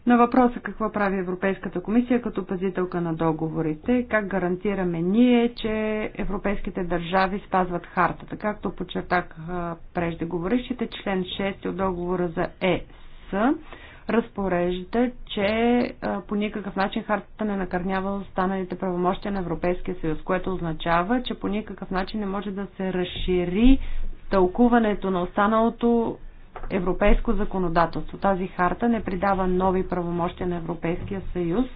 На въпроса какво прави Европейската комисия като пазителка на договорите, как гарантираме ние, че европейските държави спазват хартата, както подчертах преждеговорившите, член 6 от договора за ЕС разпорежда, че по никакъв начин хартата не накърнява останалите правомощия на Европейския съюз, което означава, че по никакъв начин не може да се разшири тълкуването на останалото европейско законодателство. Тази харта не придава нови правомощия на Европейския съюз,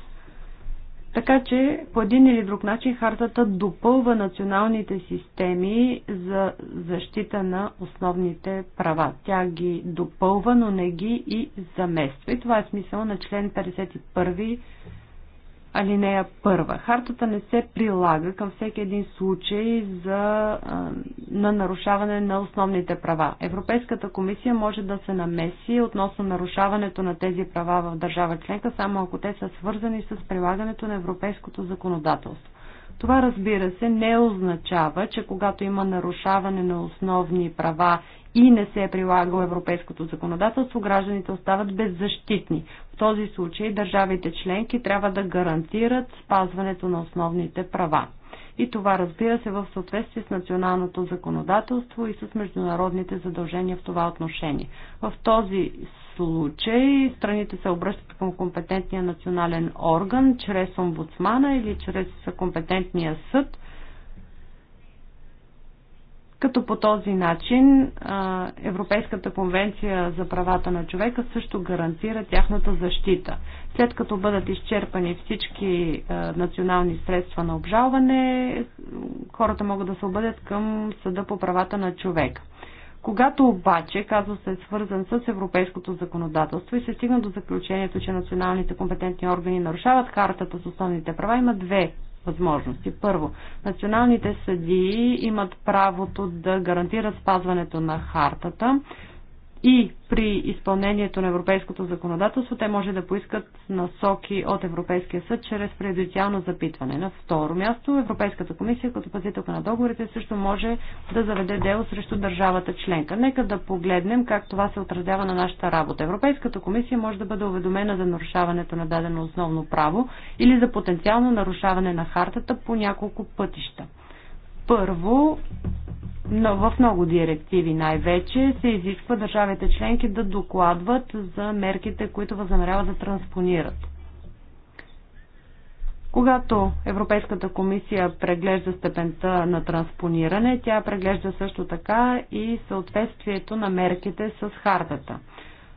така че по един или друг начин хартата допълва националните системи за защита на основните права. Тя ги допълва, но не ги и замества. И това е смисъл на член 51 Алинея първа. Хартата не се прилага към всеки един случай за, на нарушаване на основните права. Европейската комисия може да се намеси относно нарушаването на тези права в държава членка, само ако те са свързани с прилагането на европейското законодателство. Това разбира се не означава, че когато има нарушаване на основни права и не се е прилагало европейското законодателство, гражданите остават беззащитни. В този случай държавите членки трябва да гарантират спазването на основните права. И това разбира се в съответствие с националното законодателство и с международните задължения в това отношение. В този случай страните се обръщат към компетентния национален орган, чрез омбудсмана или чрез компетентния съд, като по този начин Европейската конвенция за правата на човека също гарантира тяхната защита. След като бъдат изчерпани всички национални средства на обжалване, хората могат да се обадят към Съда по правата на човека. Когато обаче се е свързан с европейското законодателство и се стигна до заключението, че националните компетентни органи нарушават картата с основните права, има две възможности. Първо, националните съдии имат правото да гарантират спазването на хартата и при изпълнението на европейското законодателство те може да поискат насоки от Европейския съд чрез предициално запитване. На второ място Европейската комисия като пазителка на договорите също може да заведе дело срещу държавата членка. Нека да погледнем как това се отразява на нашата работа. Европейската комисия може да бъде уведомена за нарушаването на дадено основно право или за потенциално нарушаване на хартата по няколко пътища. Първо, но в много директиви най-вече се изисква държавите членки да докладват за мерките, които възнамеряват да транспонират. Когато Европейската комисия преглежда степента на транспониране, тя преглежда също така и съответствието на мерките с хартата –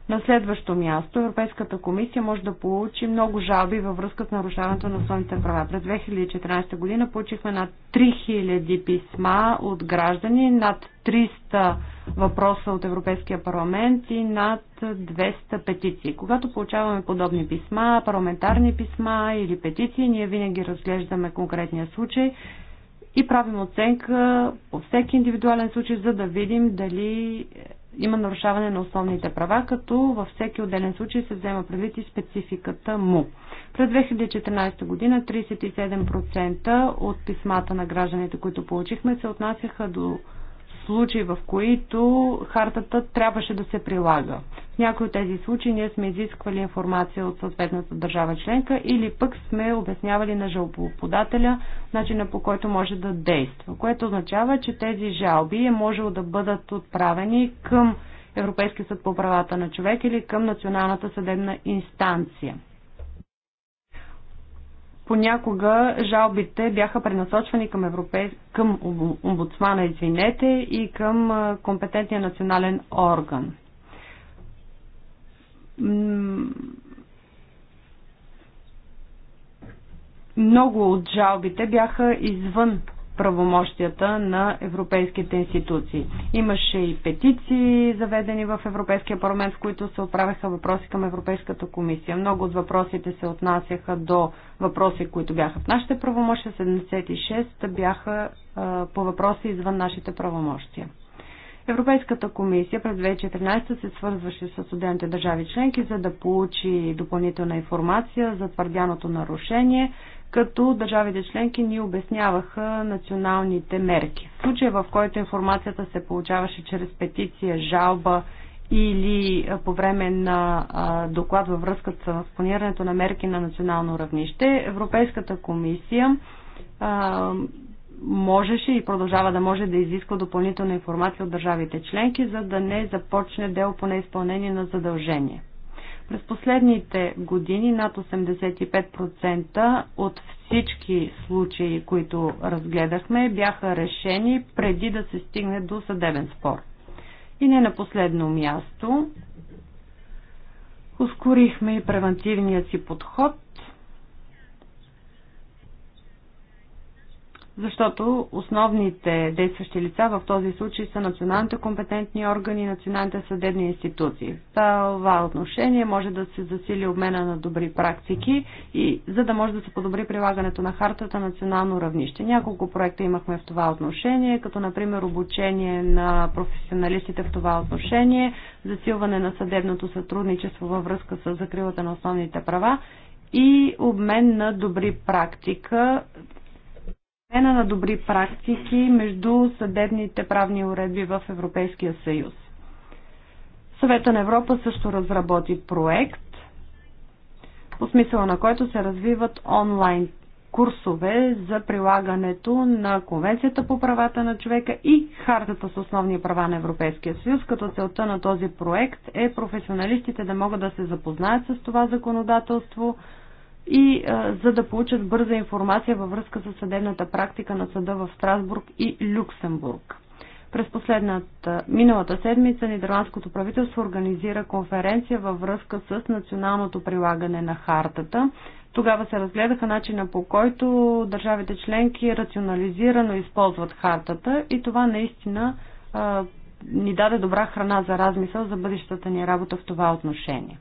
на следващо място Европейската комисия може да получи много жалби във връзка с нарушаването на основните права. През 2014 година получихме над 3000 писма от граждани, над 300 въпроса от Европейския парламент и над 200 петиции. Когато получаваме подобни писма, парламентарни писма или петиции, ние винаги разглеждаме конкретния случай и правим оценка по всеки индивидуален случай, за да видим дали има нарушаване на основните права, като във всеки отделен случай се взема предвид и спецификата му. През 2014 година 37% от писмата на гражданите, които получихме, се отнасяха до случаи, в които хартата трябваше да се прилага. В някои от тези случаи ние сме изисквали информация от съответната държава членка или пък сме обяснявали на жалбоподателя начина по който може да действа, което означава, че тези жалби е можело да бъдат отправени към Европейския съд по правата на човек или към Националната съдебна инстанция понякога жалбите бяха пренасочвани към, европей... към омбудсмана извинете, и към компетентния национален орган. Много от жалбите бяха извън правомощията на европейските институции. Имаше и петиции, заведени в Европейския парламент, в които се отправяха въпроси към Европейската комисия. Много от въпросите се отнасяха до въпроси, които бяха в нашите правомощия, 76 бяха а, по въпроси извън нашите правомощия. Европейската комисия през 2014 се свързваше с студентите държави членки, за да получи допълнителна информация за твърдяното нарушение – като държавите членки ни обясняваха националните мерки. В случая, в който информацията се получаваше чрез петиция, жалба или по време на доклад във връзка с планирането на мерки на национално равнище, Европейската комисия можеше и продължава да може да изисква допълнителна информация от държавите членки, за да не започне дело по неизпълнение на задължение. През последните години над 85% от всички случаи, които разгледахме, бяха решени преди да се стигне до съдебен спор. И не на последно място, ускорихме и превентивния си подход – защото основните действащи лица в този случай са националните компетентни органи и националните съдебни институции. В това отношение може да се засили обмена на добри практики и за да може да се подобри прилагането на хартата на национално равнище. Няколко проекта имахме в това отношение, като например обучение на професионалистите в това отношение, засилване на съдебното сътрудничество във връзка с закрилата на основните права и обмен на добри практика обмена на добри практики между съдебните правни уредби в Европейския съюз. Съвета на Европа също разработи проект, по смисъла на който се развиват онлайн курсове за прилагането на Конвенцията по правата на човека и Хартата с основни права на Европейския съюз, като целта на този проект е професионалистите да могат да се запознаят с това законодателство, и а, за да получат бърза информация във връзка с съдебната практика на съда в Страсбург и Люксембург. През последната, миналата седмица нидерландското правителство организира конференция във връзка с националното прилагане на хартата. Тогава се разгледаха начина по който държавите членки рационализирано използват хартата и това наистина а, ни даде добра храна за размисъл за бъдещата ни работа в това отношение.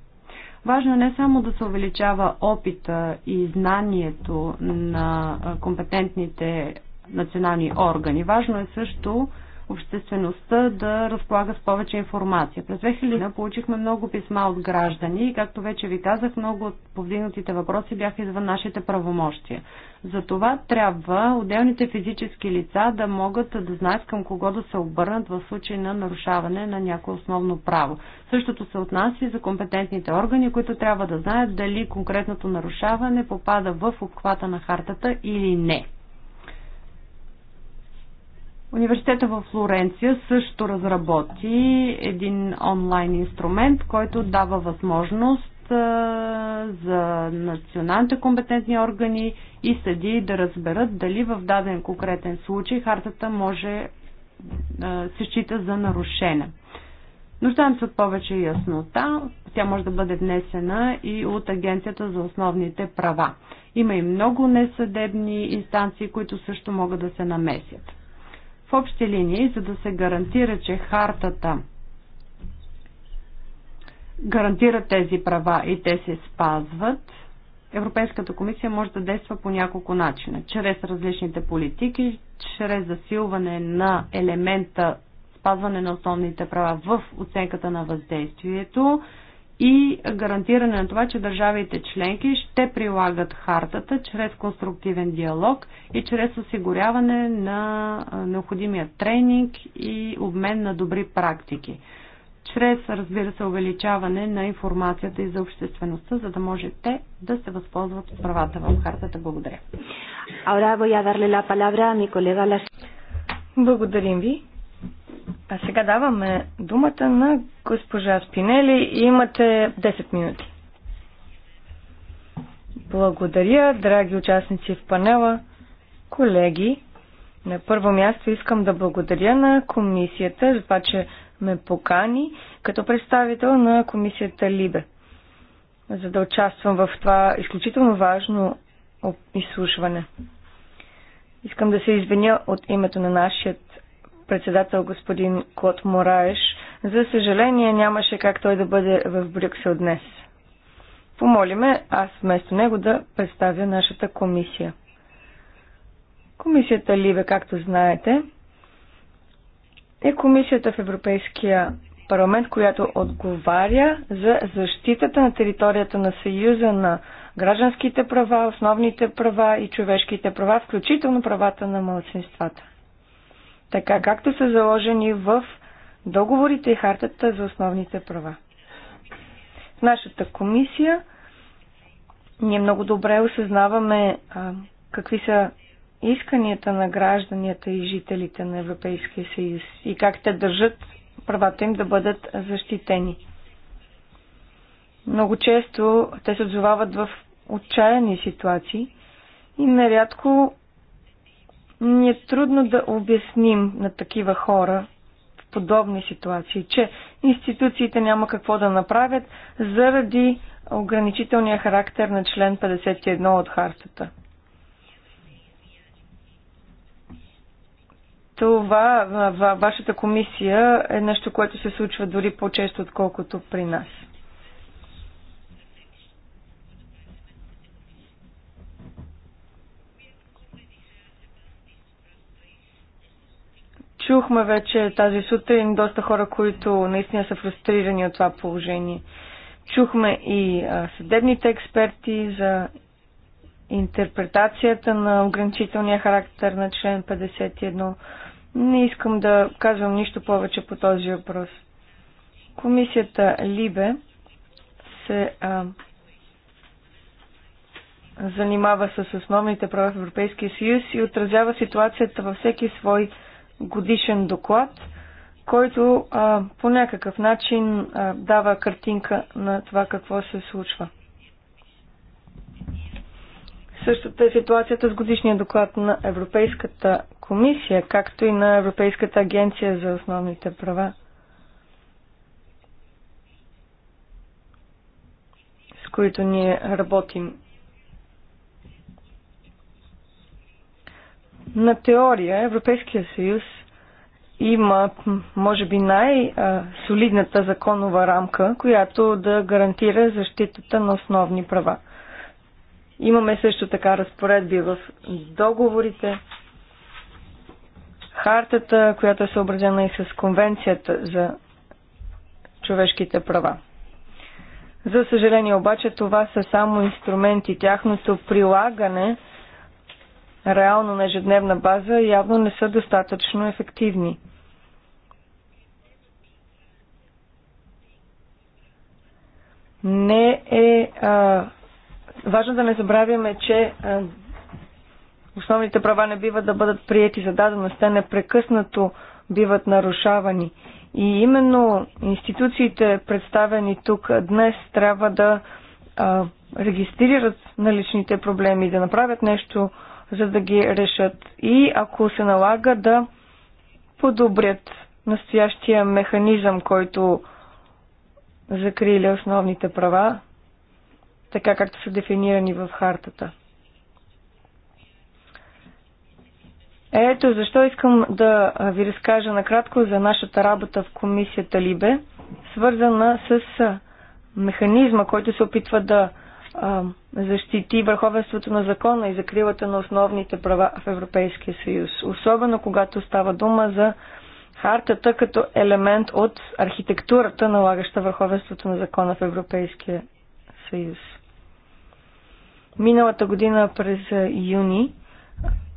Важно е не само да се увеличава опита и знанието на компетентните национални органи, важно е също обществеността да разполага с повече информация. През 2000 получихме много писма от граждани и, както вече ви казах, много от повдигнатите въпроси бяха извън нашите правомощия. Затова трябва отделните физически лица да могат да знаят към кого да се обърнат в случай на нарушаване на някое основно право. Същото се отнася и за компетентните органи, които трябва да знаят дали конкретното нарушаване попада в обхвата на хартата или не. Университета в Флоренция също разработи един онлайн инструмент, който дава възможност за националните компетентни органи и съди да разберат дали в даден конкретен случай хартата може се счита за нарушена. Нуждаем се от повече яснота. Тя може да бъде внесена и от Агенцията за основните права. Има и много несъдебни инстанции, които също могат да се намесят. В общи линии, за да се гарантира, че хартата гарантира тези права и те се спазват, Европейската комисия може да действа по няколко начина. Чрез различните политики, чрез засилване на елемента спазване на основните права в оценката на въздействието, и гарантиране на това, че държавите членки ще прилагат хартата чрез конструктивен диалог и чрез осигуряване на необходимия тренинг и обмен на добри практики. Чрез, разбира се, увеличаване на информацията и за обществеността, за да може те да се възползват от правата в хартата. Благодаря. Благодарим ви. А сега даваме думата на госпожа Спинели. Имате 10 минути. Благодаря, драги участници в панела, колеги. На първо място искам да благодаря на комисията за това, че ме покани като представител на комисията Либе, за да участвам в това изключително важно изслушване. Искам да се извиня от името на нашия председател господин Клод Мораеш. За съжаление нямаше как той да бъде в Брюксел днес. Помолиме аз вместо него да представя нашата комисия. Комисията Ливе, както знаете, е комисията в Европейския парламент, която отговаря за защитата на територията на Съюза на гражданските права, основните права и човешките права, включително правата на младсинствата така както са заложени в договорите и хартата за основните права. В нашата комисия ние много добре осъзнаваме а, какви са исканията на гражданията и жителите на Европейския съюз и как те държат правата им да бъдат защитени. Много често те се отзовават в отчаяни ситуации и нарядко ни е трудно да обясним на такива хора в подобни ситуации, че институциите няма какво да направят заради ограничителния характер на член 51 от хартата. Това, вашата комисия, е нещо, което се случва дори по-често, отколкото при нас. Чухме вече тази сутрин доста хора, които наистина са фрустрирани от това положение. Чухме и съдебните експерти за интерпретацията на ограничителния характер на член 51. Не искам да казвам нищо повече по този въпрос. Комисията Либе се а, занимава с основните права в Европейския съюз и отразява ситуацията във всеки свой годишен доклад, който а, по някакъв начин а, дава картинка на това какво се случва. Същата е ситуацията с годишния доклад на Европейската комисия, както и на Европейската агенция за основните права. които ние работим На теория Европейския съюз има, може би, най-солидната законова рамка, която да гарантира защитата на основни права. Имаме също така разпоредби в договорите, хартата, която е съобразена и с конвенцията за човешките права. За съжаление обаче това са само инструменти. Тяхното прилагане – реално на ежедневна база, явно не са достатъчно ефективни. Не е а, важно да не забравяме, че а, основните права не биват да бъдат приети за даденост, те непрекъснато биват нарушавани. И именно институциите, представени тук днес, трябва да а, регистрират наличните проблеми, да направят нещо за да ги решат и ако се налага да подобрят настоящия механизъм, който закриля основните права, така както са дефинирани в хартата. Ето защо искам да ви разкажа накратко за нашата работа в комисията Либе, свързана с механизма, който се опитва да защити върховенството на закона и закрилата на основните права в Европейския съюз. Особено когато става дума за хартата като елемент от архитектурата, налагаща върховенството на закона в Европейския съюз. Миналата година през юни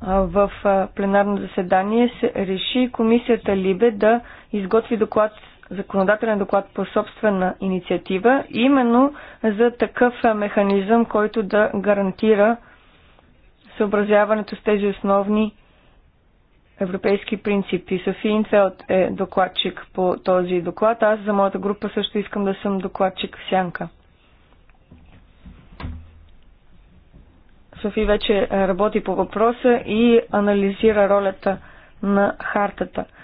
в пленарно заседание се реши комисията Либе да изготви доклад законодателен доклад по собствена инициатива, именно за такъв механизъм, който да гарантира съобразяването с тези основни европейски принципи. Софи Инфелд е докладчик по този доклад. Аз за моята група също искам да съм докладчик в Сянка. Софи вече работи по въпроса и анализира ролята на хартата –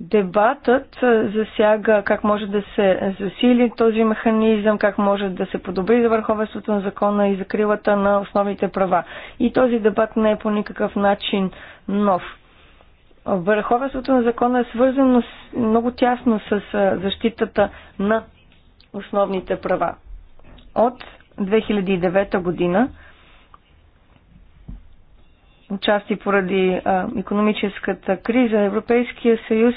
Дебатът засяга как може да се засили този механизъм, как може да се подобри за върховенството на закона и закрилата на основните права. И този дебат не е по никакъв начин нов. Върховенството на закона е свързано с, много тясно с защитата на основните права. От 2009 година отчасти поради а, економическата криза, Европейския съюз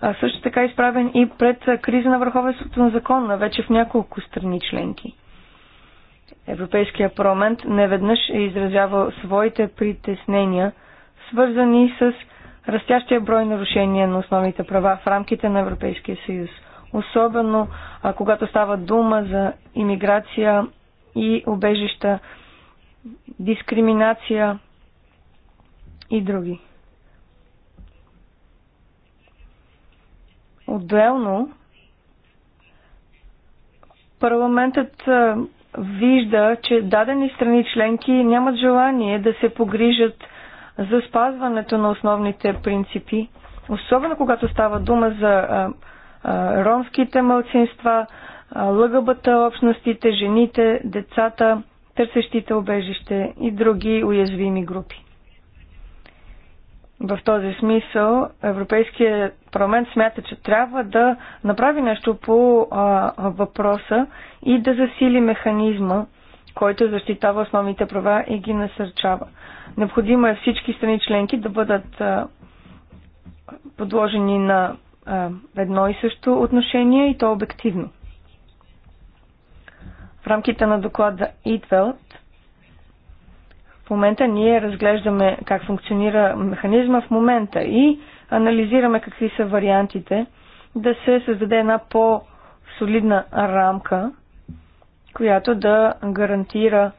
а, също така е изправен и пред криза на върховенството на закона, вече в няколко страни членки. Европейския парламент неведнъж е изразявал своите притеснения, свързани с растящия брой нарушения на основните права в рамките на Европейския съюз. Особено а, когато става дума за иммиграция и обежища, дискриминация, и други. Отделно, парламентът вижда, че дадени страни членки нямат желание да се погрижат за спазването на основните принципи, особено когато става дума за ромските мълцинства, лъгъбата общностите, жените, децата, търсещите обежище и други уязвими групи. В този смисъл Европейския парламент смята, че трябва да направи нещо по а, въпроса и да засили механизма, който защитава основните права и ги насърчава. Необходимо е всички страни членки да бъдат а, подложени на а, едно и също отношение и то обективно. В рамките на доклада Итвелт в момента ние разглеждаме как функционира механизма в момента и анализираме какви са вариантите да се създаде една по-солидна рамка, която да гарантира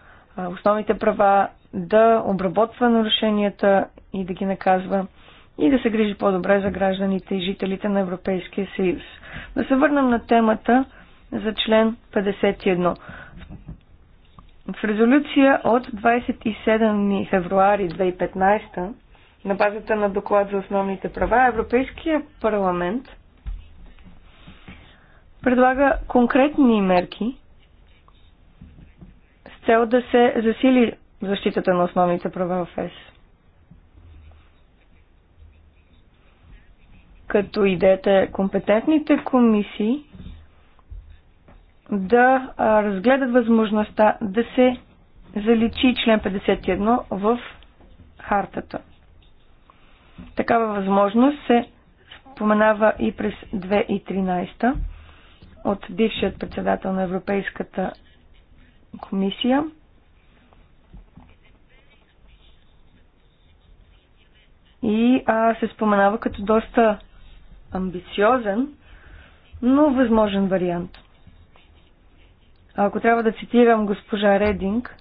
основните права, да обработва нарушенията и да ги наказва и да се грижи по-добре за гражданите и жителите на Европейския съюз. Да се върнем на темата за член 51. В резолюция от 27 февруари 2015 на базата на доклад за основните права Европейския парламент предлага конкретни мерки с цел да се засили защитата на основните права в ЕС. Като идеята е компетентните комисии да разгледат възможността да се заличи член 51 в хартата. Такава възможност се споменава и през 2013 от бившият председател на Европейската комисия. И а, се споменава като доста амбициозен, но възможен вариант. Ако трябва да цитирам госпожа Рединг,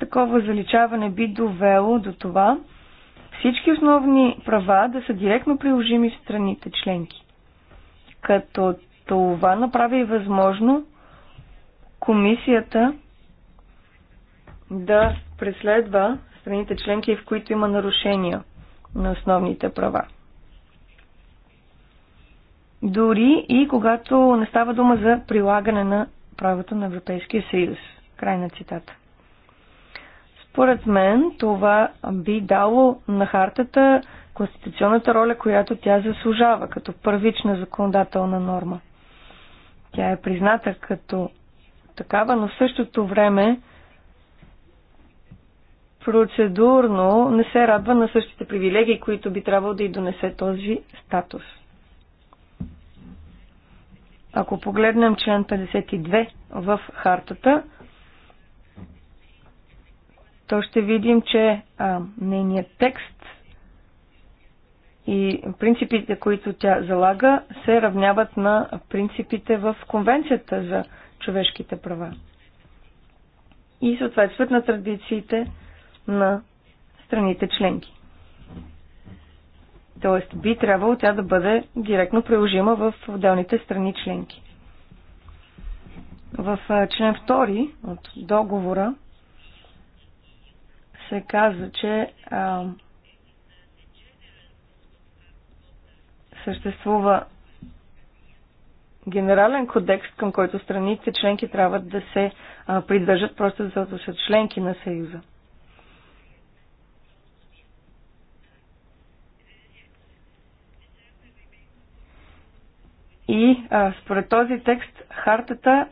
такова заличаване би довело до това всички основни права да са директно приложими в страните членки. Като това направи възможно комисията да преследва страните членки, в които има нарушения на основните права. Дори и когато не става дума за прилагане на правото на Европейския съюз. Край на цитата. Според мен това би дало на хартата конституционната роля, която тя заслужава като първична законодателна норма. Тя е призната като такава, но в същото време процедурно не се радва на същите привилегии, които би трябвало да й донесе този статус. Ако погледнем член 52 в хартата, то ще видим, че а, нейният текст и принципите, които тя залага, се равняват на принципите в Конвенцията за човешките права и съответстват на традициите на страните членки. Тоест би трябвало тя да бъде директно приложима в отделните страни членки. В член 2 от договора се казва, че а, съществува генерален кодекс, към който страните членки трябва да се а, придържат просто за са членки на Съюза. И а, според този текст хартата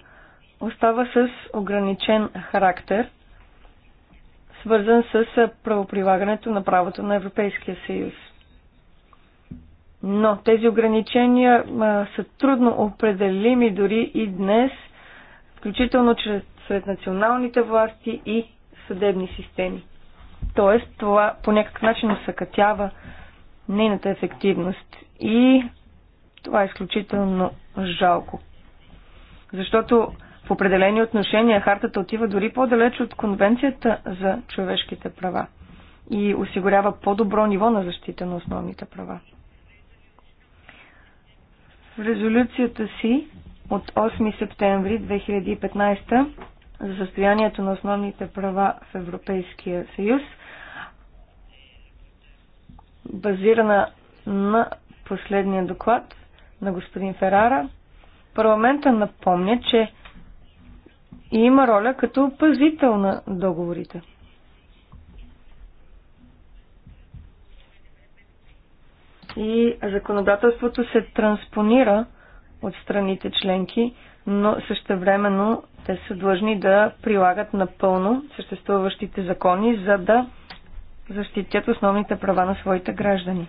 остава с ограничен характер, свързан с правоприлагането на правото на Европейския съюз. Но тези ограничения а, са трудно определими дори и днес, включително чрез сред националните власти и съдебни системи. Тоест, това по някакъв начин усъкътява нейната ефективност. И това е изключително жалко. Защото в определени отношения хартата отива дори по-далеч от Конвенцията за човешките права и осигурява по-добро ниво на защита на основните права. В резолюцията си от 8 септември 2015 за състоянието на основните права в Европейския съюз, базирана на последния доклад, на господин Ферара, парламента напомня, че има роля като пазител на договорите. И законодателството се транспонира от страните членки, но същевременно те са длъжни да прилагат напълно съществуващите закони, за да защитят основните права на своите граждани.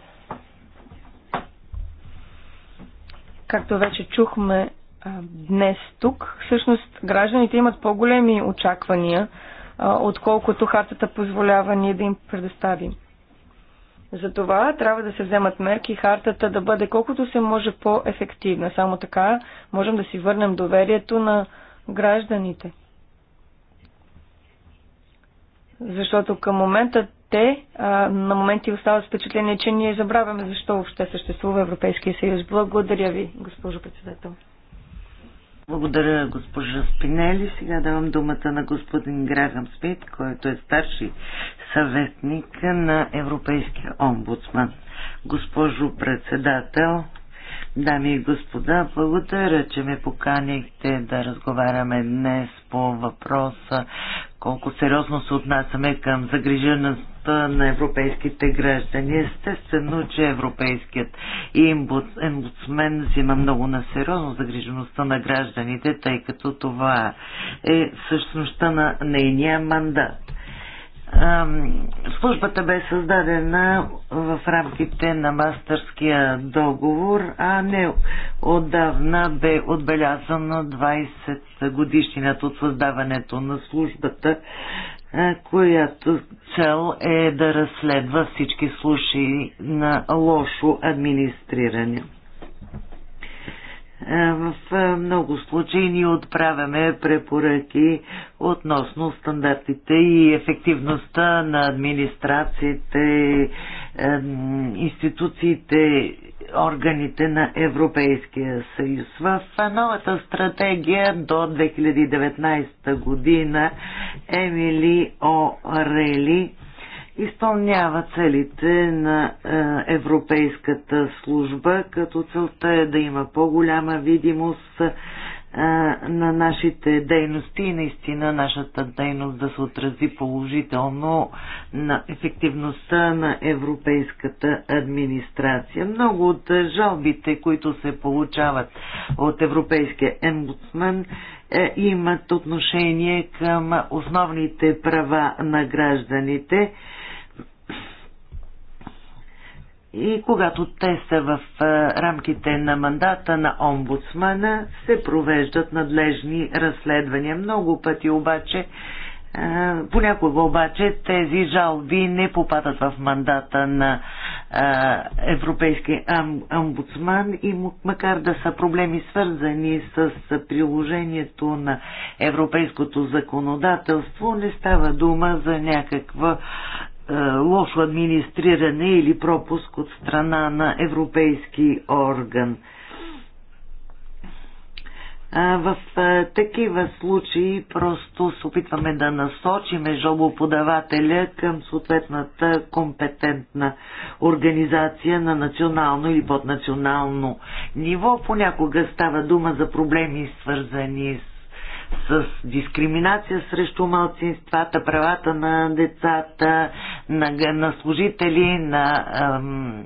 Както вече чухме днес тук, всъщност гражданите имат по-големи очаквания, отколкото хартата позволява ние да им предоставим. Затова трябва да се вземат мерки хартата да бъде колкото се може по-ефективна. Само така можем да си върнем доверието на гражданите. Защото към момента те а, на моменти остават впечатление, че ние забравяме защо въобще съществува Европейския съюз. Благодаря ви, госпожо председател. Благодаря, госпожа Спинели. Сега давам думата на господин Грагам Смит, който е старши съветник на Европейския омбудсман. Госпожо председател, Дами и господа, благодаря, че ме поканихте да разговаряме днес по въпроса колко сериозно се отнасяме към загрижеността на европейските граждани. Естествено, че Европейският имбудсмен взима много на сериозно загрижеността на гражданите, тъй като това е същността на нейния мандат. Службата бе създадена в рамките на мастерския договор, а не отдавна бе отбелязано 20 годишнината от създаването на службата, която цел е да разследва всички случаи на лошо администриране. Е, в е, много случаи ние отправяме препоръки относно стандартите и ефективността на администрациите, е, институциите, органите на Европейския съюз. В новата стратегия до 2019 година Емили Орели изпълнява целите на е, Европейската служба, като целта е да има по-голяма видимост е, на нашите дейности и наистина нашата дейност да се отрази положително на ефективността на европейската администрация. Много от жалбите, които се получават от Европейския ембудсмен, е, имат отношение към основните права на гражданите и когато те са в рамките на мандата на омбудсмана, се провеждат надлежни разследвания. Много пъти обаче, понякога обаче, тези жалби не попадат в мандата на Европейския омбудсман и макар да са проблеми свързани с приложението на европейското законодателство, не става дума за някаква е, лошо администриране или пропуск от страна на европейски орган. В е, такива случаи просто се опитваме да насочиме жалбоподавателя към съответната компетентна организация на национално или поднационално ниво. Понякога става дума за проблеми свързани с с дискриминация срещу малцинствата, правата на децата, на, на служители, на ам,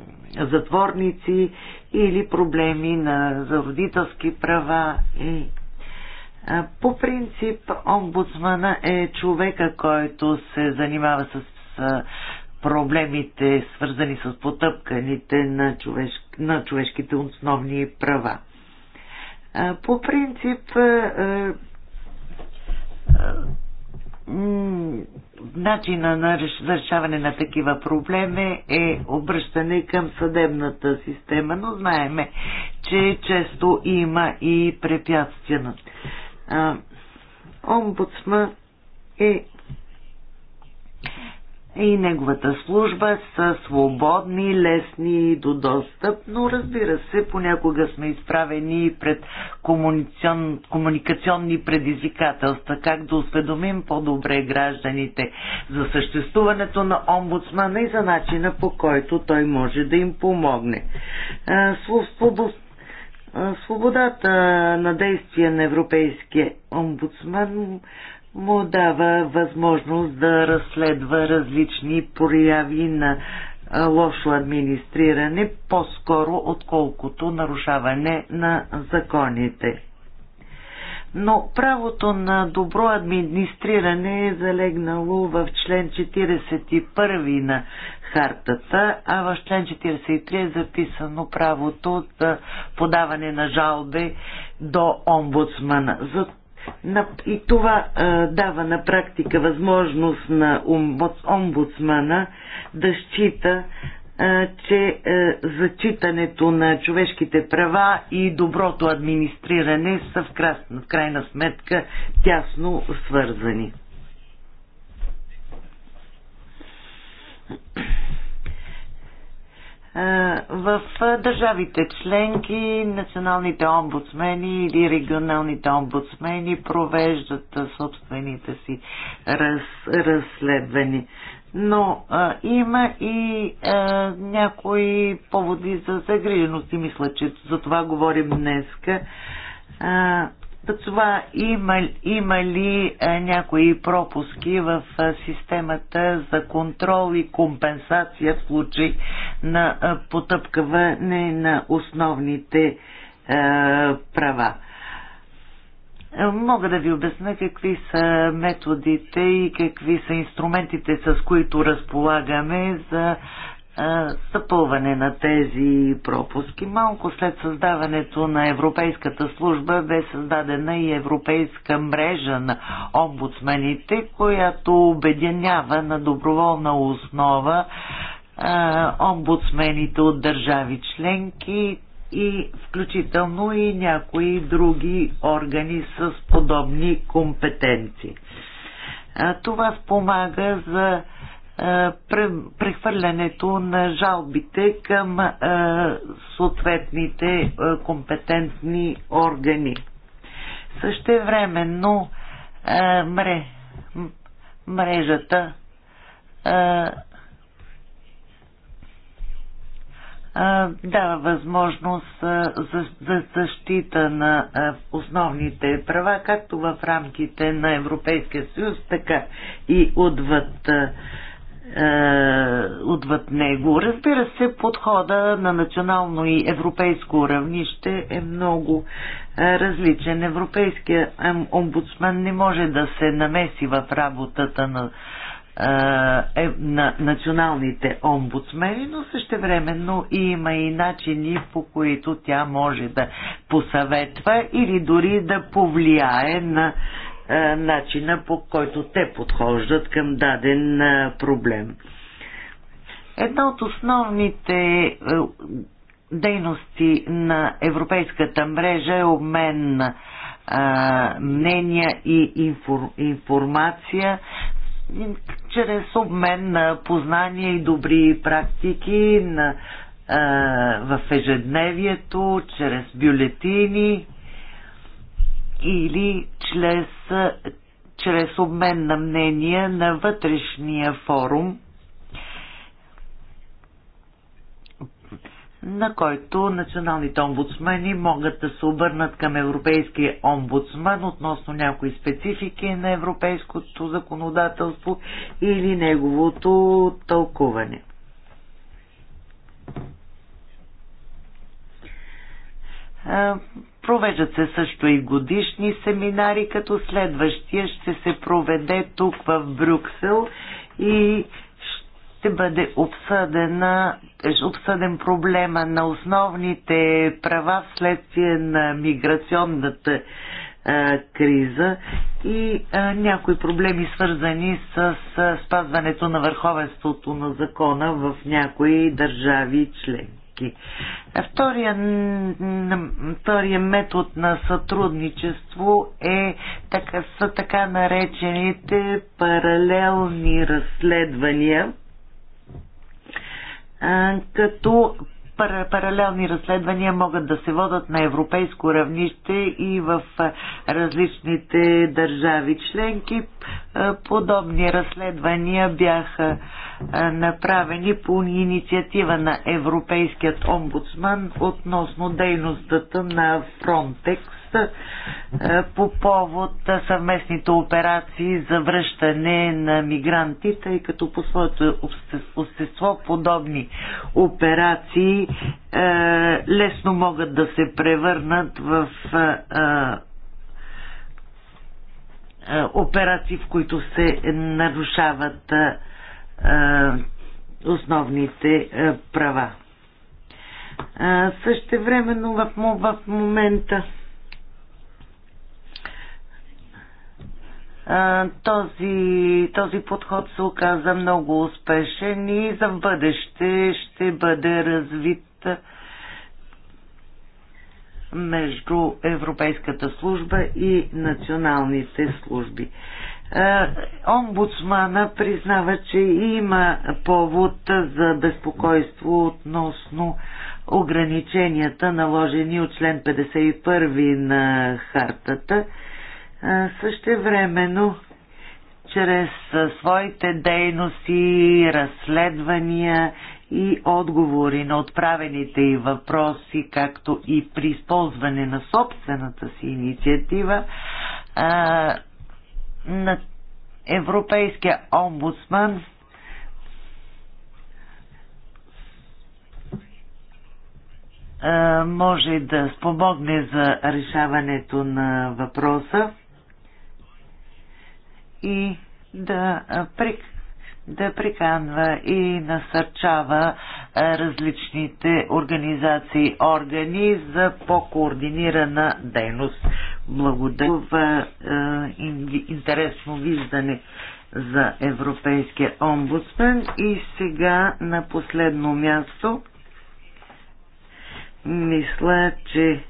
затворници или проблеми на, за родителски права. И, а, по принцип, омбудсмана е човека, който се занимава с с проблемите, свързани с потъпканите на, човеш, на човешките основни права. По принцип, начина на решаване на такива проблеми е обръщане към съдебната система, но знаеме, че често има и препятствия. Омбудсма е и неговата служба са свободни, лесни до достъп, но разбира се, понякога сме изправени пред комуникацион, комуникационни предизвикателства, как да осведомим по-добре гражданите за съществуването на омбудсмана и за начина по който той може да им помогне. Свободата на действие на Европейския омбудсман му дава възможност да разследва различни прояви на лошо администриране, по-скоро отколкото нарушаване на законите. Но правото на добро администриране е залегнало в член 41 на хартата, а в член 43 е записано правото за подаване на жалби до омбудсмана. За и това а, дава на практика възможност на омбудсмана да счита, а, че а, зачитането на човешките права и доброто администриране са в, в крайна сметка тясно свързани в държавите членки националните омбудсмени или регионалните омбудсмени провеждат собствените си раз, разследвания. Но а, има и а, някои поводи за загриженост и мисля, че за това говорим днеска. А, това има, има ли а, е, някои пропуски в а, е, системата за контрол и компенсация в случай на а, е, потъпкаване на основните а, права? Мога да ви обясня какви са методите и какви са инструментите, с които разполагаме за стъпълване на тези пропуски. Малко след създаването на Европейската служба бе създадена и Европейска мрежа на омбудсмените, която обединява на доброволна основа а, омбудсмените от държави членки и включително и някои други органи с подобни компетенции. А, това спомага за е, прехвърлянето на жалбите към е, съответните е, компетентни органи. Същевременно мре, мрежата дава възможност за, защита на основните права, както в рамките на Европейския съюз, така и отвъд е, отвъд него. Разбира се, подхода на национално и европейско равнище е много е, различен. Европейския омбудсман не може да се намеси в работата на, е, на националните омбудсмени, но същевременно има и начини, по които тя може да посъветва или дори да повлияе на е, начина по който те подхождат към даден е, проблем. Една от основните е, дейности на Европейската мрежа е обмен на мнения и информация чрез обмен на познания и добри практики на, в ежедневието, чрез бюлетини, или чрез, чрез обмен на мнения на вътрешния форум, на който националните омбудсмени могат да се обърнат към Европейския омбудсман относно някои специфики на европейското законодателство или неговото тълкуване. Провеждат се също и годишни семинари, като следващия ще се проведе тук в Брюксел и ще бъде обсъдена, обсъден проблема на основните права вследствие на миграционната а, криза и а, някои проблеми свързани с а, спазването на върховенството на закона в някои държави члени всички. Втория, втория метод на сътрудничество е така, са така наречените паралелни разследвания, като паралелни разследвания могат да се водат на европейско равнище и в различните държави членки. Подобни разследвания бяха направени по инициатива на Европейският омбудсман относно дейността на Frontex по повод съвместните операции за връщане на мигранти, тъй като по своето общество подобни операции лесно могат да се превърнат в операции, в които се нарушават основните права. времено в, в момента този, този подход се оказа много успешен и за бъдеще ще бъде развит между Европейската служба и националните служби омбудсмана признава, че има повод за безпокойство относно ограниченията, наложени от член 51 на хартата. времено, чрез своите дейности, разследвания и отговори на отправените и въпроси, както и при използване на собствената си инициатива, на Европейския омбудсман може да спомогне за решаването на въпроса и да, прик, да приканва и насърчава различните организации, органи за по-координирана дейност благодаря е, интересно виждане за Европейския омбудсмен. И сега на последно място мисля, че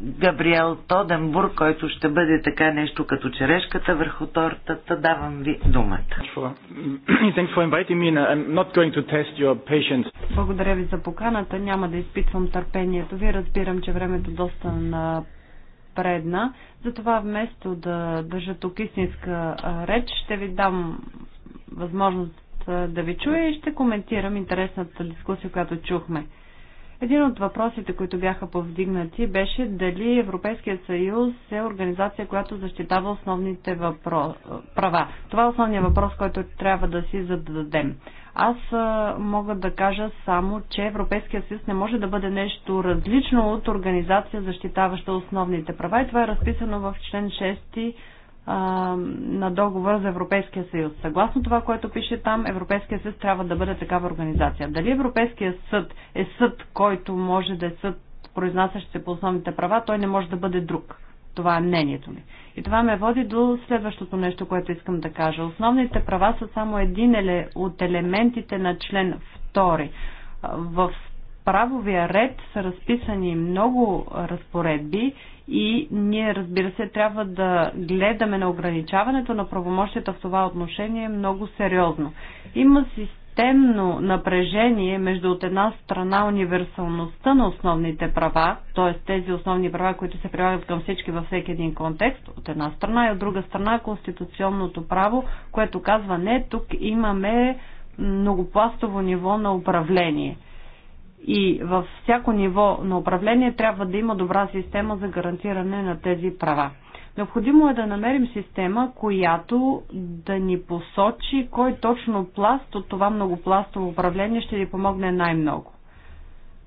Габриел Тоденбург, който ще бъде така нещо като черешката върху тортата. Давам ви думата. Благодаря ви за поканата. Няма да изпитвам търпението ви. Разбирам, че времето е доста на предна. Затова вместо да държа тук истинска реч, ще ви дам възможност да ви чуя и ще коментирам интересната дискусия, която чухме. Един от въпросите, които бяха повдигнати, беше дали Европейският съюз е организация, която защитава основните въпро... права. Това е основният въпрос, който трябва да си зададем. Аз мога да кажа само, че Европейския съюз не може да бъде нещо различно от организация, защитаваща основните права и това е разписано в член 6 на договора за Европейския съюз. Съгласно това, което пише там, Европейския съюз трябва да бъде такава организация. Дали Европейския съд е съд, който може да е съд, произнасящ се по основните права, той не може да бъде друг. Това е мнението ми. И това ме води до следващото нещо, което искам да кажа. Основните права са само един от елементите на член 2. В правовия ред са разписани много разпоредби и ние, разбира се, трябва да гледаме на ограничаването на правомощията в това отношение много сериозно. Има система системно напрежение между от една страна универсалността на основните права, т.е. тези основни права, които се прилагат към всички във всеки един контекст, от една страна и от друга страна конституционното право, което казва не, тук имаме многопластово ниво на управление. И във всяко ниво на управление трябва да има добра система за гарантиране на тези права. Необходимо е да намерим система, която да ни посочи кой точно пласт от това многопластово управление ще ни помогне най-много.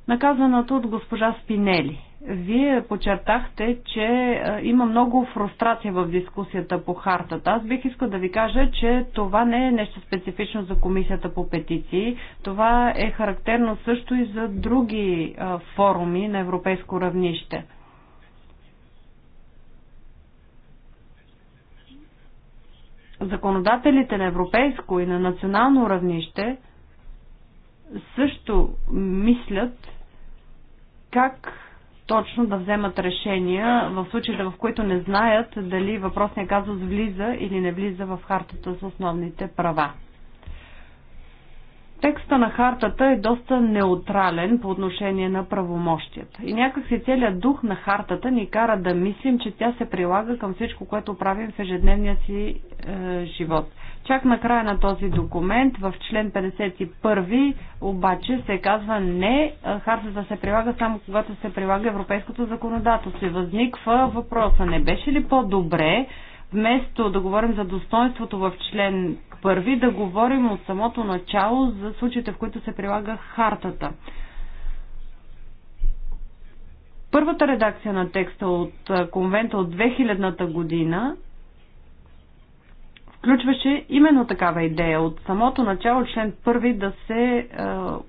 Наказаното от госпожа Спинели. Вие подчертахте, че е, има много фрустрация в дискусията по хартата. Аз бих искал да ви кажа, че това не е нещо специфично за комисията по петиции. Това е характерно също и за други е, форуми на европейско равнище. законодателите на европейско и на национално равнище също мислят как точно да вземат решения в случаите, в които не знаят дали въпросният казус влиза или не влиза в хартата с основните права. Текста на хартата е доста неутрален по отношение на правомощията. И някакси целият дух на хартата ни кара да мислим, че тя се прилага към всичко, което правим в ежедневния си е, живот. Чак на края на този документ, в член 51, обаче се казва не, е, хартата се прилага само когато се прилага европейското законодателство. И възниква въпроса, не беше ли по-добре, вместо да говорим за достоинството в член първи да говорим от самото начало за случаите, в които се прилага хартата. Първата редакция на текста от конвента от 2000-та година включваше именно такава идея. От самото начало член първи да се е,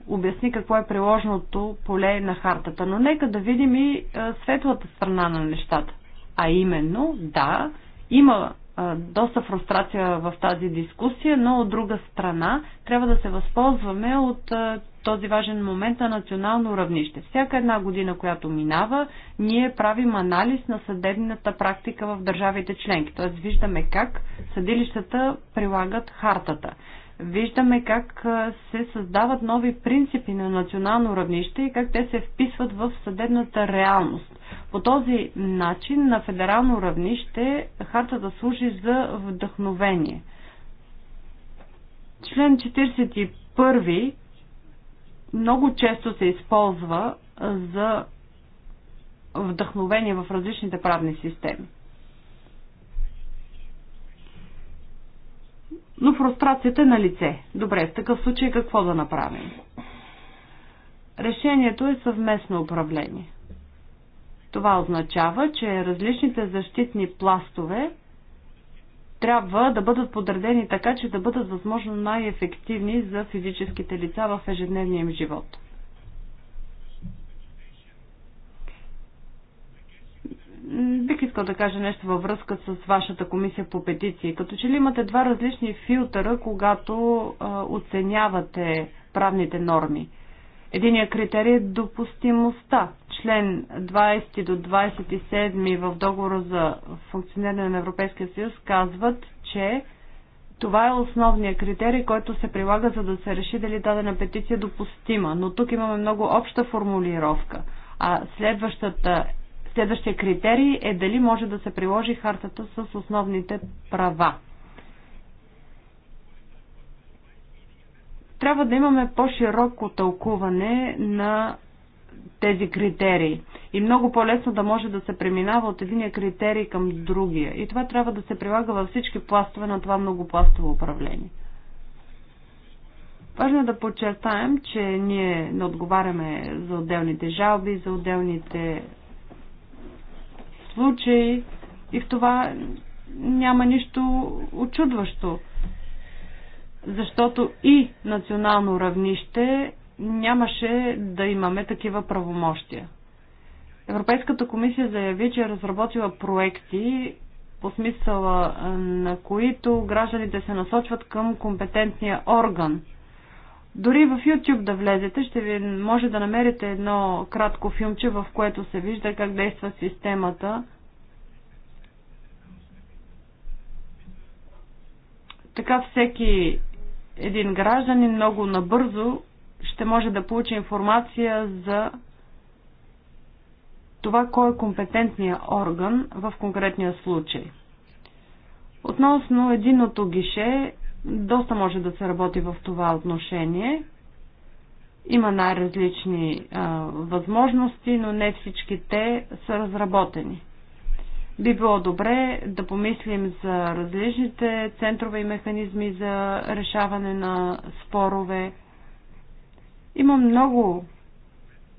обясни какво е приложното поле на хартата. Но нека да видим и е, светлата страна на нещата. А именно, да, има доста фрустрация в тази дискусия, но от друга страна трябва да се възползваме от този важен момент на национално равнище. Всяка една година, която минава, ние правим анализ на съдебната практика в държавите членки. Т.е. виждаме как съдилищата прилагат хартата. Виждаме как се създават нови принципи на национално равнище и как те се вписват в съдебната реалност. По този начин на федерално равнище да служи за вдъхновение. Член 41 много често се използва за вдъхновение в различните правни системи. Но фрустрацията е на лице. Добре, в такъв случай какво да направим? Решението е съвместно управление. Това означава, че различните защитни пластове трябва да бъдат подредени така, че да бъдат възможно най-ефективни за физическите лица в ежедневния им живот. бих искал да кажа нещо във връзка с вашата комисия по петиции. Като че ли имате два различни филтъра, когато а, оценявате правните норми. Единият критерий е допустимостта. Член 20 до 27 в договора за функциониране на Европейския съюз казват, че това е основният критерий, който се прилага за да се реши дали дадена петиция е допустима. Но тук имаме много обща формулировка. А следващата, следващия критерий е дали може да се приложи хартата с основните права. Трябва да имаме по-широко тълкуване на тези критерии. И много по-лесно да може да се преминава от единия критерий към другия. И това трябва да се прилага във всички пластове на това многопластово управление. Важно е да подчертаем, че ние не отговаряме за отделните жалби, за отделните случаи и в това няма нищо очудващо защото и национално равнище нямаше да имаме такива правомощия. Европейската комисия заяви, че е разработила проекти, по смисъла на които гражданите се насочват към компетентния орган. Дори в YouTube да влезете, ще ви може да намерите едно кратко филмче, в което се вижда как действа системата. Така всеки един гражданин много набързо ще може да получи информация за това кой е компетентният орган в конкретния случай. Относно единото гише, доста може да се работи в това отношение. Има най-различни възможности, но не всички те са разработени. Би било добре да помислим за различните центрове и механизми за решаване на спорове. Има много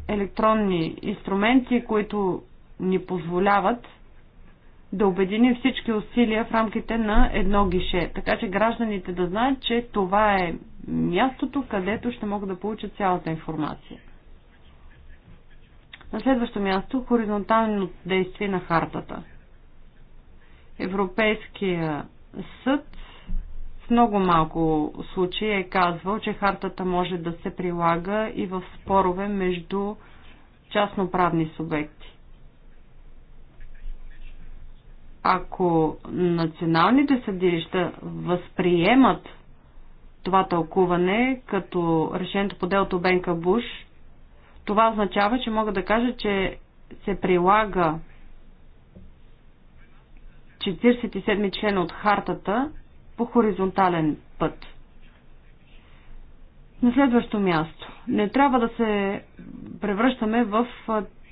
електронни инструменти, които ни позволяват да обединим всички усилия в рамките на едно гише. Така че гражданите да знаят, че това е мястото, където ще могат да получат цялата информация. На следващо място хоризонтално действие на хартата – Европейския съд в много малко случаи е казвал, че хартата може да се прилага и в спорове между частноправни субекти. Ако националните съдилища възприемат това тълкуване като решението по делото Бенка Буш, това означава, че мога да кажа, че се прилага 47 член от хартата по хоризонтален път. На следващо място. Не трябва да се превръщаме в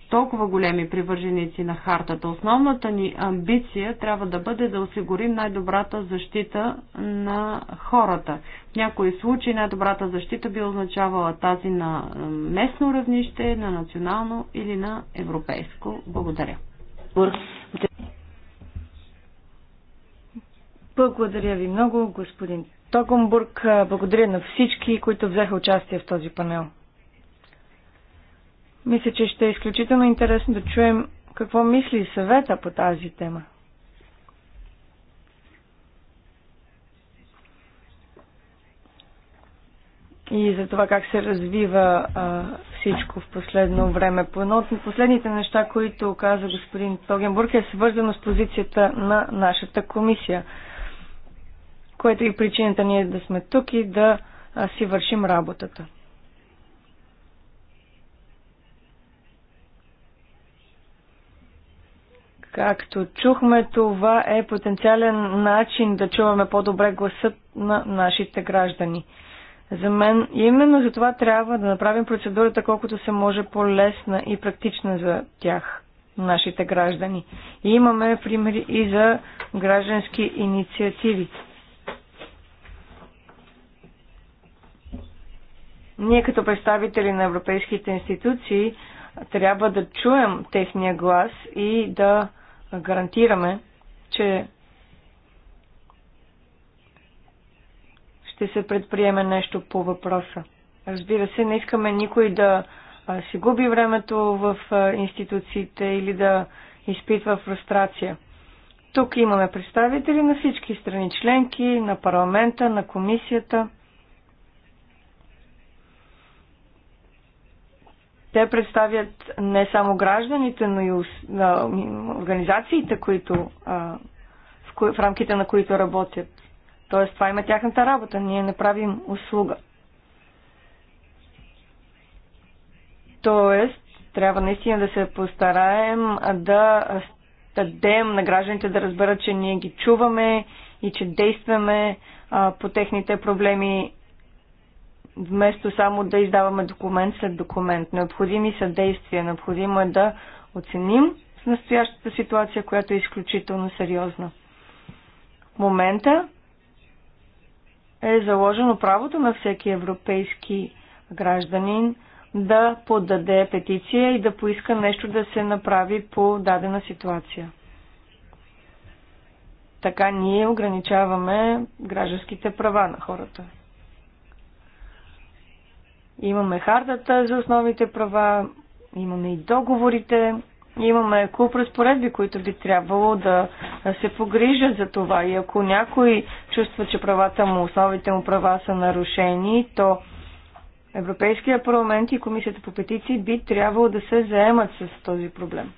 толкова големи привърженици на хартата. Основната ни амбиция трябва да бъде да осигурим най-добрата защита на хората. В някои случаи най-добрата защита би означавала тази на местно равнище, на национално или на европейско. Благодаря. Благодаря ви много, господин Токенбург. Благодаря на всички, които взеха участие в този панел. Мисля, че ще е изключително интересно да чуем какво мисли съвета по тази тема. и за това как се развива а, всичко в последно време. Едно от последните неща, които каза господин Тогенбург, е свързано с позицията на нашата комисия което е и причината ние да сме тук и да си вършим работата. Както чухме, това е потенциален начин да чуваме по-добре гласът на нашите граждани. За мен именно за това трябва да направим процедурата колкото се може по-лесна и практична за тях, нашите граждани. И имаме примери и за граждански инициативи. Ние като представители на европейските институции трябва да чуем техния глас и да гарантираме, че ще се предприеме нещо по въпроса. Разбира се, не искаме никой да си губи времето в институциите или да изпитва фрустрация. Тук имаме представители на всички страни членки, на парламента, на комисията. Те представят не само гражданите, но и организациите, които, в, кои, в рамките на които работят. Тоест, това има тяхната работа. Ние не правим услуга. Тоест, трябва наистина да се постараем да дадем на гражданите да разберат, че ние ги чуваме и че действаме а, по техните проблеми вместо само да издаваме документ след документ. Необходими са действия, необходимо е да оценим с настоящата ситуация, която е изключително сериозна. В момента е заложено правото на всеки европейски гражданин да подаде петиция и да поиска нещо да се направи по дадена ситуация. Така ние ограничаваме гражданските права на хората. Имаме хардата за основните права, имаме и договорите, имаме куп разпоредби, които би трябвало да се погрижат за това. И ако някой чувства, че правата му, основните му права са нарушени, то Европейския парламент и Комисията по петиции би трябвало да се заемат с този проблем.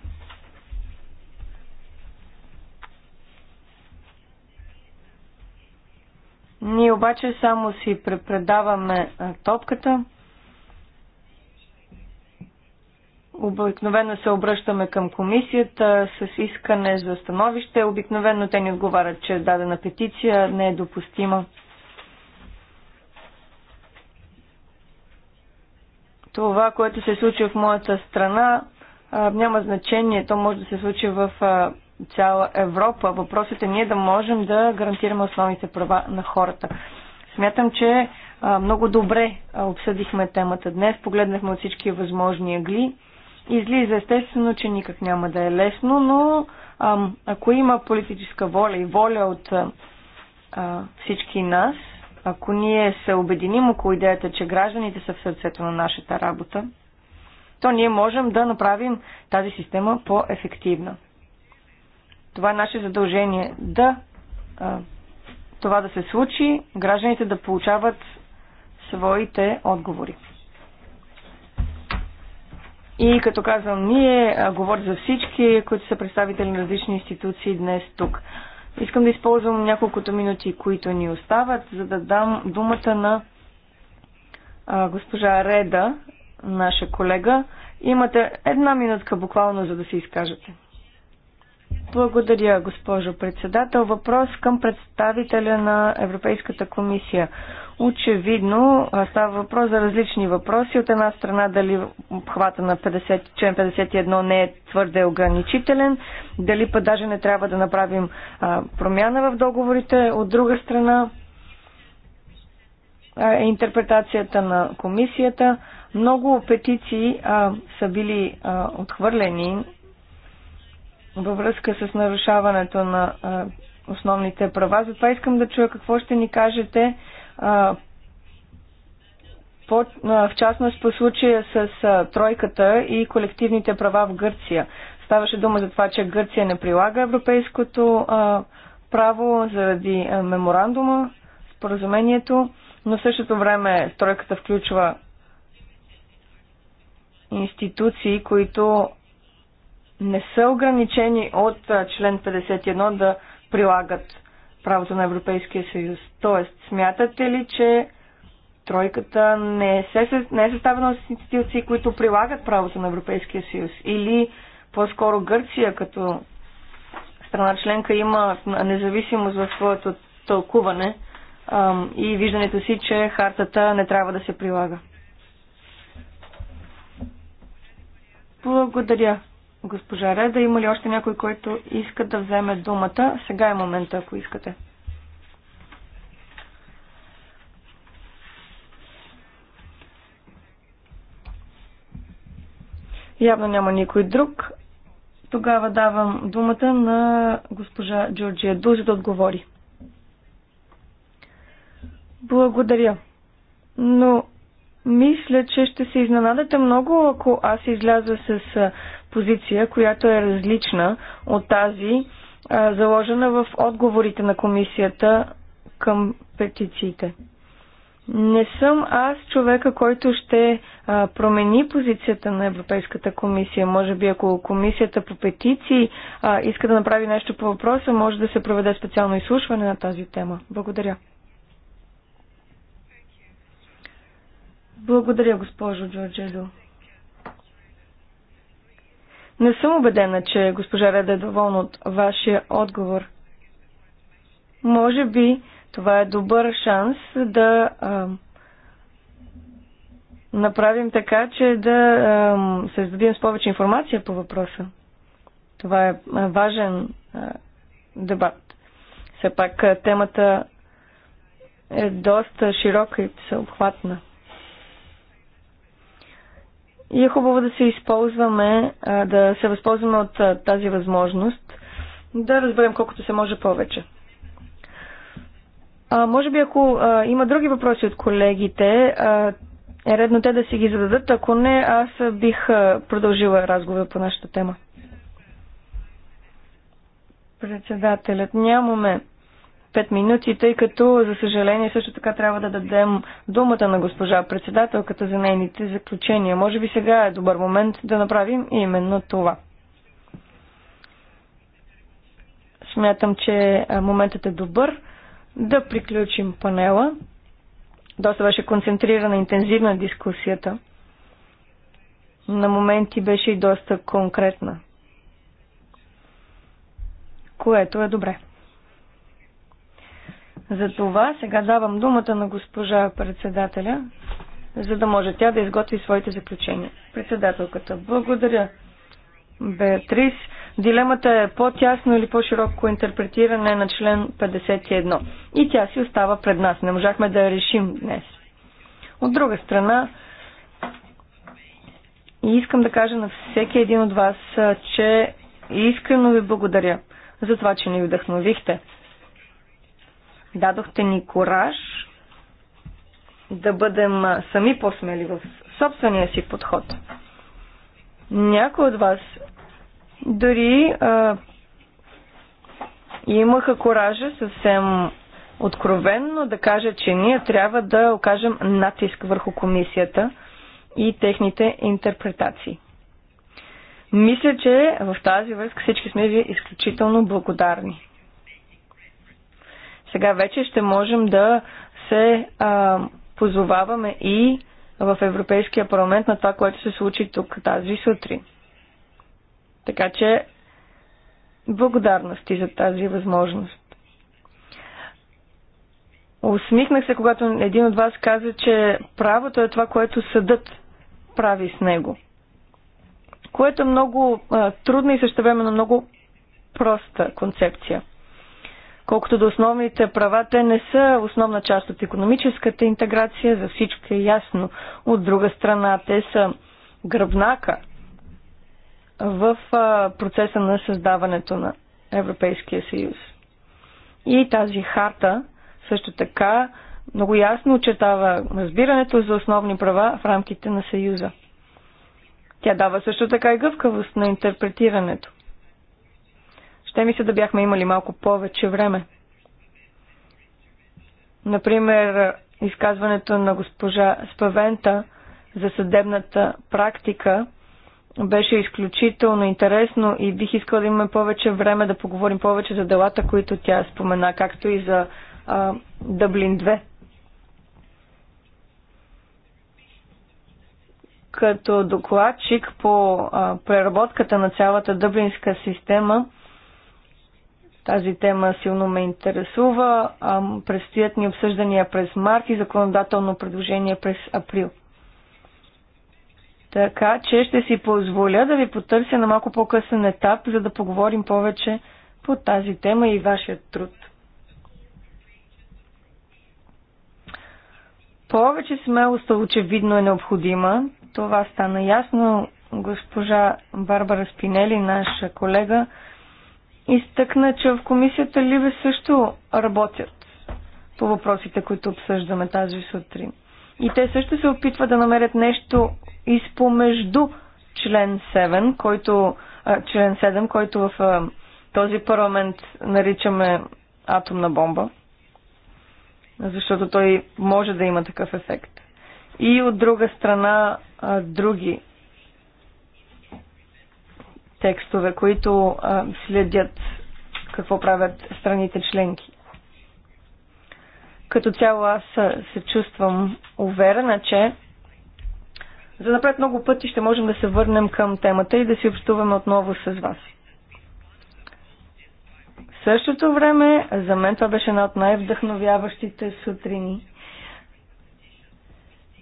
Ние обаче само си препредаваме топката. Обикновено се обръщаме към комисията с искане за становище. Обикновено те ни отговарят, че дадена петиция не е допустима. Това, което се случи в моята страна, няма значение. То може да се случи в цяла Европа. Въпросът е ние да можем да гарантираме основните права на хората. Смятам, че много добре обсъдихме темата днес, погледнахме от всички възможни агли. Излиза естествено, че никак няма да е лесно, но а, ако има политическа воля и воля от а, всички нас, ако ние се обединим около идеята, че гражданите са в сърцето на нашата работа, то ние можем да направим тази система по-ефективна. Това е наше задължение да а, това да се случи, гражданите да получават своите отговори. И като казвам ние, говоря за всички, които са представители на различни институции днес тук. Искам да използвам няколкото минути, които ни остават, за да дам думата на а, госпожа Реда, наша колега. Имате една минутка буквално, за да се изкажете. Благодаря, госпожо председател. Въпрос към представителя на Европейската комисия. Очевидно става въпрос за различни въпроси. От една страна дали обхвата на 50, член 51 не е твърде ограничителен, дали па даже не трябва да направим а, промяна в договорите. От друга страна а, е интерпретацията на комисията. Много петиции а, са били а, отхвърлени във връзка с нарушаването на а, основните права. Затова искам да чуя какво ще ни кажете по, в частност по случая с тройката и колективните права в Гърция. Ставаше дума за това, че Гърция не прилага европейското а, право заради а, меморандума, споразумението, но в същото време тройката включва институции, които не са ограничени от член 51 да прилагат правото на Европейския съюз. Тоест, смятате ли, че тройката не, е се, не е съставена от институции, които прилагат правото на Европейския съюз? Или по-скоро Гърция като страна членка има независимост в своето тълкуване ам, и виждането си, че хартата не трябва да се прилага? Благодаря госпожа Реда. Има ли още някой, който иска да вземе думата? Сега е момента, ако искате. Явно няма никой друг. Тогава давам думата на госпожа Джорджия Дуз да отговори. Благодаря. Но мисля, че ще се изненадате много, ако аз изляза с позиция, която е различна от тази, заложена в отговорите на комисията към петициите. Не съм аз човека, който ще а, промени позицията на Европейската комисия. Може би ако комисията по петиции а, иска да направи нещо по въпроса, може да се проведе специално изслушване на тази тема. Благодаря. Благодаря, госпожо Джорджедо. Не съм убедена, че госпожа Реда е доволна от вашия отговор. Може би това е добър шанс да а, направим така, че да а, се зададим с повече информация по въпроса. Това е важен а, дебат. Все пак темата е доста широка и всеобхватна. И е хубаво да се използваме, да се възползваме от тази възможност, да разберем колкото се може повече. А, може би ако а, има други въпроси от колегите, а, е редно те да си ги зададат. Ако не, аз бих продължила разговора по нашата тема. Председателят, нямаме 5 минути, тъй като, за съжаление, също така трябва да дадем думата на госпожа председателката за нейните заключения. Може би сега е добър момент да направим именно това. Смятам, че моментът е добър да приключим панела. Доста беше концентрирана, интензивна дискусията. На моменти беше и доста конкретна. Което е добре. За това сега давам думата на госпожа председателя, за да може тя да изготви своите заключения. Председателката, благодаря. Беатрис, дилемата е по-тясно или по-широко интерпретиране на член 51. И тя си остава пред нас. Не можахме да я решим днес. От друга страна, и искам да кажа на всеки един от вас, че искрено ви благодаря за това, че ни вдъхновихте. Дадохте ни кораж да бъдем сами по-смели в собствения си подход. Някои от вас дори а, имаха коража съвсем откровенно да кажа, че ние трябва да окажем натиск върху комисията и техните интерпретации. Мисля, че в тази връзка всички сме ви изключително благодарни. Сега вече ще можем да се а, позоваваме и в Европейския парламент на това, което се случи тук тази сутрин. Така че благодарности за тази възможност. Усмихнах се, когато един от вас каза, че правото е това, което съдът прави с него. Което е много а, трудна и същевременно много проста концепция. Колкото до основните права, те не са основна част от економическата интеграция, за всичко е ясно. От друга страна, те са гръбнака в процеса на създаването на Европейския съюз. И тази харта също така много ясно очертава разбирането за основни права в рамките на Съюза. Тя дава също така и гъвкавост на интерпретирането. Ще ми се да бяхме имали малко повече време. Например, изказването на госпожа Спавента за съдебната практика беше изключително интересно и бих искал да имаме повече време да поговорим повече за делата, които тя спомена, както и за а, Дъблин 2. Като докладчик по а, преработката на цялата дъблинска система, тази тема силно ме интересува. Предстоят ни обсъждания през март и законодателно предложение през април. Така че ще си позволя да ви потърся на малко по-късен етап, за да поговорим повече по тази тема и вашия труд. Повече смелост очевидно е необходима. Това стана ясно. Госпожа Барбара Спинели, наша колега, изтъкна, че в комисията Либе също работят по въпросите, които обсъждаме тази сутрин. И те също се опитват да намерят нещо изпомежду член 7, който, а, член 7, който в а, този парламент наричаме атомна бомба, защото той може да има такъв ефект. И от друга страна, а, други текстове, които а, следят какво правят страните членки. Като цяло аз се чувствам уверена, че за напред много пъти ще можем да се върнем към темата и да си общуваме отново с вас. В същото време, за мен това беше една от най-вдъхновяващите сутрини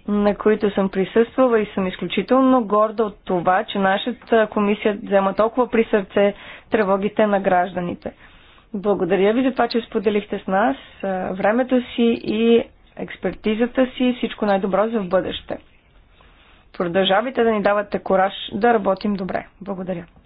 на които съм присъствала и съм изключително горда от това, че нашата комисия взема толкова при сърце тревогите на гражданите. Благодаря ви за това, че споделихте с нас времето си и експертизата си. Всичко най-добро за в бъдеще. Продължавайте да ни давате кораж да работим добре. Благодаря.